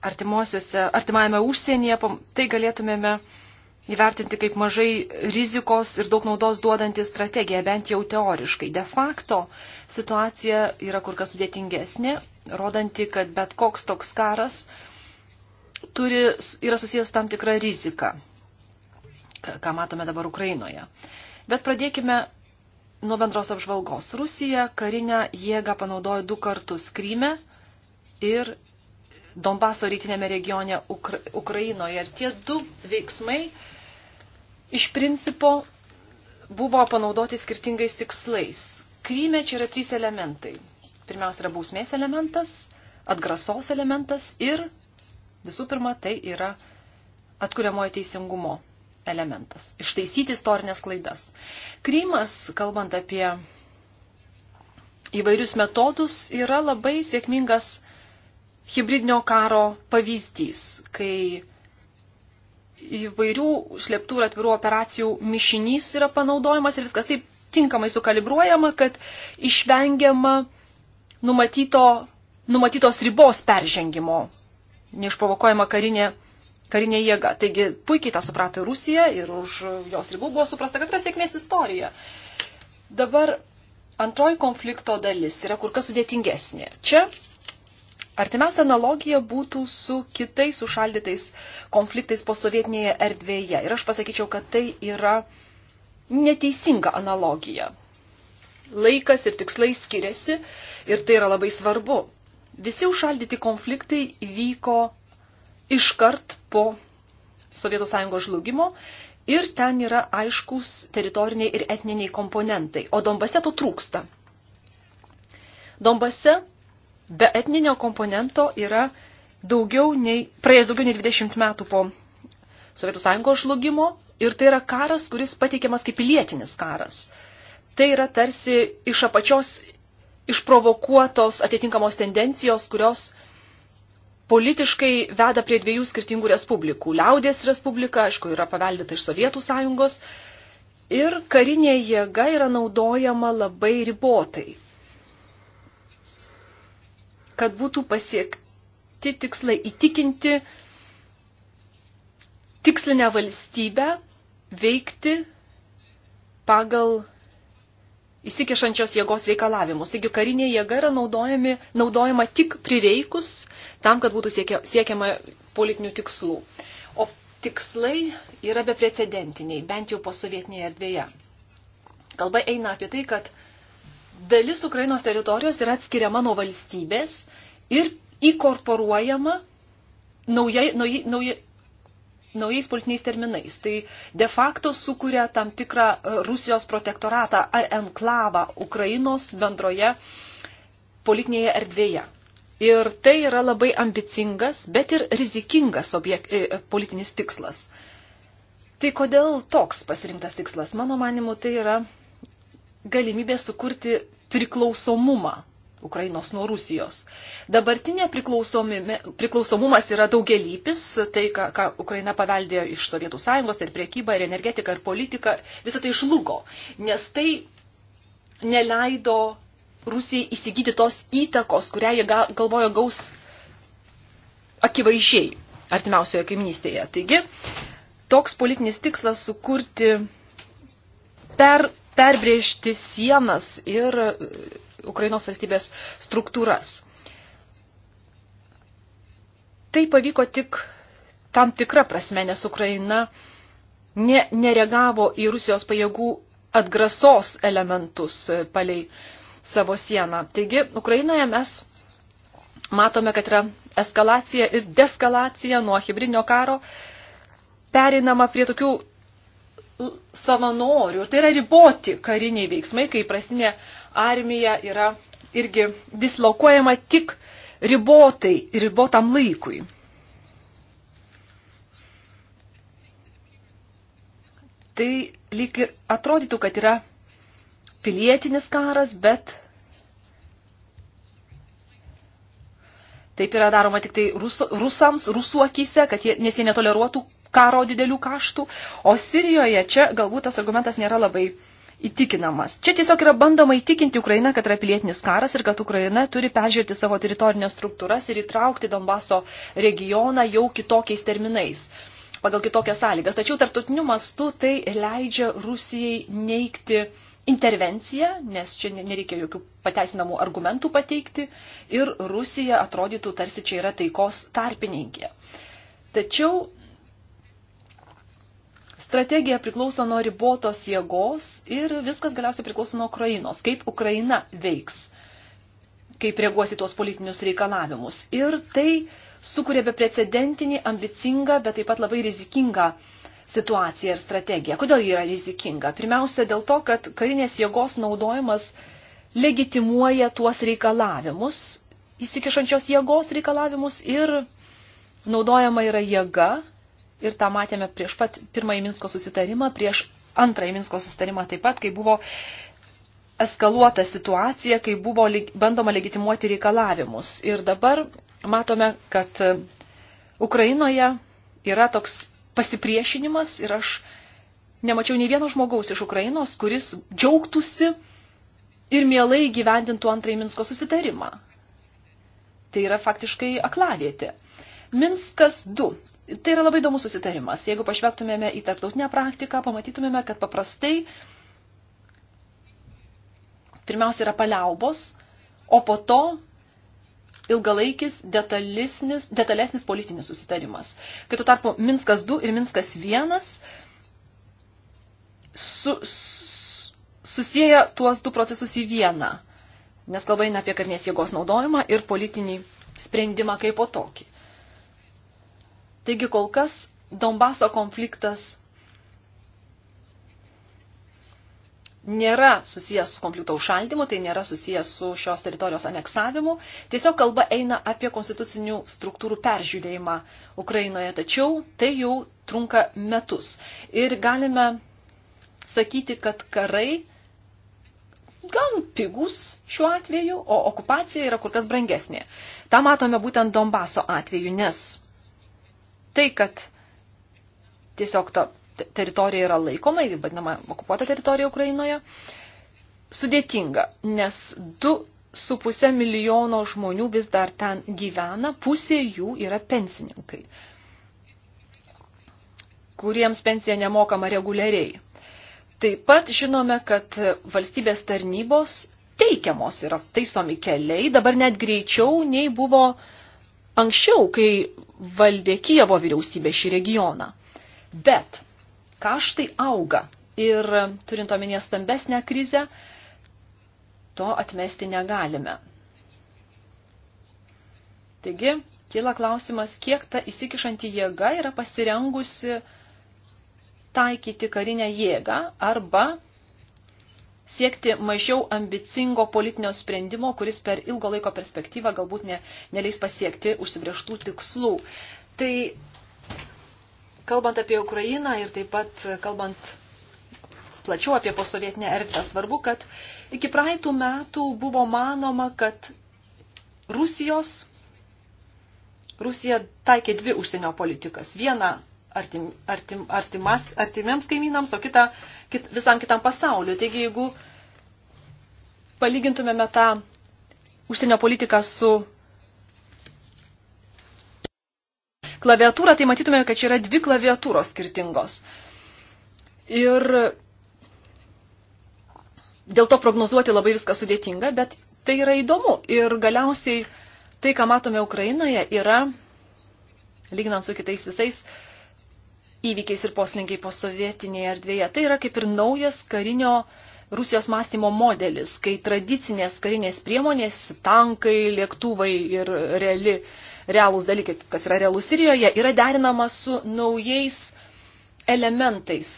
artimajame užsienyje, tai galėtumėme įvertinti kaip mažai rizikos ir daug naudos duodantį strategiją, bent jau teoriškai. De facto situacija yra kur kas sudėtingesnė, rodanti, kad bet koks toks karas turi, yra susijęs tam tikrą riziką, ką matome dabar Ukrainoje. Bet pradėkime nuo bendros apžvalgos. Rusija karinę jėgą panaudojo du kartus Kryme ir Donbaso rytinėme regione Ukra Ukrainoje. Ir tie du veiksmai iš principo buvo panaudoti skirtingais tikslais. Kryme čia yra trys elementai. Pirmiausia yra bausmės elementas, atgrasos elementas ir visų pirma tai yra atkuriamojo teisingumo elementas – ištaisyti istorinės klaidas. Krymas, kalbant apie įvairius metodus, yra labai sėkmingas hybridinio karo pavyzdys, kai įvairių slėptų ir atvirų operacijų mišinys yra panaudojamas ir viskas taip tinkamai sukalibruojama, kad išvengiama numatyto, numatytos ribos peržengimo, neišprovokojama karinė karinė jėga. Taigi puikiai tą suprato Rusija ir už jos ribų buvo suprasta, kad yra sėkmės istorija. Dabar antroji konflikto dalis yra kur kas sudėtingesnė. Čia Artimiausia analogija būtų su kitais užšaldytais konfliktais posovietinėje erdvėje. Ir aš pasakyčiau, kad tai yra neteisinga analogija. Laikas ir tikslai skiriasi ir tai yra labai svarbu. Visi užšaldyti konfliktai vyko iškart po Sovietų Sąjungos žlugimo ir ten yra aiškus teritoriniai ir etniniai komponentai, o Dombase to trūksta. Dombase be etninio komponento yra daugiau nei, praėjęs daugiau nei 20 metų po Sovietų Sąjungos žlugimo ir tai yra karas, kuris pateikiamas kaip pilietinis karas. Tai yra tarsi iš apačios išprovokuotos atitinkamos tendencijos, kurios politiškai veda prie dviejų skirtingų respublikų. Liaudės respublika, aišku, yra paveldėta iš Sovietų sąjungos ir karinė jėga yra naudojama labai ribotai, kad būtų pasiekti tikslai įtikinti tikslinę valstybę veikti pagal įsikišančios jėgos reikalavimus. Taigi karinė jėga yra naudojama tik prireikus tam, kad būtų siekia, siekiama politinių tikslų. O tikslai yra beprecedentiniai, bent jau po sovietinėje erdvėje. Kalba eina apie tai, kad dalis Ukrainos teritorijos yra atskiriama nuo valstybės ir įkorporuojama naujai, naujai, naujai, naujais politiniais terminais. Tai de facto sukuria tam tikrą e, Rusijos protektoratą ar enklavą Ukrainos bendroje politinėje erdvėje. Ir tai yra labai ambicingas, bet ir rizikingas objek, e, e, politinis tikslas. Tai kodėl toks pasirinktas tikslas? Mano manimu, tai yra galimybė sukurti priklausomumą Ukrainos nuo Rusijos. Dabartinė priklausomumas yra daugelypis, tai, ką, ką Ukraina paveldėjo iš Sovietų Sąjungos, ir priekyba, ir energetika, ir politika, visą tai išlugo, nes tai neleido Rusijai įsigyti tos įtakos, kurią jie galvojo gaus akivaizdžiai artimiausioje kaiminystėje. Taigi, toks politinis tikslas sukurti per, perbrėžti sienas ir Ukrainos valstybės struktūras. Tai pavyko tik tam tikra prasme, nes Ukraina ne, nereagavo į Rusijos pajėgų atgrasos elementus palei savo sieną. Taigi, Ukrainoje mes matome, kad yra eskalacija ir deskalacija nuo hybridinio karo perinama prie tokių savanorių. Tai yra riboti kariniai veiksmai, kai prastinė armija yra irgi dislokuojama tik ribotai, ribotam laikui. Tai lyg ir atrodytų, kad yra pilietinis karas, bet taip yra daroma tik tai rusu, rusams, rusų akise, kad jie, nes jie netoleruotų karo didelių kaštų, o Sirijoje čia galbūt tas argumentas nėra labai uh, įtikinamas. Čia tiesiog yra bandoma įtikinti Ukrainą, kad yra pilietinis karas ir kad Ukraina turi peržiūrėti savo teritorinės struktūras ir įtraukti Donbaso regioną jau kitokiais terminais, pagal kitokias sąlygas. Tačiau tartutiniu mastu tai leidžia Rusijai neikti intervenciją, nes čia nereikia jokių pateisinamų argumentų pateikti ir Rusija atrodytų tarsi čia yra taikos tarpininkė. Tačiau strategija priklauso nuo ribotos jėgos ir viskas galiausiai priklauso nuo Ukrainos, kaip Ukraina veiks, kaip reaguos į tuos politinius reikalavimus. Ir tai sukuria beprecedentinį, ambicingą, bet taip pat labai rizikingą situaciją ir strategiją. Kodėl ji yra rizikinga? Pirmiausia, dėl to, kad karinės jėgos naudojimas legitimuoja tuos reikalavimus, įsikišančios jėgos reikalavimus ir naudojama yra jėga, ir tą matėme prieš pat pirmąjį Minsko susitarimą, prieš antrąjį Minsko susitarimą taip pat, kai buvo eskaluota situacija, kai buvo bandoma legitimuoti reikalavimus. Ir dabar matome, kad e, Ukrainoje yra toks pasipriešinimas ir aš nemačiau nei vieno žmogaus iš Ukrainos, kuris džiaugtųsi ir mielai gyvendintų antrąjį Minsko susitarimą. Tai yra faktiškai aklavietė. Minskas 2 Tai yra labai įdomus susitarimas. Jeigu pažvelgtumėme į tarptautinę praktiką, pamatytumėme, kad paprastai pirmiausia yra paliaubos, o po to ilgalaikis detalesnis politinis susitarimas. Kai tu tarpu Minskas 2 ir Minskas 1 su, susiję tuos du procesus į vieną, nes kalba eina apie karinės jėgos naudojimą ir politinį sprendimą kaip po tokį. Taigi kol kas Donbaso konfliktas nėra susijęs su konflikto užšaldymu, tai nėra susijęs su šios teritorijos aneksavimu. Tiesiog kalba eina apie konstitucinių struktūrų peržiūrėjimą Ukrainoje, tačiau tai jau trunka metus. Ir galime sakyti, kad karai gan pigus šiuo atveju, o okupacija yra kur kas brangesnė. Ta matome būtent Donbaso atveju, nes tai, kad tiesiog ta teritorija yra laikoma, vadinama okupuota teritorija Ukrainoje, sudėtinga, nes 2,5 milijono žmonių vis dar ten gyvena, pusė jų yra pensininkai, kuriems pensija nemokama reguliariai. Taip pat žinome, kad valstybės tarnybos teikiamos yra taisomi keliai, dabar net greičiau nei buvo anksčiau, kai valdė Kievo vyriausybė šį regioną. Bet kaštai auga ir turint omenyje stambesnę krizę, to atmesti negalime. Taigi, kyla klausimas, kiek ta įsikišanti jėga yra pasirengusi taikyti karinę jėgą arba siekti mažiau ambicingo politinio sprendimo, kuris per ilgo laiko perspektyvą galbūt ne, neleis pasiekti užsibrieštų tikslų. Tai kalbant apie Ukrainą ir taip pat kalbant plačiau apie posovietinę erdvę, svarbu, kad iki praeitų metų buvo manoma, kad Rusijos, Rusija taikė dvi užsienio politikas. Vieną artim, artim, artimas, artimiems kaimynams, o kita, kit, visam kitam pasauliu. Taigi, jeigu palygintumėme tą užsienio politiką su klaviatūra, tai matytume, kad čia yra dvi klaviatūros skirtingos. Ir dėl to prognozuoti labai viską sudėtinga, bet tai yra įdomu. Ir galiausiai tai, ką matome Ukrainoje, yra, lyginant su kitais visais, uh, įvykiais ir poslinkiai posovietinėje erdvėje. Tai yra kaip ir naujas karinio Rusijos mąstymo modelis, kai tradicinės karinės priemonės, tankai, lėktuvai ir reali, realūs dalykai, kas yra realų Sirijoje, yra derinama su naujais elementais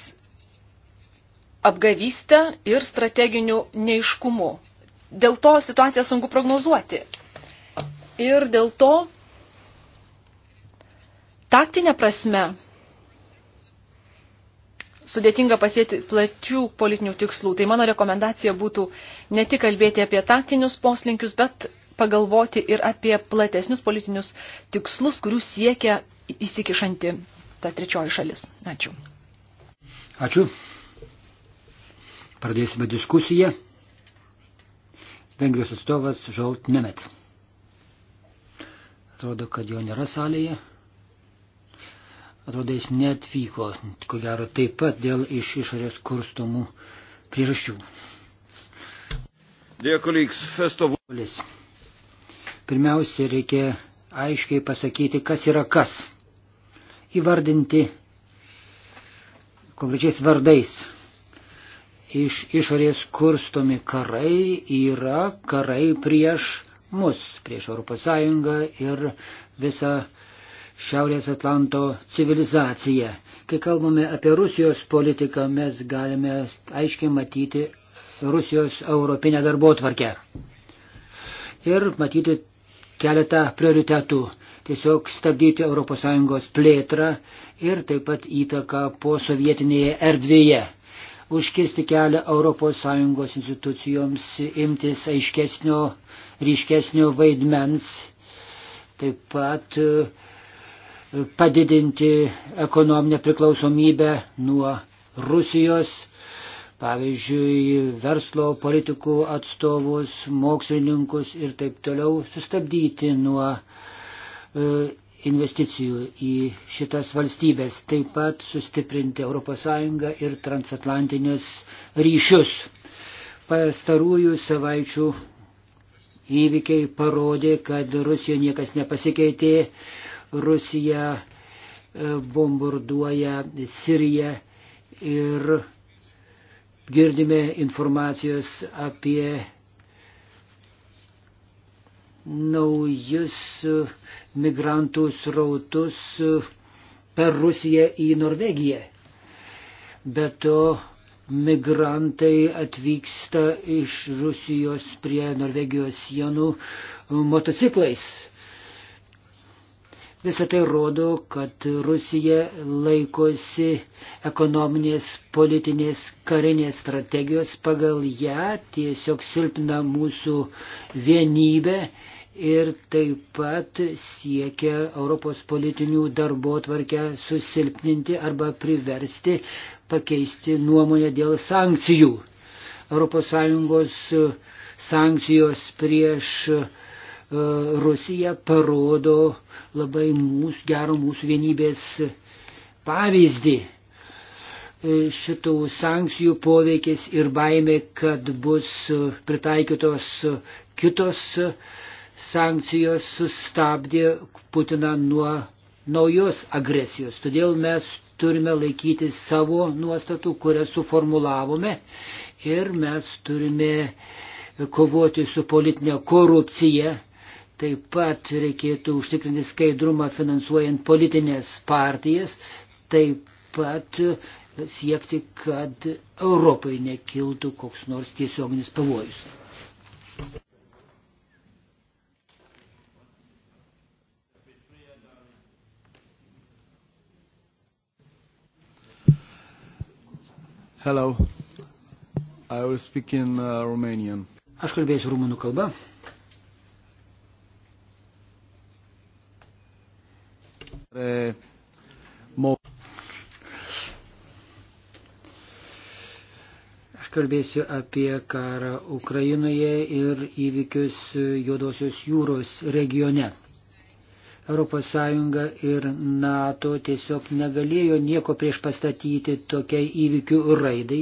apgavystę ir strateginiu neiškumu. Dėl to situaciją sunku prognozuoti. Ir dėl to taktinė prasme sudėtinga pasėti plačių politinių tikslų. Tai mano rekomendacija būtų ne tik kalbėti apie taktinius poslinkius, bet pagalvoti ir apie platesnius politinius tikslus, kurių siekia įsikišanti ta trečioji šalis. Ačiū. Ačiū. Pradėsime diskusiją. Vengrijos atstovas Žolt Nemet. Atrodo, kad jo nėra salėje atrodo, jis netvyko, ko gero, taip pat dėl iš išorės kurstomų priežasčių. Dėkuliks, festovulis. Pirmiausia, reikia aiškiai pasakyti, kas yra kas. Įvardinti konkrečiais vardais. Iš išorės kurstomi karai yra karai prieš mus, prieš ES ir visą Šiaurės Atlanto civilizacija. Kai kalbame apie Rusijos politiką, mes galime aiškiai matyti Rusijos europinę darbo tvarkę. Ir matyti keletą prioritetų. Tiesiog stabdyti ES plėtrą ir taip pat įtaką po sovietinėje erdvėje užkirsti kelią ES institucijoms imtis aiškesnio, ryškesnio vaidmens, taip pat padidinti ekonominę priklausomybę nuo Rusijos, pavyzdžiui, verslo politikų atstovus, mokslininkus ir taip toliau sustabdyti nuo e, investicijų į šitas valstybės, taip pat sustiprinti ES ir transatlantinius ryšius. Pastarųjų savaičių įvykiai parodė, kad Rusija niekas nepasikeitė, Rusija e, bombarduoja Siriją ir girdime informacijos apie naujus migrantų srautus per Rusiją į Norvegiją. Be to, migrantai atvyksta iš Rusijos prie Norvegijos sienų motociklais. Visą tai rodo, kad Rusija laikosi ekonominės, politinės, karinės strategijos, pagal ją tiesiog silpna mūsų vienybė ir taip pat siekia Europos politinių darbo tvarkę susilpninti arba priversti pakeisti nuomonę dėl sankcijų. ES sankcijos prieš E, Rusija parodo labai mūsų, gero mūsų vienybės pavyzdį. E, šitų sankcijų poveikis ir baimė, kad bus pritaikytos kitos sankcijos, sustabdė Putiną nuo naujos agresijos. Todėl mes turime laikytis savo nuostatų, kurias suformulavome ir mes turime kovoti su politinė korupcija, Taip pat reikėtų užtikrinti skaidrumą finansuojant politinės partijas, taip pat siekti, kad Europai nekiltų koks nors tiesioginis pavojus. Hello. I will speak in uh, Romanian. Aš kalbėsiu rumunų kalba. E, mo... Aš kalbėsiu apie karą Ukrainoje ir įvykius Juodosios jūros regione. ES ir NATO tiesiog negalėjo nieko prieš pastatyti tokiai įvykių raidai.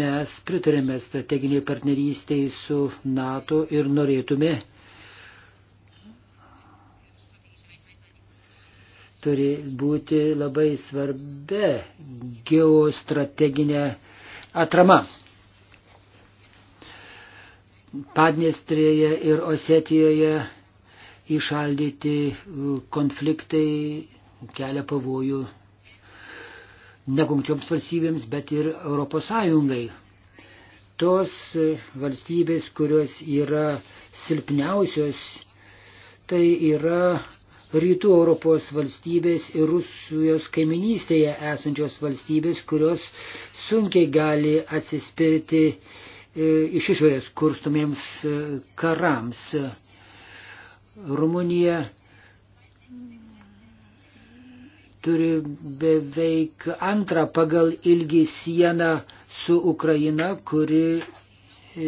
Mes pritarėme strateginiai partnerystiai su NATO ir norėtume turi būti labai svarbi geostrateginė atrama. Padnestrėje ir Osetijoje įšaldyti konfliktai kelia pavojų ne konkrečioms valstybėms, bet ir Europos Sąjungai. Tos valstybės, kurios yra silpniausios, tai yra rytų Europos valstybės ir Rusijos kaiminystėje esančios valstybės, kurios sunkiai gali atsispirti e, iš išorės kurstumiems e, karams. Rumunija turi beveik antrą pagal ilgį sieną su Ukraina, kuri E,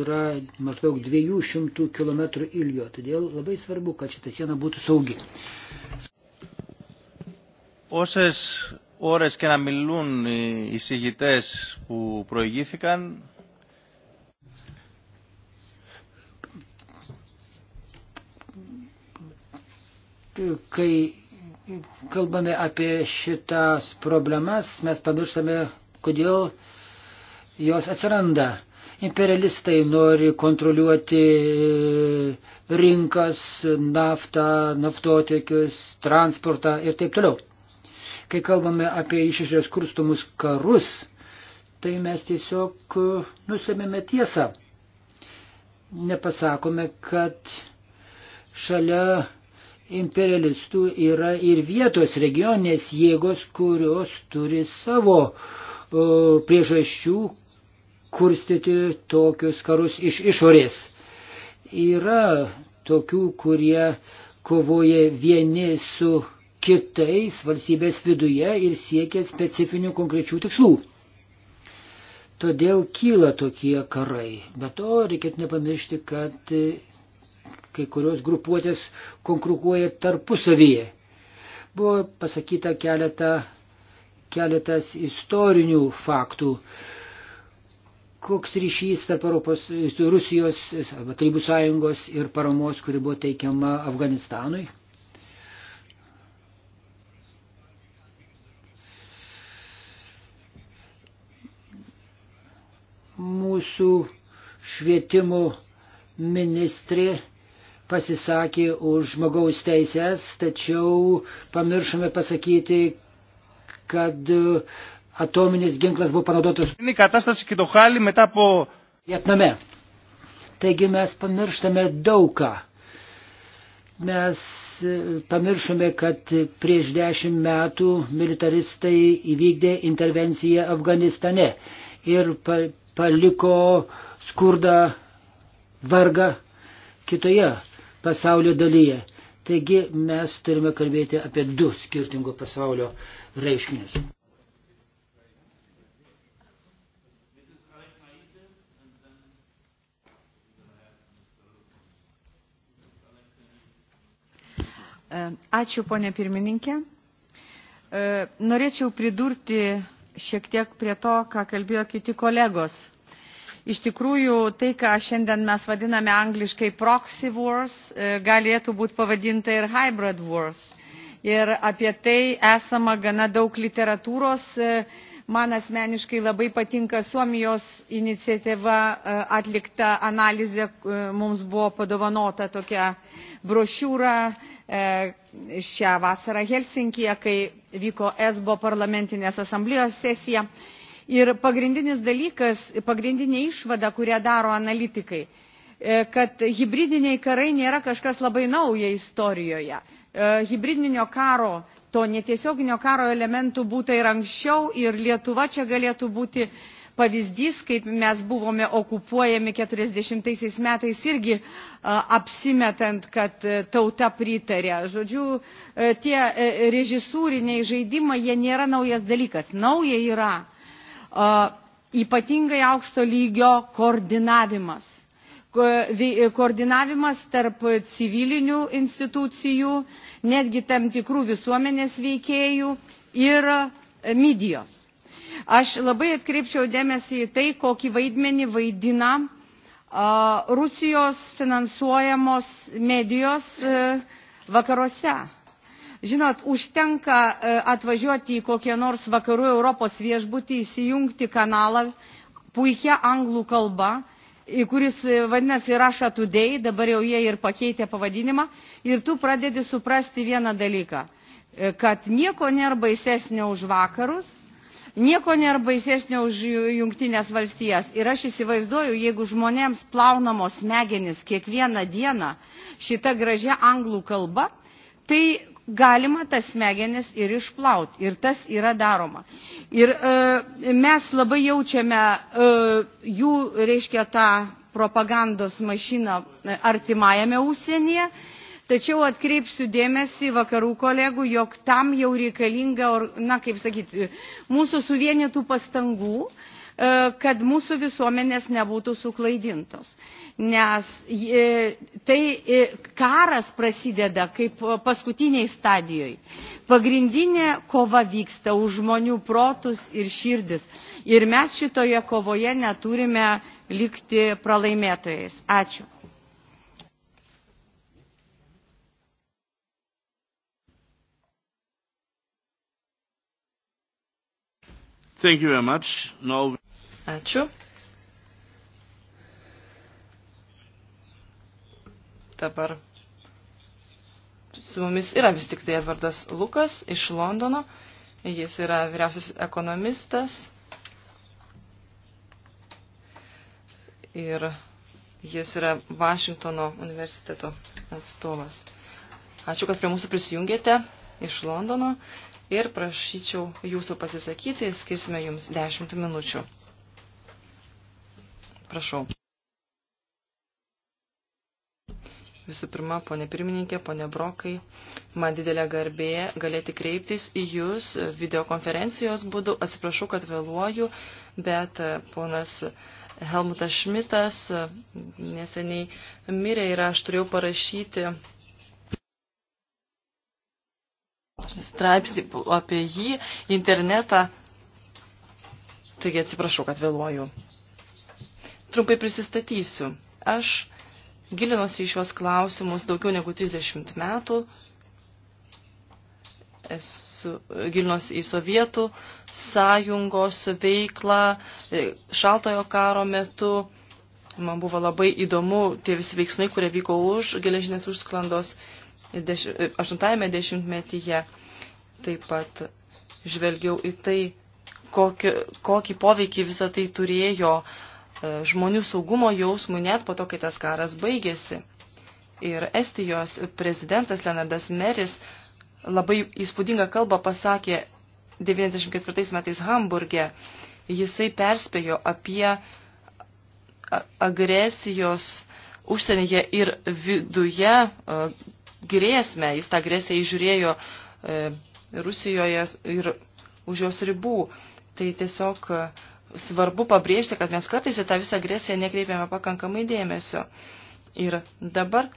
yra maždaug 200 km ilgio, todėl labai svarbu, kad šita siena būtų saugi. Όσες ώρες και να μιλούν οι εισηγητές που προηγήθηκαν, kai kalbame apie šitas problemas, mes pamirštame, kodėl jos atsiranda Imperialistai nori kontroliuoti e, rinkas, naftą, naftotiekius, transportą ir taip toliau. Kai kalbame apie išišės kurstumus karus, tai mes tiesiog e, nusėmėme tiesą. Nepasakome, kad šalia imperialistų yra ir vietos regioninės jėgos, kurios turi savo e, priežasčių, kurstyti tokius karus iš išorės. Yra tokių, kurie kovoja vieni su kitais valstybės viduje ir siekia specifinių konkrečių tikslų. Todėl kyla tokie karai. Bet to reikėtų nepamiršti, kad kai kurios grupuotės konkuruoja tarpusavyje. Buvo pasakyta keletą, keletas istorinių faktų koks ryšys tarp Europos, Rusijos, Tarybų sąjungos ir paramos, kuri buvo teikiama Afganistanui? Mūsų švietimo ministrė pasisakė už žmogaus teisės, tačiau pamiršome pasakyti, kad uh, atominis ginklas buvo panaudotas. Vietname. Taigi mes pamirštame daugą. Mes e, pamiršome, kad prieš dešimt metų militaristai įvykdė intervenciją Afganistane ir pa paliko skurdą vargą kitoje pasaulio dalyje. Taigi mes turime kalbėti apie du skirtingo pasaulio reiškinius. E, ačiū, ponė pirmininkė. E, norėčiau pridurti šiek tiek prie to, ką kalbėjo kiti kolegos. Iš tikrųjų, tai, ką šiandien mes vadiname angliškai proxy wars, e, galėtų būti pavadinta ir hybrid wars. Ir apie tai esama gana daug literatūros man asmeniškai labai patinka suomijos iniciatyva e, atlikta analizė e, mums buvo padovanota tokia brošiūra e, šią vasarą helsinkyje kai vyko esbo parlamentinės asamblėjos sesija ir pagrindinis dalykas pagrindinė išvada kurią daro analitikai kad hibridiniai karai nėra kažkas labai nauja istorijoje hibridinio karo to netiesioginio karo elementų būta ir anksčiau ir Lietuva čia galėtų būti pavyzdys, kaip mes buvome okupuojami 40 metais irgi e, apsimetant, kad e, tauta pritarė. Žodžiu, e, tie režisūriniai žaidimai, jie nėra naujas dalykas. Nauja yra ypatingai aukšto lygio koordinavimas koordinavimas tarp civilinių institucijų, netgi tam tikrų visuomenės veikėjų ir e, midijos. Aš labai atkreipčiau dėmesį į tai, kokį vaidmenį vaidina Rusijos finansuojamos medijos e, vakaruose. Žinot, užtenka e, atvažiuoti į kokią nors vakarų Europos viešbutį, įsijungti kanalą puikia anglų kalba kuris e, vadinasi Russia Today, dabar jau jie ir pakeitė pavadinimą, ir tu pradedi suprasti vieną dalyką, e, kad nieko nėra baisesnio už vakarus, nieko nėra baisesnio už jungtinės valstijas. Ir aš įsivaizduoju, jeigu žmonėms plaunamos smegenis kiekvieną dieną šita gražia anglų kalba, tai galima tas smegenis ir išplauti. Ir tas yra daroma. Ir e, mes labai jaučiame e, jų, reiškia, tą propagandos mašiną e, artimajame užsienyje. Tačiau atkreipsiu dėmesį vakarų kolegų, jog tam jau reikalinga, na kaip sakyti, mūsų suvienytų pastangų, E, kad mūsų visuomenės nebūtų suklaidintos. Nes e, tai e, karas prasideda kaip paskutiniai stadijoje. Pagrindinė kova vyksta už žmonių protus ir širdis. Ir mes šitoje kovoje neturime likti pralaimėtojais. Ačiū. Thank you very much. Now... Ačiū. Dabar su mumis yra vis tik tai Edvardas Lukas iš Londono. Jis yra vyriausias ekonomistas. Ir jis yra Vašingtono universiteto atstovas. Ačiū, kad prie mūsų prisijungėte iš Londono ir prašyčiau jūsų pasisakyti, skirsime jums 10 minučių. Prašau. Visų pirma, ponė pirmininkė, ponė Brokai, man didelė garbė galėti kreiptis į Jūs videokonferencijos būdu. Atsiprašau, kad vėluoju, bet e, ponas Helmutas Šmitas e, neseniai mirė ir aš turėjau parašyti straipsnį apie jį internetą. Taigi atsiprašau, kad vėluoju. Trumpai prisistatysiu. Aš gilinuosi į šios klausimus daugiau negu 30 metų. Esu gilinuosi į Sovietų sąjungos veiklą e, šaltojo karo metu. Man buvo labai įdomu tie visi veiksmai, kurie vyko už geležinės užsklandos 80-ame e, dešimtmetyje. Taip pat žvelgiau į tai, kokį, kokį poveikį visą tai turėjo uh, E, žmonių saugumo jausmų net po to, kai tas karas baigėsi. Ir Estijos prezidentas Lenardas Meris labai įspūdingą kalbą pasakė 94 metais Hamburge. Jisai perspėjo apie agresijos užsienyje ir viduje e, grėsmę. Jis tą grėsmę įžiūrėjo e, Rusijoje ir už jos ribų. Tai tiesiog uh, svarbu pabrėžti, kad mes kartais į tą visą agresiją nekreipiame pakankamai dėmesio. Ir dabar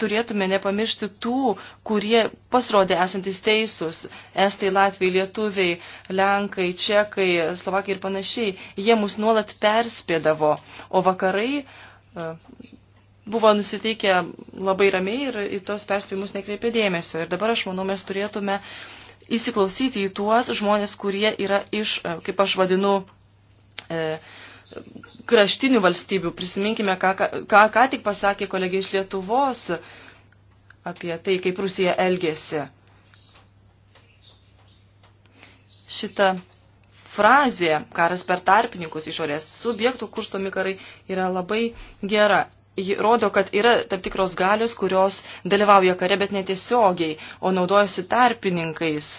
turėtume nepamiršti tų, kurie pasirodė esantys teisūs - estai, latviai, lietuviai, lenkai, čekai, slovakai ir panašiai. Jie mus nuolat perspėdavo, o vakarai e, buvo nusiteikę labai ramiai ir į tos perspėjimus nekreipė dėmesio. Ir dabar aš manau, mes turėtume įsiklausyti į tuos žmonės, kurie yra iš, e, kaip aš vadinu, E, kraštinių valstybių. Prisiminkime, ką, ką, ką tik pasakė kolegė iš Lietuvos apie tai, kaip Rusija elgėsi. Šita frazė karas per tarpininkus išorės subjektų kurstomi karai yra labai gera. Ji rodo, kad yra tam tikros galios, kurios dalyvauja kare, bet netiesiogiai, o naudojasi tarpininkais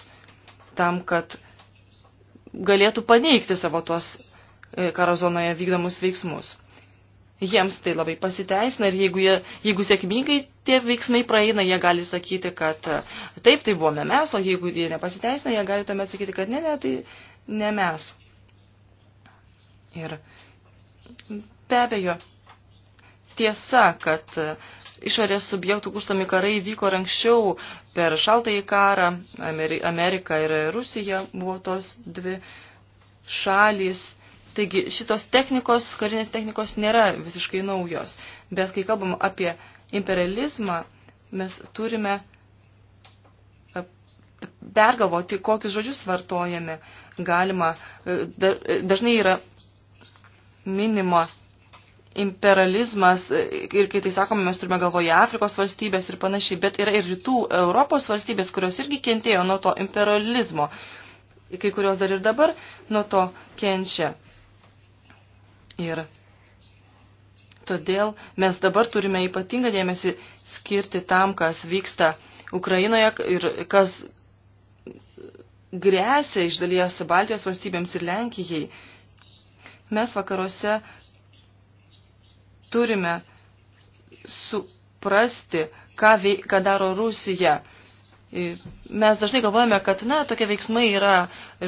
tam, kad galėtų paneigti savo tuos E, karo zonoje vykdomus veiksmus. Jiems tai labai pasiteisina ir jeigu, jie, jeigu sėkmingai tie veiksmai praeina, jie gali sakyti, kad e, taip, tai buvome mes, o jeigu jie nepasiteisina, jie gali tuomet sakyti, kad ne, ne, tai ne mes. Ir be abejo, tiesa, kad e, išorės subjektų kurstomi karai vyko ir anksčiau per šaltąjį karą, Amerika ir Rusija buvo tos dvi šalys Taigi šitos technikos, karinės technikos nėra visiškai naujos, bet kai kalbam apie imperializmą, mes turime e, pergalvoti, kokius žodžius vartojame. Galima, e, e, dažnai yra minima imperializmas ir kai tai sakome, mes turime galvoje Afrikos valstybės ir panašiai, bet yra ir rytų Europos valstybės, kurios irgi kentėjo nuo to imperializmo. Kai kurios dar ir dabar nuo to kenčia. Ir todėl mes dabar turime ypatingą dėmesį skirti tam, kas vyksta Ukrainoje ir kas grėsia iš dalies Baltijos valstybėms ir Lenkijai. Mes vakaruose turime suprasti, ką, veik, ką daro Rusija. Mes dažnai galvojame, kad na, tokie veiksmai yra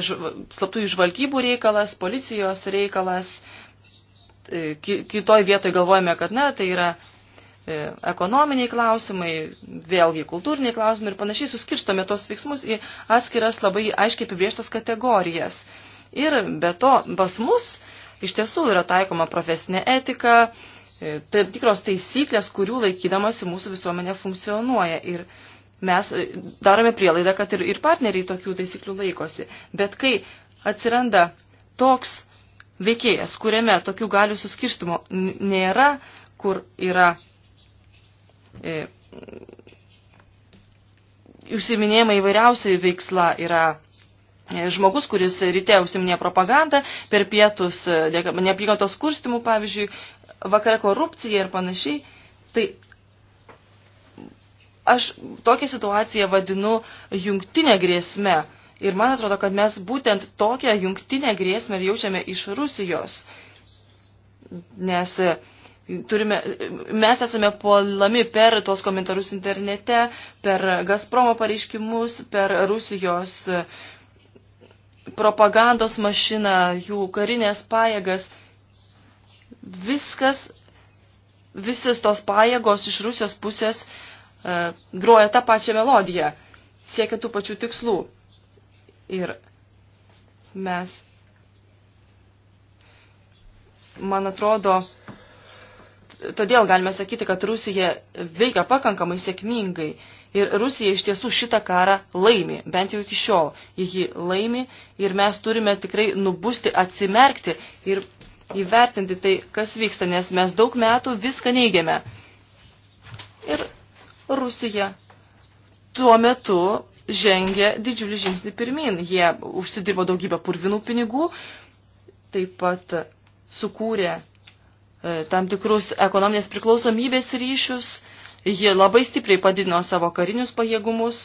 slaptųjų žvalgybų reikalas, policijos reikalas, E, kitoj vietoj galvojame, kad na, tai yra e, ekonominiai klausimai, vėlgi kultūriniai klausimai ir panašiai suskirstome tos veiksmus į atskiras labai aiškiai apibrieštas kategorijas. Ir be to, pas mus iš tiesų yra taikoma profesinė etika, e, tam tikros taisyklės, kurių laikydamasi mūsų visuomenė funkcionuoja. Ir mes darome prielaidą, kad ir, ir partneriai tokių taisyklių laikosi. Bet kai atsiranda toks veikėjas, kuriame tokių galių suskirstimo nėra, kur yra e, užsiminėjama įvairiausiai veiksla, yra e, žmogus, kuris ryte užsiminė propagandą, per pietus e, neapykantos kurstimų, pavyzdžiui, vakare korupcija ir panašiai. Tai aš tokią situaciją vadinu jungtinę grėsmę Ir man atrodo, kad mes būtent tokią jungtinę grėsmę jaučiame iš Rusijos. Nes e, turime, e, mes esame puolami per tuos komentarus internete, per Gazpromo pareiškimus, per Rusijos e, propagandos mašiną, jų karinės pajėgas. Viskas, visos tos pajėgos iš Rusijos pusės uh, groja tą pačią melodiją, siekia tų pačių tikslų. Ir mes, man atrodo, todėl galime sakyti, kad Rusija veikia pakankamai sėkmingai. Ir Rusija iš tiesų šitą karą laimi, bent jau iki šiol jį laimi ir mes turime tikrai nubusti, atsimerkti ir įvertinti tai, kas vyksta, nes mes daug metų viską neigiame. Ir Rusija tuo metu žengė didžiulį žingsnį pirmin. Jie užsidirbo daugybę purvinų pinigų, taip pat sukūrė e, tam tikrus ekonominės priklausomybės ryšius, jie labai stipriai padidino savo karinius pajėgumus,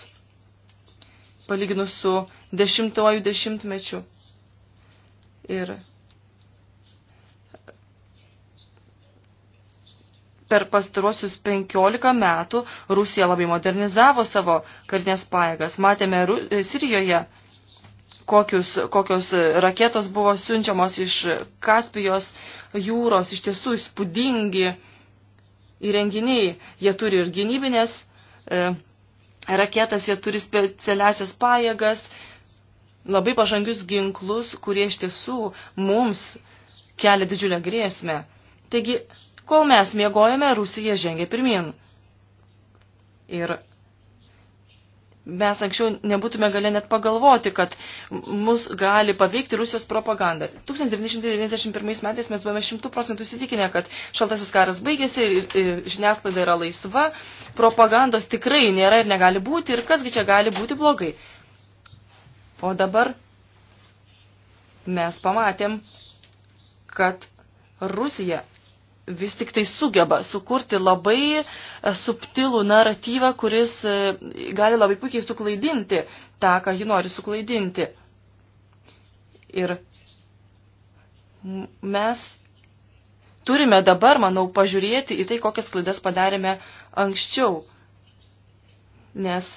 palyginus su dešimtojų dešimtmečiu. Ir per pastaruosius 15 metų Rusija labai modernizavo savo karinės paėgas. Matėme Ru Sirijoje, kokius, kokios raketos buvo siunčiamos iš Kaspijos jūros, iš tiesų įspūdingi įrenginiai. Jie turi ir gynybinės e, raketas, jie turi specialiasias pajėgas, labai pažangius ginklus, kurie iš tiesų mums kelia didžiulę grėsmę. Taigi Kol mes miegojame, Rusija žengė pirmin. Ir mes anksčiau nebūtume galę net pagalvoti, kad mus gali paveikti Rusijos propaganda. 1991 metais mes buvome 100 procentų įsitikinę, kad šaltasis karas baigėsi, žiniasklaida yra laisva, propagandos tikrai nėra ir negali būti, ir kasgi čia gali būti blogai. O dabar mes pamatėm, kad Rusija vis tik tai sugeba sukurti labai e, subtilų naratyvą, kuris e, gali labai puikiai suklaidinti tą, ką ji nori suklaidinti. Ir mes turime dabar, manau, pažiūrėti į tai, kokias klaidas padarėme anksčiau. Nes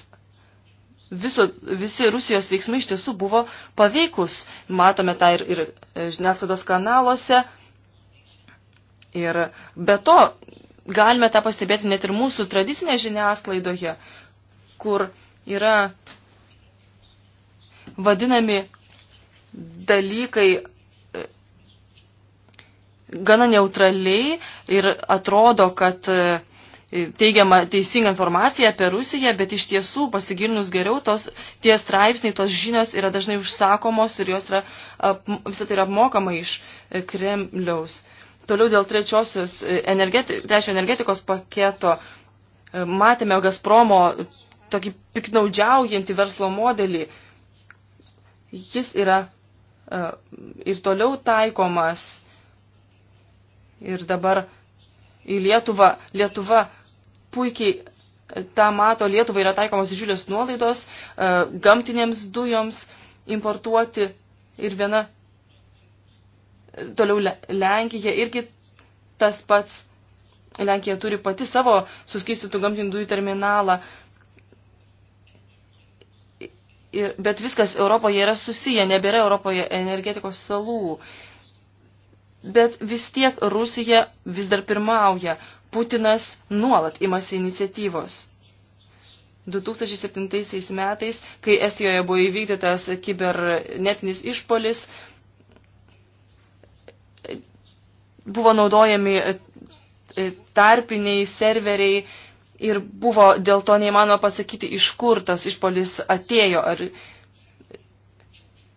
viso, visi Rusijos veiksmai iš tiesų buvo paveikus. Matome tą ir, ir e, žiniasklaidos kanaluose, Ir be to, galime tą pastebėti net ir mūsų tradicinėje žiniasklaidoje, kur yra vadinami dalykai e, gana neutraliai ir atrodo, kad e, teigiama teisinga informacija apie Rusiją, bet iš tiesų pasigilinus geriau, tos, tie straipsniai, tos žinios yra dažnai užsakomos ir jos yra, ap, visą tai yra apmokama iš e, Kremliaus. Toliau dėl trečiosios e, energeti, trečio energetikos paketo e, matėme Gazpromo tokį piknaudžiaujantį verslo modelį. Jis yra e, ir toliau taikomas. Ir dabar į Lietuvą, Lietuva puikiai tą mato, Lietuva yra taikomos didžiulės nuolaidos gamtinėms dujoms importuoti ir viena Toliau Lenkija irgi tas pats. Lenkija turi pati savo suskistytų gamtinių dujų terminalą. Bet viskas Europoje yra susiję, nebėra Europoje energetikos salų. Bet vis tiek Rusija vis dar pirmauja. Putinas nuolat imasi iniciatyvos. 2007 metais, kai Estijoje buvo įvykdytas kibernetinis išpolis, buvo naudojami e, e, tarpiniai serveriai ir buvo dėl to neįmanoma pasakyti, iš kur tas išpolis atėjo, ar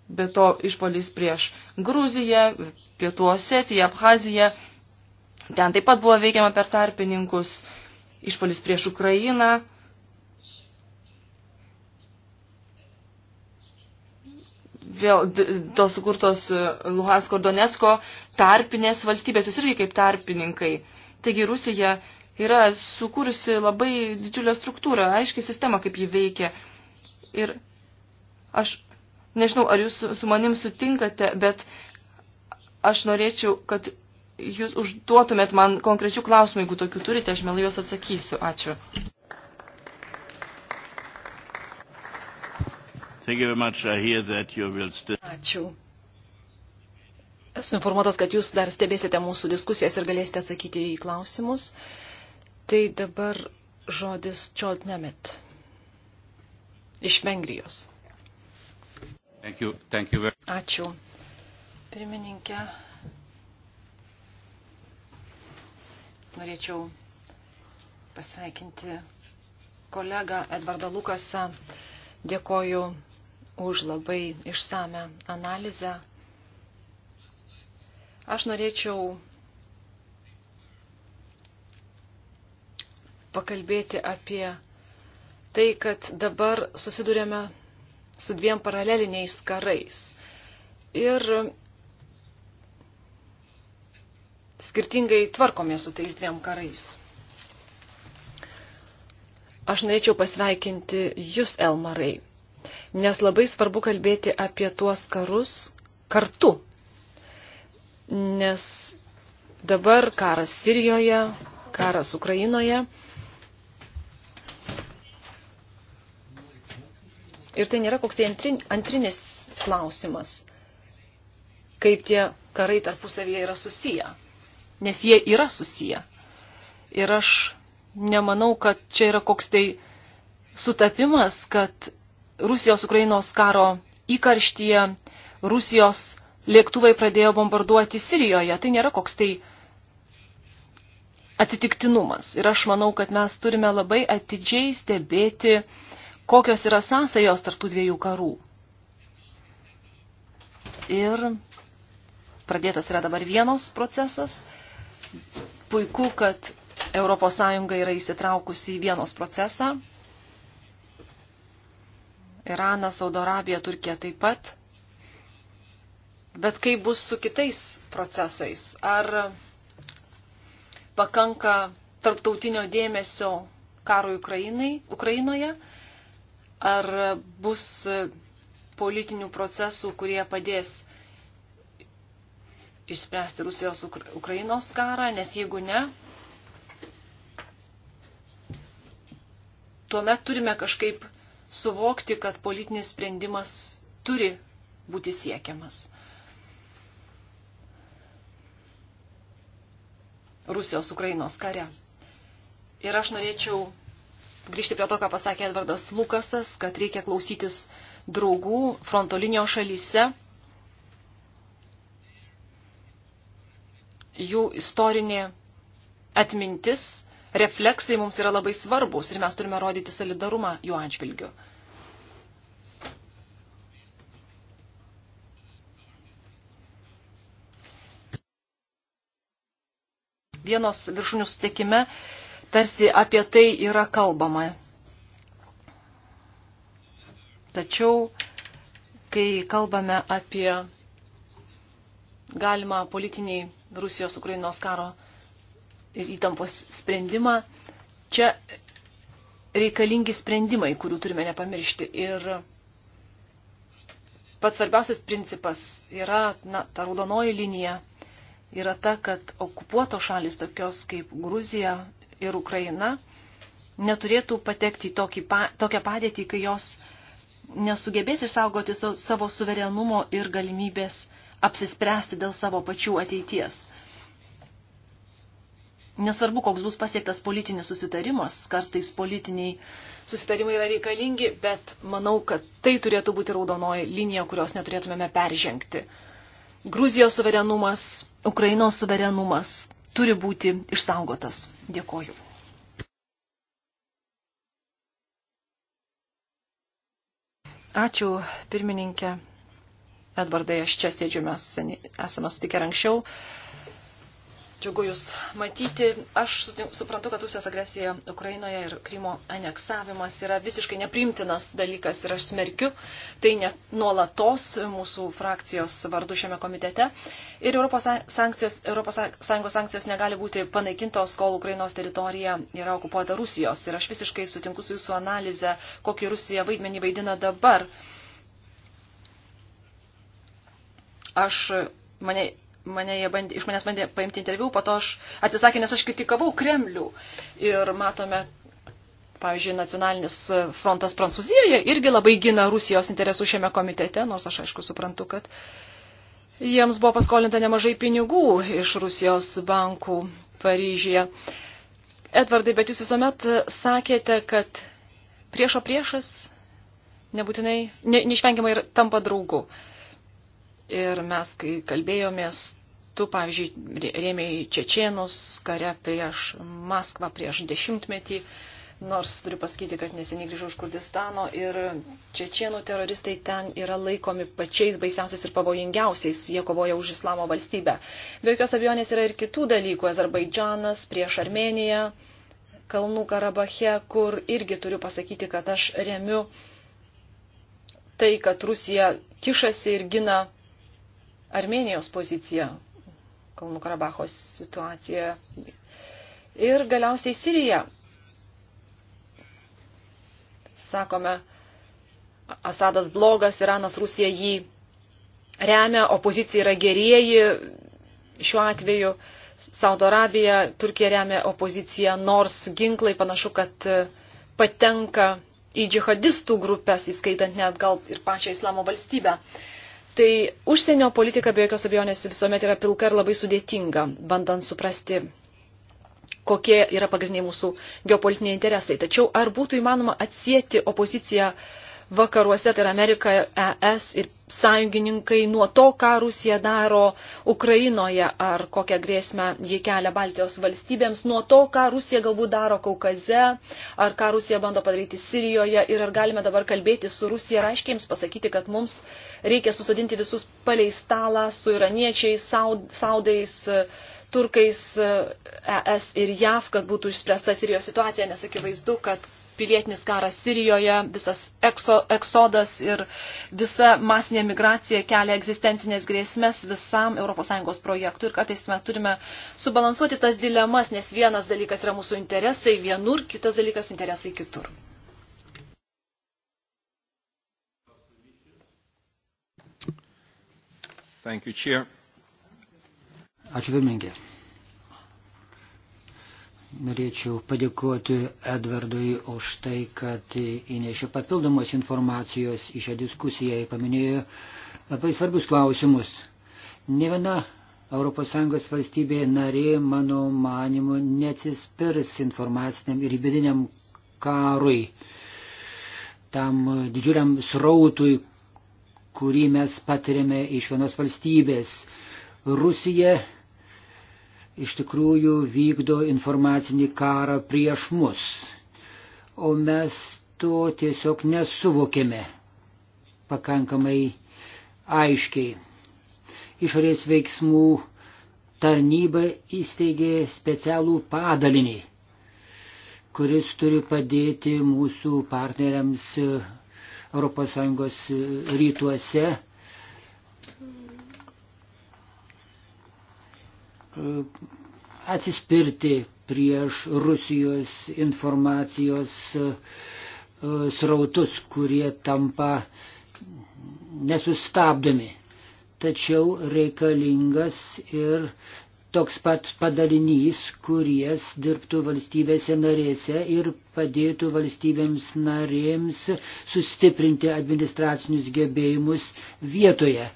be to išpolis prieš Gruziją, Pietų Osetiją, Abhaziją. Ten taip pat buvo veikiama per tarpininkus išpolis prieš Ukrainą. Vėl dėl sukurtos Luhansko ir Donetsko tarpinės valstybės, jūs irgi kaip tarpininkai. Taigi Rusija yra sukūrusi labai didžiulę struktūrą, aiškiai sistemą, kaip ji veikia. Ir aš nežinau, ar jūs su manim sutinkate, bet aš norėčiau, kad jūs užduotumėt man konkrečių klausimų, jeigu tokių turite, aš mielai juos atsakysiu. Ačiū. Much, still... Ačiū. Esu informuotas, kad jūs dar stebėsite mūsų diskusijas ir galėsite atsakyti į klausimus. Tai dabar žodis Čolt Nemet iš Vengrijos. Thank you, thank you very... Ačiū. Pirmininkė, norėčiau pasveikinti kolegą Edvardą Lukasą. Dėkoju už labai išsame analizę Aš norėčiau pakalbėti apie tai, kad dabar susidurėme su dviem paraleliniais karais. Ir skirtingai tvarkomės su tais dviem karais. Aš norėčiau pasveikinti Jūs, Elmarai, nes labai svarbu kalbėti apie tuos karus kartu, nes dabar karas Sirijoje, karas Ukrainoje. Ir tai nėra koks tai antrinis klausimas, kaip tie karai tarpusavėje yra susiję, nes jie yra susiję. Ir aš nemanau, kad čia yra koks tai sutapimas, kad Rusijos Ukrainos karo įkarštyje Rusijos lėktuvai pradėjo bombarduoti Sirijoje. Tai nėra koks tai atsitiktinumas. Ir aš manau, kad mes turime labai atidžiai stebėti, kokios yra sąsajos tarptų dviejų karų. Ir pradėtas yra dabar vienos procesas. Puiku, kad ES yra įsitraukusi į vienos procesą. Iranas, Saudo Arabija, Turkija taip pat Bet kaip bus su kitais procesais? Ar pakanka tarptautinio dėmesio karui Ukrainai, Ukrainoje? Ar bus politinių procesų, kurie padės išspręsti Rusijos Ukrainos karą, nes jeigu ne, tuomet turime kažkaip suvokti, kad politinis sprendimas turi būti siekiamas. Rusijos Ukrainos kare. Ir aš norėčiau grįžti prie to, ką pasakė Edvardas Lukasas, kad reikia klausytis draugų fronto linijos šalyse. Jų istorinė atmintis, refleksai mums yra labai svarbus ir mes turime rodyti solidarumą jų atžvilgiu. vienos viršūnių sutikime tarsi apie tai yra kalbama. Tačiau, kai kalbame apie galimą politinį Rusijos-Ukrainos karo ir įtampos sprendimą, čia reikalingi sprendimai, kurių turime nepamiršti. Ir pats svarbiausias principas yra na, ta raudonoji linija yra ta, kad okupuotos šalis tokios kaip Gruzija ir Ukraina neturėtų patekti į pa, tokią padėtį, kai jos nesugebės išsaugoti savo suverenumo ir galimybės apsispręsti dėl savo pačių ateities. Nesvarbu, koks bus pasiektas politinis susitarimas, kartais politiniai susitarimai yra reikalingi, bet manau, kad tai turėtų būti raudonoji linija, kurios neturėtumėme peržengti. Gruzijos suverenumas, Ukrainos suverenumas turi būti išsaugotas. Dėkoju. Ačiū, pirmininkė. Edvardai, aš čia sėdžiu, mes esame sutikę anksčiau džiugu Jūs matyti. Aš suprantu, kad Rusijos agresija Ukrainoje ir Krymo aneksavimas yra visiškai neprimtinas dalykas ir aš smerkiu. Tai ne nuolatos mūsų frakcijos vardu šiame komitete. Ir Europos sankcijos, Europos Sąjungos sankcijos negali būti panaikintos, kol Ukrainos teritorija yra okupuota Rusijos. Ir aš visiškai sutinku su Jūsų analize, kokį Rusija vaidmenį vaidina dabar. Aš mane mane jie bandė, iš manęs bandė paimti interviu, po to aš atsisakė, nes aš kritikavau Kremlių. Ir matome, pavyzdžiui, nacionalinis frontas Prancūzijoje irgi labai gina Rusijos interesų šiame komitete, nors aš aišku suprantu, kad jiems buvo paskolinta nemažai pinigų iš Rusijos bankų Paryžyje. Edvardai, bet jūs visuomet sakėte, kad priešo priešas nebūtinai, ne, neišvengiamai tampa draugu. Uh, Ir mes, kai kalbėjomės, tu, pavyzdžiui, rėmėjai Čečienus kare prieš Maskvą prieš dešimtmetį, nors turiu pasakyti, kad neseniai grįžau iš Kurdistano ir Čečienų teroristai ten yra laikomi pačiais baisiausiais ir pavojingiausiais, jie kovoja už islamo valstybę. Be jokios abejonės yra ir kitų dalykų, Azerbaidžanas prieš Armeniją, Kalnų Karabache, kur irgi turiu pasakyti, kad aš remiu tai, kad Rusija kišasi ir gina Armenijos poziciją, Kalnų Karabacho situaciją ir galiausiai Siriją. Sakome, Asadas blogas, Iranas Rusija jį remia, opozicija yra gerieji šiuo atveju. Saudo Arabija, Turkija remia opoziciją, nors ginklai panašu, kad e, patenka į džihadistų grupės, įskaitant net gal ir pačią islamo valstybę. Uh, Tai užsienio politika be jokios abejonės visuomet yra pilka ir labai sudėtinga, bandant suprasti, kokie yra pagrindiniai mūsų geopolitiniai interesai. Tačiau ar būtų įmanoma atsijėti opoziciją vakaruose, tai yra Amerika, ES ir sąjungininkai nuo to, ką Rusija daro Ukrainoje ar kokią grėsmę jie kelia Baltijos valstybėms, nuo to, ką Rusija galbūt daro Kaukaze, ar ką Rusija bando padaryti Sirijoje ir ar galime dabar kalbėti su Rusija ir aiškiai jums pasakyti, kad mums reikia susodinti visus palei stalą su iraniečiais, saud, saudais, turkais, ES ir JAV, kad būtų išspręsta Sirijos situacija, nes akivaizdu, kad pilietinis karas Sirijoje, visas ekso, eksodas ir visa masinė migracija kelia egzistencinės grėsmės visam ES projektui. Ir kartais mes turime subalansuoti tas dilemas, nes vienas dalykas yra mūsų interesai vienur, kitas dalykas interesai kitur. Thank you, Chair. Ačiū pirmininkė. Norėčiau padėkoti Edvardui už tai, kad įnešė papildomos informacijos į šią diskusiją. Jis paminėjo labai svarbus klausimus. Ne viena ES valstybė narė, mano manimu, neatsispirs informaciniam ir įbediniam karui, tam didžiuliam srautui, kurį mes patiriame iš vienos valstybės. Rusija iš tikrųjų vykdo informacinį karą prieš mus. O mes to tiesiog nesuvokėme pakankamai aiškiai. Išorės veiksmų tarnyba įsteigė specialų padalinį, kuris turi padėti mūsų partneriams ES rytuose E, atsispirti prieš Rusijos informacijos e, e, srautus, kurie tampa nesustabdomi. Tačiau reikalingas ir toks pat padalinys, kuries dirbtų valstybėse narėse ir padėtų valstybėms narėms sustiprinti administracinius gebėjimus vietoje.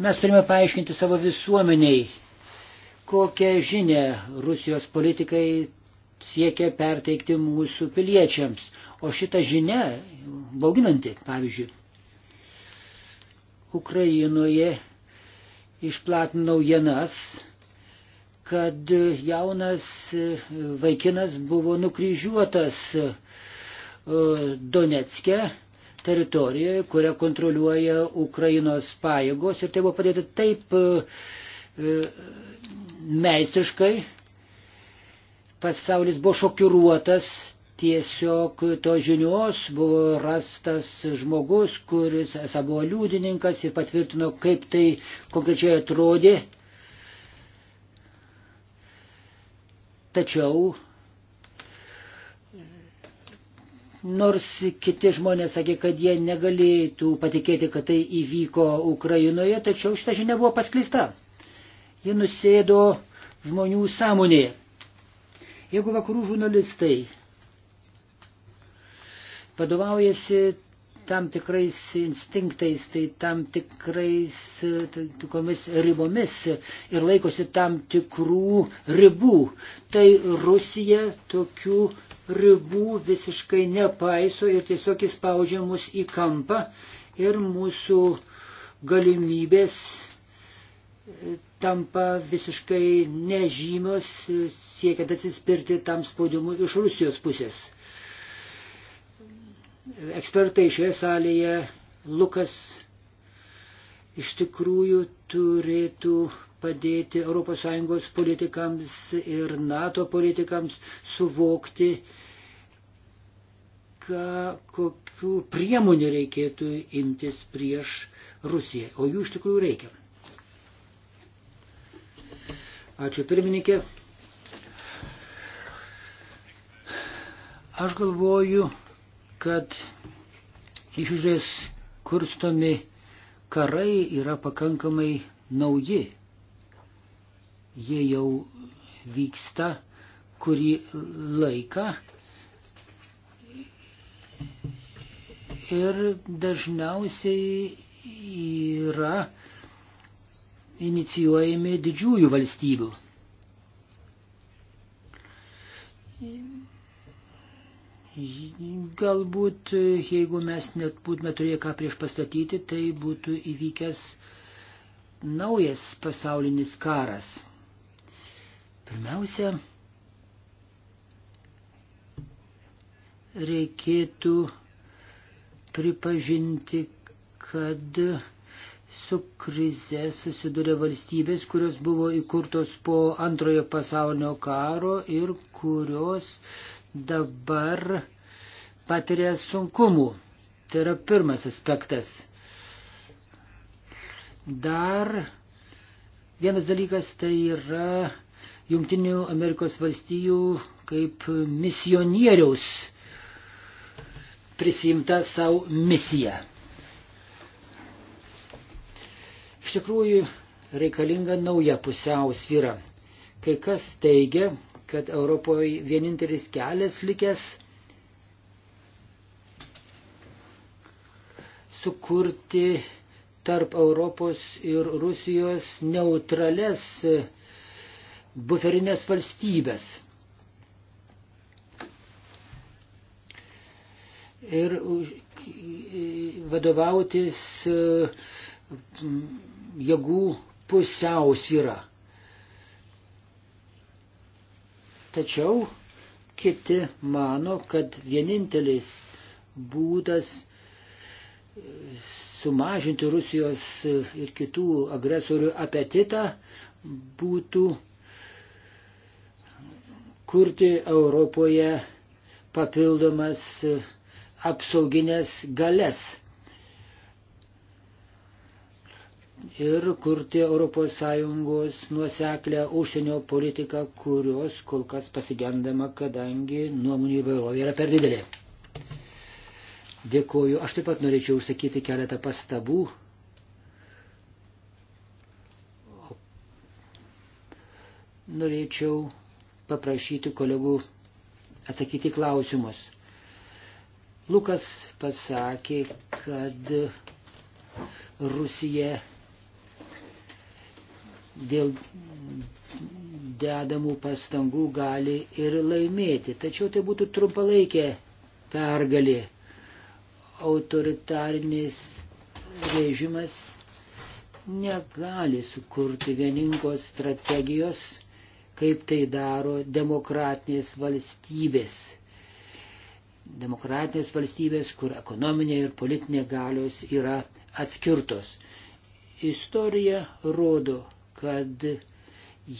Mes turime paaiškinti savo visuomeniai, kokią žinę Rusijos politikai siekia perteikti mūsų piliečiams. O šita žinia bauginanti, pavyzdžiui, Ukrainoje išplatinau jenas, kad jaunas vaikinas buvo nukryžiuotas e, Donetske teritorijoje, kurią kontroliuoja Ukrainos pajėgos ir tai buvo padėta taip e, meistriškai. Pasaulis buvo šokiruotas, tiesiog to žinios buvo rastas žmogus, kuris esą buvo liūdininkas ir patvirtino, kaip tai konkrečiai atrodė. Tačiau Nors kiti žmonės sakė, kad jie negalėtų patikėti, kad tai įvyko Ukrainoje, tačiau šita žinia buvo pasklista ji nusėdo žmonių sąmonėje. Jeigu vakarų žurnalistai vadovaujasi tam tikrais instinktais, tai tam tikrais tai tikromis ribomis ir laikosi tam tikrų ribų, tai Rusija tokių ribų visiškai nepaiso ir tiesiog įspaudžia mus į kampą ir mūsų galimybės tampa visiškai nežymios, siekiant atsispirti tam spaudimui iš Rusijos pusės. Ekspertai šioje salėje, Lukas, iš tikrųjų turėtų padėti ES politikams ir NATO politikams suvokti, ką, kokių priemonių reikėtų imtis prieš Rusiją. O jų iš tikrųjų reikia. Ačiū pirmininkė. Aš galvoju, kad išžės kurstomi karai yra pakankamai nauji. Jie jau vyksta kurį laiką ir dažniausiai yra inicijuojami didžiųjų valstybių. Galbūt, jeigu mes net būtume turėję ką prieš pastatyti, tai būtų įvykęs naujas pasaulinis karas. Pirmiausia, reikėtų pripažinti, kad su krize susidūrė valstybės, kurios buvo įkurtos po antrojo pasaulinio karo ir kurios dabar patiria sunkumų. Tai yra pirmas aspektas. Dar vienas dalykas tai yra Junktinių Amerikos valstijų kaip misionieriaus prisimta savo misiją. Iš tikrųjų reikalinga nauja pusiausvyra. Kai kas teigia, kad Europoje vienintelis kelias likęs sukurti tarp Europos ir Rusijos neutrales buferinės valstybės. Ir vadovautis uh, jėgų pusiausvyrą. Tačiau kiti mano, kad vienintelis būdas sumažinti Rusijos ir kitų agresorių apetitą būtų kurti Europoje papildomas apsauginės galės ir kurti ES nuoseklę užsienio politiką, kurios kol kas pasigendama, kadangi nuomonių įvairovė yra per didelė. Dėkuoju. Aš taip pat norėčiau užsakyti keletą pastabų. Norėčiau paprašyti kolegų atsakyti klausimus. Lukas pasakė, kad Rusija dėl dedamų pastangų gali ir laimėti. Tačiau tai būtų trumpalaikė pergalė. Autoritarnis režimas negali sukurti vieningos strategijos, kaip tai daro demokratinės valstybės. Demokratinės valstybės, kur ekonominė ir politinė galios yra atskirtos. Istorija rodo, kad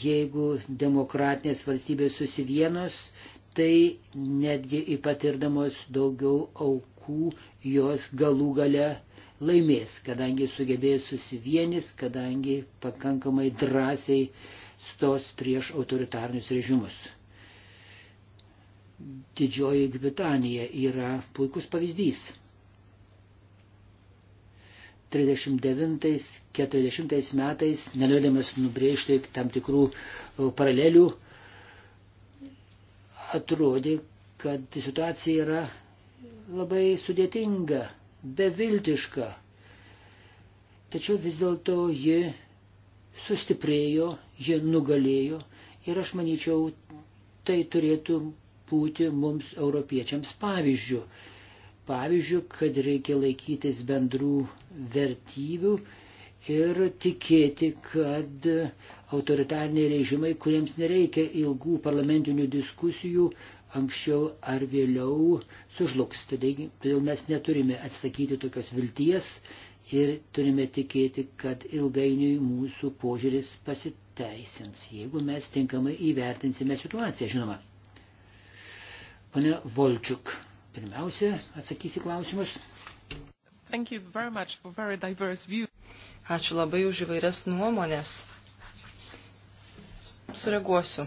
jeigu demokratinės valstybės susivienos, tai netgi patirdamos daugiau aukų jos galų gale laimės, kadangi sugebės susivienis, kadangi pakankamai drąsiai stos prieš autoritarnius režimus. Didžioji Britanija yra puikus pavyzdys. 39-40 metais, nenorėdamas nubrėžti tam tikrų paralelių, atrodė, kad situacija yra labai sudėtinga, beviltiška. Tačiau vis dėlto ji sustiprėjo, ji nugalėjo ir aš manyčiau, tai turėtų būti mums europiečiams pavyzdžių pavyzdžių, kad reikia laikytis bendrų vertybių ir tikėti, kad autoritariniai režimai, kuriems nereikia ilgų parlamentinių diskusijų, anksčiau ar vėliau sužlugs. Todėl mes neturime atsakyti tokios vilties ir turime tikėti, kad ilgainiui mūsų požiūris pasiteisins, jeigu mes tinkamai įvertinsime situaciją, žinoma. Pane Volčiuk pirmiausia atsakysi klausimus. Ačiū labai už įvairias nuomonės. Sureaguosiu.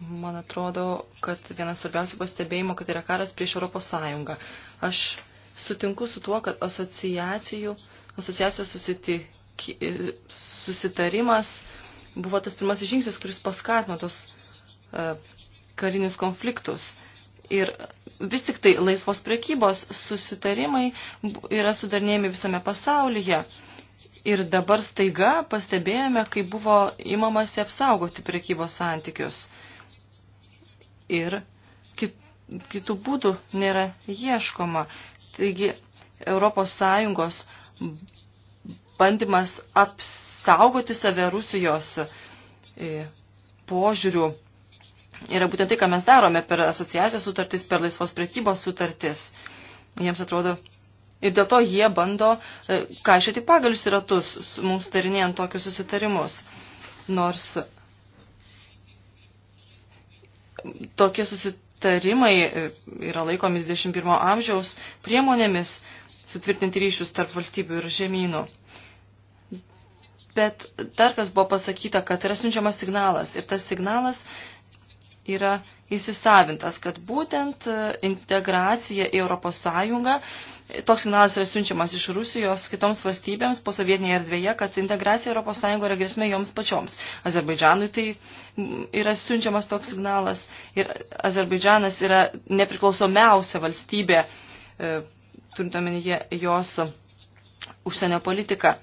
Man atrodo, kad vienas svarbiausių pastebėjimų, kad yra karas prieš Europos Sąjungą. Aš sutinku su tuo, kad asociacijų, asociacijos susitik, susitarimas buvo tas pirmasis žingsnis, kuris paskatino tos e, karinius konfliktus. Ir vis tik tai laisvos prekybos susitarimai yra sudarnėjami visame pasaulyje. Ir dabar staiga pastebėjome, kai buvo imamasi apsaugoti prekybos santykius. Ir kit, kitų būdų nėra ieškoma. Taigi Europos Sąjungos bandymas apsaugoti save Rusijos e, požiūrių yra būtent tai, ką mes darome per asociacijos sutartis, per laisvos prekybos sutartis. Jiems atrodo. Ir dėl to jie bando e, kaišyti pagalius į ratus, mums tarinėjant tokius susitarimus. Nors tokie susitarimai e, yra laikomi 21 amžiaus priemonėmis sutvirtinti ryšius tarp valstybių ir žemynų. Bet dar kas buvo pasakyta, kad yra siunčiamas signalas ir tas signalas yra įsisavintas, kad būtent e, integracija į Europos Sąjungą, toks signalas yra siunčiamas iš Rusijos kitoms valstybėms posovietinėje erdvėje, kad integracija Europos Sąjungoje yra grėsmė joms pačioms. Azerbaidžanui tai yra siunčiamas toks signalas ir Azerbaidžanas yra nepriklausomiausia valstybė, e, turint omenyje jos užsienio politiką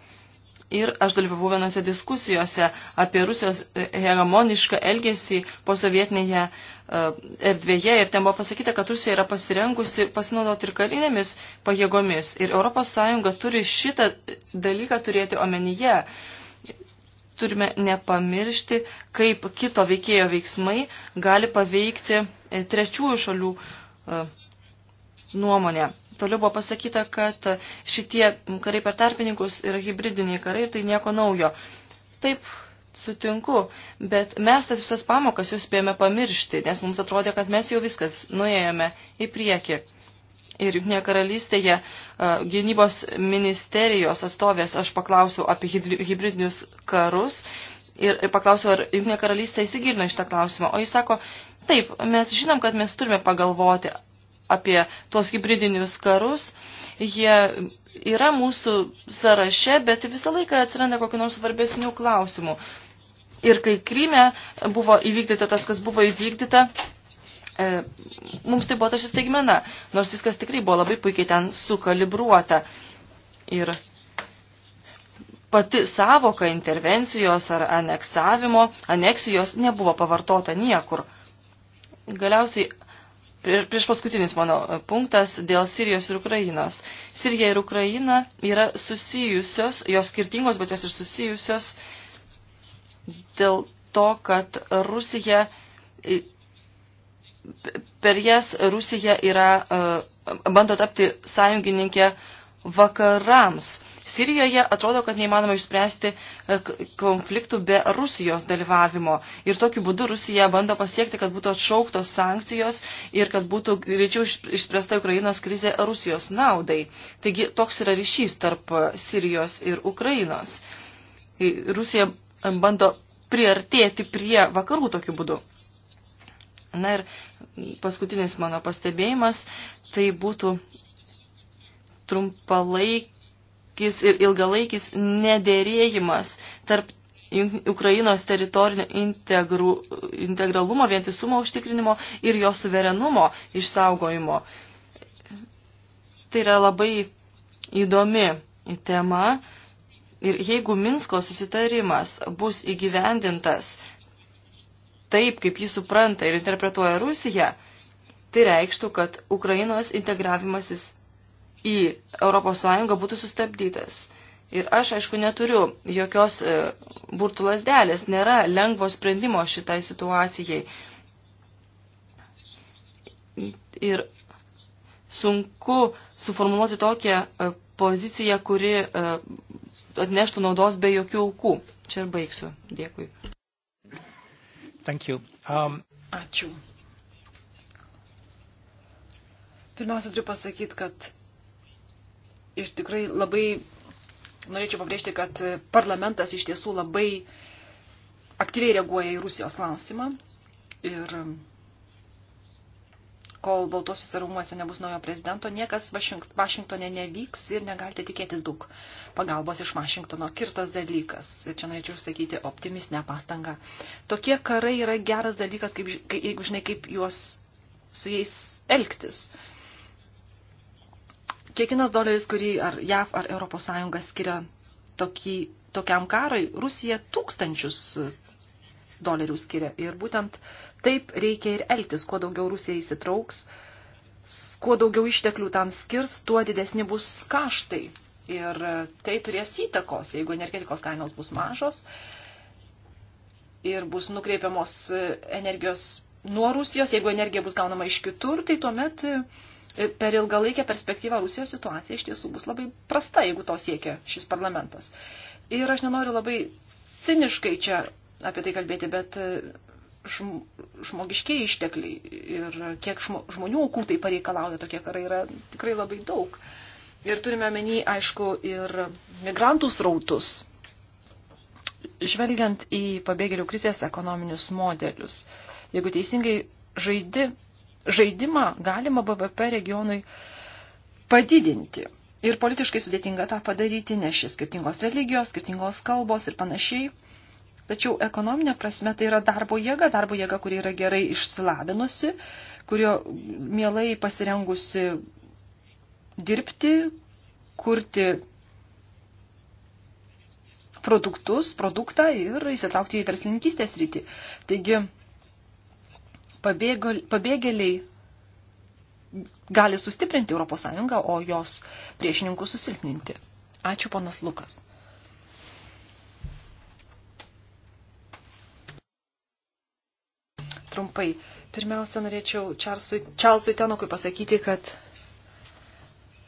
ir aš dalyvavau vienose diskusijose apie Rusijos e, hegemonišką elgesį posovietinėje e, erdvėje ir ten buvo pasakyta, kad Rusija yra pasirengusi pasinaudoti ir karinėmis pajėgomis ir ES turi šitą dalyką turėti omenyje. Turime nepamiršti, kaip kito veikėjo veiksmai gali paveikti e, trečiųjų šalių nuomonę. Toliau buvo pasakyta, kad šitie karai per tarpininkus yra hybridiniai karai ir tai nieko naujo. Taip, sutinku, bet mes tas visas pamokas jau spėjome pamiršti, nes mums atrodė, kad mes jau viskas nuėjome į priekį. Ir Junktinėje karalystėje gynybos ministerijos atstovės aš paklausiau apie hybridinius karus ir paklausiau, ar Junktinė karalystė įsigilino šitą klausimą. O jis sako, taip, mes žinom, kad mes turime pagalvoti apie tuos hybridinius karus. Jie yra mūsų sąraše, bet visą laiką atsiranda kokių nors svarbesnių klausimų. Ir kai Kryme buvo įvykdyta tas, kas buvo įvykdyta, e, mums tai buvo tašis teigmena, nors viskas tikrai buvo labai puikiai ten sukalibruota. Ir pati savoka intervencijos ar aneksavimo, aneksijos nebuvo pavartota niekur. Galiausiai prieš paskutinis mano punktas dėl Sirijos ir Ukrainos. Sirija ir Ukraina yra susijusios, jos skirtingos, bet jos ir susijusios dėl to, kad Rusija, per jas Rusija yra, e, bando tapti sąjungininkė vakarams. Sirijoje atrodo, kad neįmanoma išspręsti e, konfliktų be Rusijos dalyvavimo. Ir tokiu būdu Rusija bando pasiekti, kad būtų atšauktos sankcijos ir kad būtų greičiau išspręsta Ukrainos krizė Rusijos naudai. Taigi toks yra ryšys tarp e, Sirijos ir Ukrainos. Rusija e, bando priartėti prie vakarų tokiu būdu. Na ir paskutinis mano pastebėjimas, tai būtų trumpalaik ilgalaikis ir ilgalaikis nederėjimas tarp Ukrainos teritorinio integru, integralumo, vientisumo užtikrinimo ir jo suverenumo išsaugojimo. Tai yra labai įdomi tema ir jeigu Minsko susitarimas bus įgyvendintas taip, kaip jį supranta ir interpretuoja Rusija, tai reikštų, kad Ukrainos integravimasis į ES būtų sustabdytas. Ir aš, aišku, neturiu jokios e, burtų lasdelės, nėra lengvo sprendimo šitai situacijai. Ir sunku suformuoluoti tokią e, poziciją, kuri e, atneštų naudos be jokių aukų. Čia ir baigsiu. Dėkui. Thank you. Um... Ačiū. Pirmiausia, turiu pasakyti, kad ir tikrai labai norėčiau pabrėžti, kad parlamentas iš tiesų labai aktyviai reaguoja į Rusijos klausimą. Ir kol Baltuosiuose rūmuose nebus naujo prezidento, niekas Vašingtonė nevyks ir negalite tikėtis daug pagalbos iš Vašingtono. Kirtas dalykas, čia norėčiau išsakyti optimistinę pastangą. Tokie karai yra geras dalykas, kaip, jeigu žinai, kaip juos su jais elgtis. Uh, Kiekvienas doleris, kurį ar JAV ar ES skiria tokį, tokiam karui, Rusija tūkstančius dolerių skiria. Ir būtent taip reikia ir elgtis, kuo daugiau Rusija įsitrauks, kuo daugiau išteklių tam skirs, tuo didesni bus kaštai. Ir tai turės įtakos, jeigu energetikos kainos bus mažos ir bus nukreipiamos energijos nuo Rusijos, jeigu energija bus gaunama iš kitur, tai tuomet per ilgalaikę perspektyvą Rusijos situacija iš tiesų bus labai prasta, jeigu to siekia šis parlamentas. Ir aš nenoriu labai ciniškai čia apie tai kalbėti, bet e, žmogiškiai ištekliai ir kiek žmonių aukų tai pareikalauja, tokie karai yra tikrai labai daug. Ir turime menį, aišku, ir migrantų srautus. Žvelgiant į pabėgėlių krizės ekonominius modelius, jeigu teisingai žaidi žaidimą galima BVP regionui padidinti. Ir politiškai sudėtinga tą padaryti, nes šis skirtingos religijos, skirtingos kalbos ir panašiai. Tačiau ekonominė prasme tai yra darbo jėga, darbo jėga, kuri yra gerai išsilavinusi, kurio mielai pasirengusi dirbti, kurti produktus, produktą ir įsitraukti į verslininkystės rytį. Taigi pabėgėliai gali sustiprinti ES, o jos priešininkų susilpninti. Ačiū, ponas Lukas. Trumpai. Pirmiausia, norėčiau Čarlzui Tenokui pasakyti, kad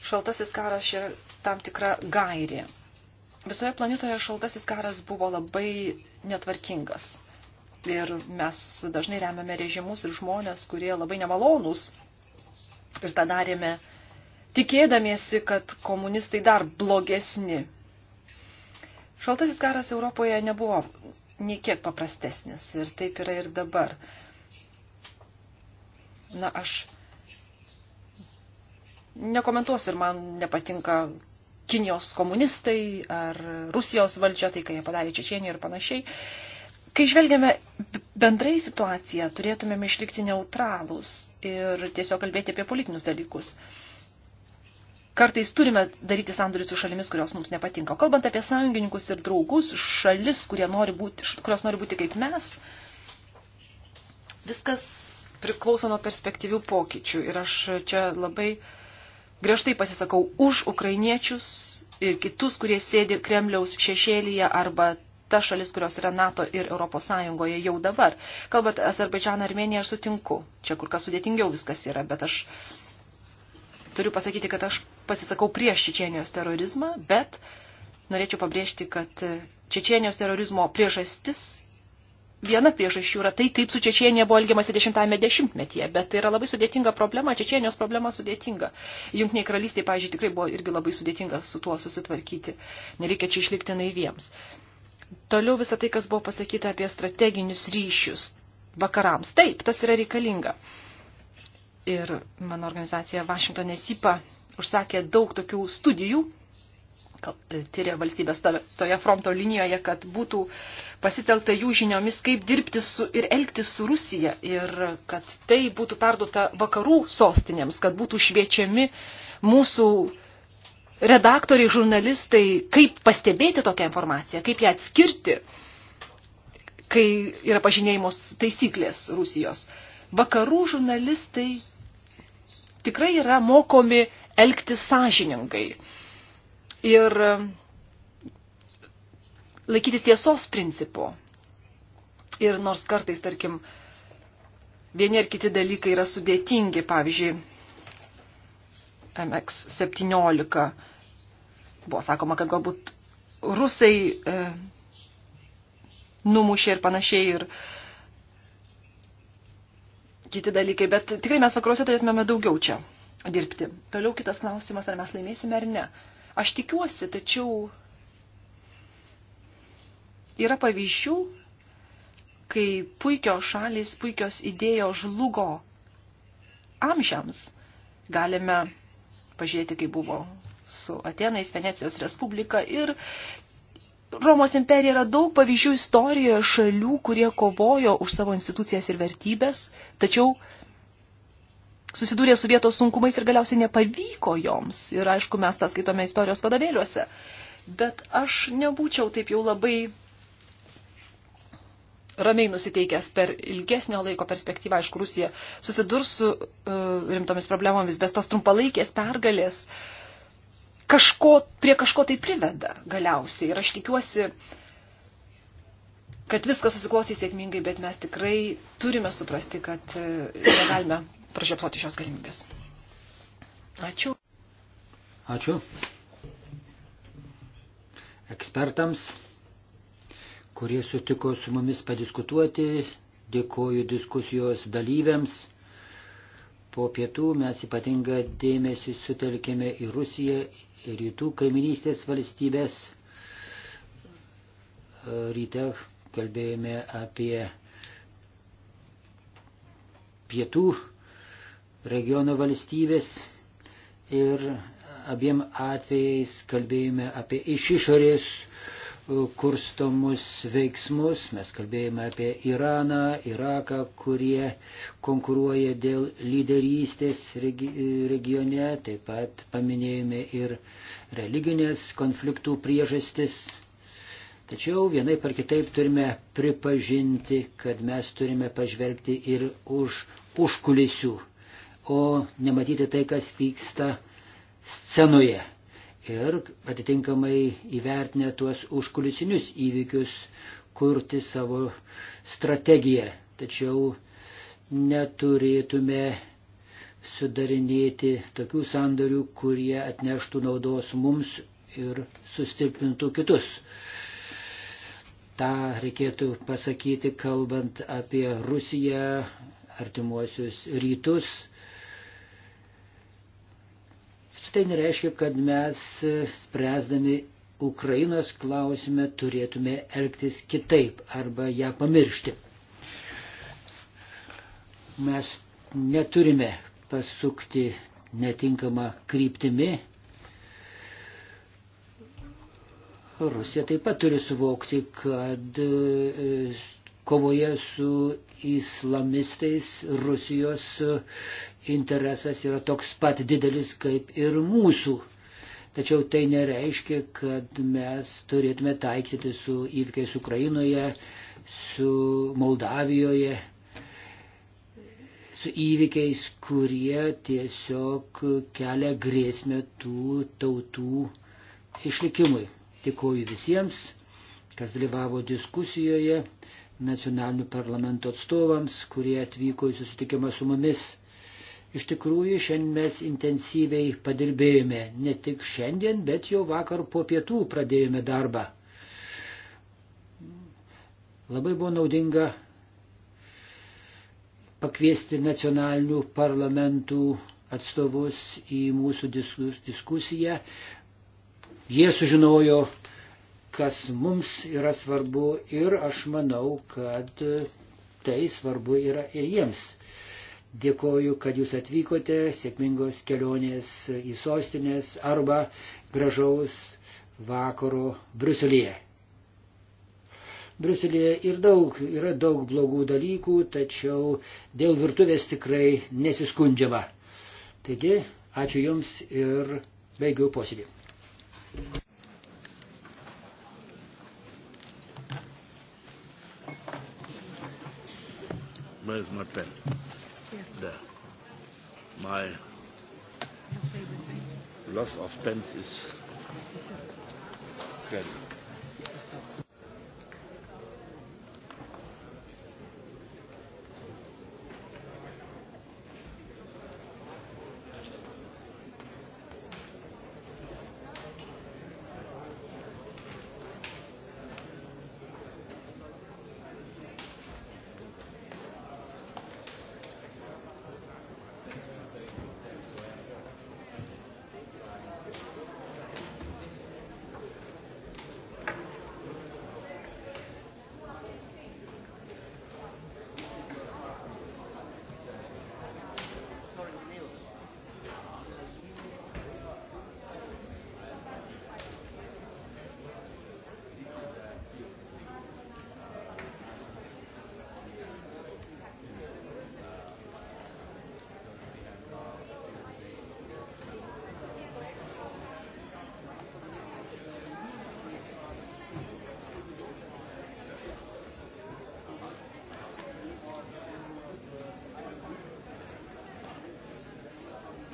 šaltasis karas yra tam tikra gairė. Visoje planetoje šaltasis karas buvo labai netvarkingas Ir mes dažnai remiame režimus ir žmonės, kurie labai nemalonūs. Ir tą darėme tikėdamiesi, kad komunistai dar blogesni. Šaltasis karas Europoje nebuvo nei kiek paprastesnis ir taip yra ir dabar. Na, aš nekomentuosiu ir man nepatinka Kinijos komunistai ar Rusijos valdžia, tai ką jie padarė Čečienį ir panašiai. Kai žvelgiame bendrai situaciją, turėtumėme išlikti neutralūs ir tiesiog kalbėti apie politinius dalykus. Kartais turime daryti sandorius su šalimis, kurios mums nepatinka. O kalbant apie sąjungininkus ir draugus, šalis, nori būti, kurios nori būti kaip mes, viskas priklauso nuo perspektyvių pokyčių. Ir aš čia labai griežtai pasisakau už ukrainiečius ir kitus, kurie sėdi Kremliaus šešėlyje arba ta šalis, kurios yra NATO ir ES jau dabar. Kalbant Azerbaidžaną, Armeniją, aš sutinku. Čia kur kas sudėtingiau viskas yra, bet aš turiu pasakyti, kad aš pasisakau prieš Čečienijos terorizmą, bet norėčiau pabrėžti, kad Čečienijos terorizmo priežastis viena priežasčių yra tai, kaip su Čečienija buvo elgiamasi 10-ame dešimtmetyje, bet tai yra labai sudėtinga problema, Čečienijos problema sudėtinga. Jungtiniai karalystiai, pažiūrėjau, tikrai buvo irgi labai sudėtinga su tuo susitvarkyti. Nereikia čia išlikti naiviems. Toliau visą tai, kas buvo pasakyta apie strateginius ryšius vakarams. Taip, tas yra reikalinga. Ir mano organizacija Vašingtonė SIPA užsakė daug tokių studijų, e, tyrė valstybės toje fronto linijoje, kad būtų pasitelta jų žiniomis, kaip dirbti su ir elgtis su Rusija ir kad tai būtų perduota vakarų sostinėms, kad būtų šviečiami mūsų uh, redaktoriai, žurnalistai, kaip pastebėti tokią informaciją, kaip ją atskirti, kai yra pažinėjimos taisyklės Rusijos. Vakarų žurnalistai tikrai yra mokomi elgti sąžiningai ir e, laikytis tiesos principo. Ir nors kartais, tarkim, vieni ar kiti dalykai yra sudėtingi, pavyzdžiui, MX17. Buvo sakoma, kad galbūt rusai e, numušė ir panašiai ir kiti dalykai, bet tikrai mes vakaruose turėtumėme daugiau čia dirbti. Toliau kitas klausimas, ar mes laimėsime ar ne. Aš tikiuosi, tačiau yra pavyzdžių, kai puikios šalis, puikios idėjos žlugo amžiams. Galime pažiūrėti, kaip buvo su Atenais, Venecijos Respublika ir Romos imperija yra daug pavyzdžių istorijoje šalių, kurie kovojo už savo institucijas ir vertybės, tačiau susidūrė su vietos sunkumais ir galiausiai nepavyko joms. Ir aišku, mes tą skaitome istorijos vadovėliuose. Bet aš nebūčiau taip jau labai ramiai nusiteikęs per ilgesnio laiko perspektyvą, aišku, Rusija susidurs su uh, rimtomis problemomis, bet tos trumpalaikės pergalės kažko, prie kažko tai priveda galiausiai. Ir aš tikiuosi, kad viskas susiklostys sėkmingai, bet mes tikrai turime suprasti, kad e, negalime pražiopsoti šios galimybės. Ačiū. Ačiū. Ekspertams kurie sutiko su mumis padiskutuoti. Dėkoju diskusijos dalyviams. Po pietų mes ypatingą dėmesį sutelkėme į Rusiją ir rytų kaiminystės valstybės. Ryte kalbėjome apie pietų regiono valstybės ir abiem atvejais kalbėjome apie iš išorės kurstomus veiksmus. Mes kalbėjome apie Iraną, Iraką, kurie konkuruoja dėl lyderystės regione. Taip pat paminėjome ir religinės konfliktų priežastis. Tačiau vienai par kitaip turime pripažinti, kad mes turime pažvelgti ir už užkulisių, o nematyti tai, kas vyksta scenoje ir atitinkamai įvertinę tuos užkulisinius įvykius kurti savo strategiją. Tačiau neturėtume sudarinėti tokių sandorių, kurie atneštų naudos mums ir sustiprintų kitus. Ta reikėtų pasakyti, kalbant apie Rusiją, artimuosius rytus, Tai nereiškia, kad mes e, spręsdami Ukrainos klausime turėtume elgtis kitaip arba ją pamiršti. Mes neturime pasukti netinkamą kryptimį. Rusija taip pat turi suvokti, kad e, kovoje su islamistais Rusijos e, interesas yra toks pat didelis kaip ir mūsų. Tačiau tai nereiškia, kad mes turėtume taikyti su įvykiais Ukrainoje, su Moldavijoje, su įvykiais, kurie tiesiog kelia grėsmę tų tautų išlikimui. Tikoju visiems, kas dalyvavo diskusijoje, nacionalinių parlamento atstovams, kurie atvyko į susitikimą su mumis. Iš tikrųjų, šiandien mes intensyviai padirbėjome, ne tik šiandien, bet jau vakar po pietų pradėjome darbą. Labai buvo naudinga pakviesti nacionalinių parlamentų atstovus į mūsų diskusiją. Jie sužinojo, kas mums yra svarbu ir aš manau, kad tai svarbu yra ir jiems. Dėkoju, kad jūs atvykote, sėkmingos kelionės į sostinės arba gražaus vakaro Bruselėje. Bruselėje ir daug, yra daug blogų dalykų, tačiau dėl virtuvės tikrai nesiskundžiama. Taigi, ačiū Jums ir baigiu posėdį. Where's my pen? the, my loss of pens is credit.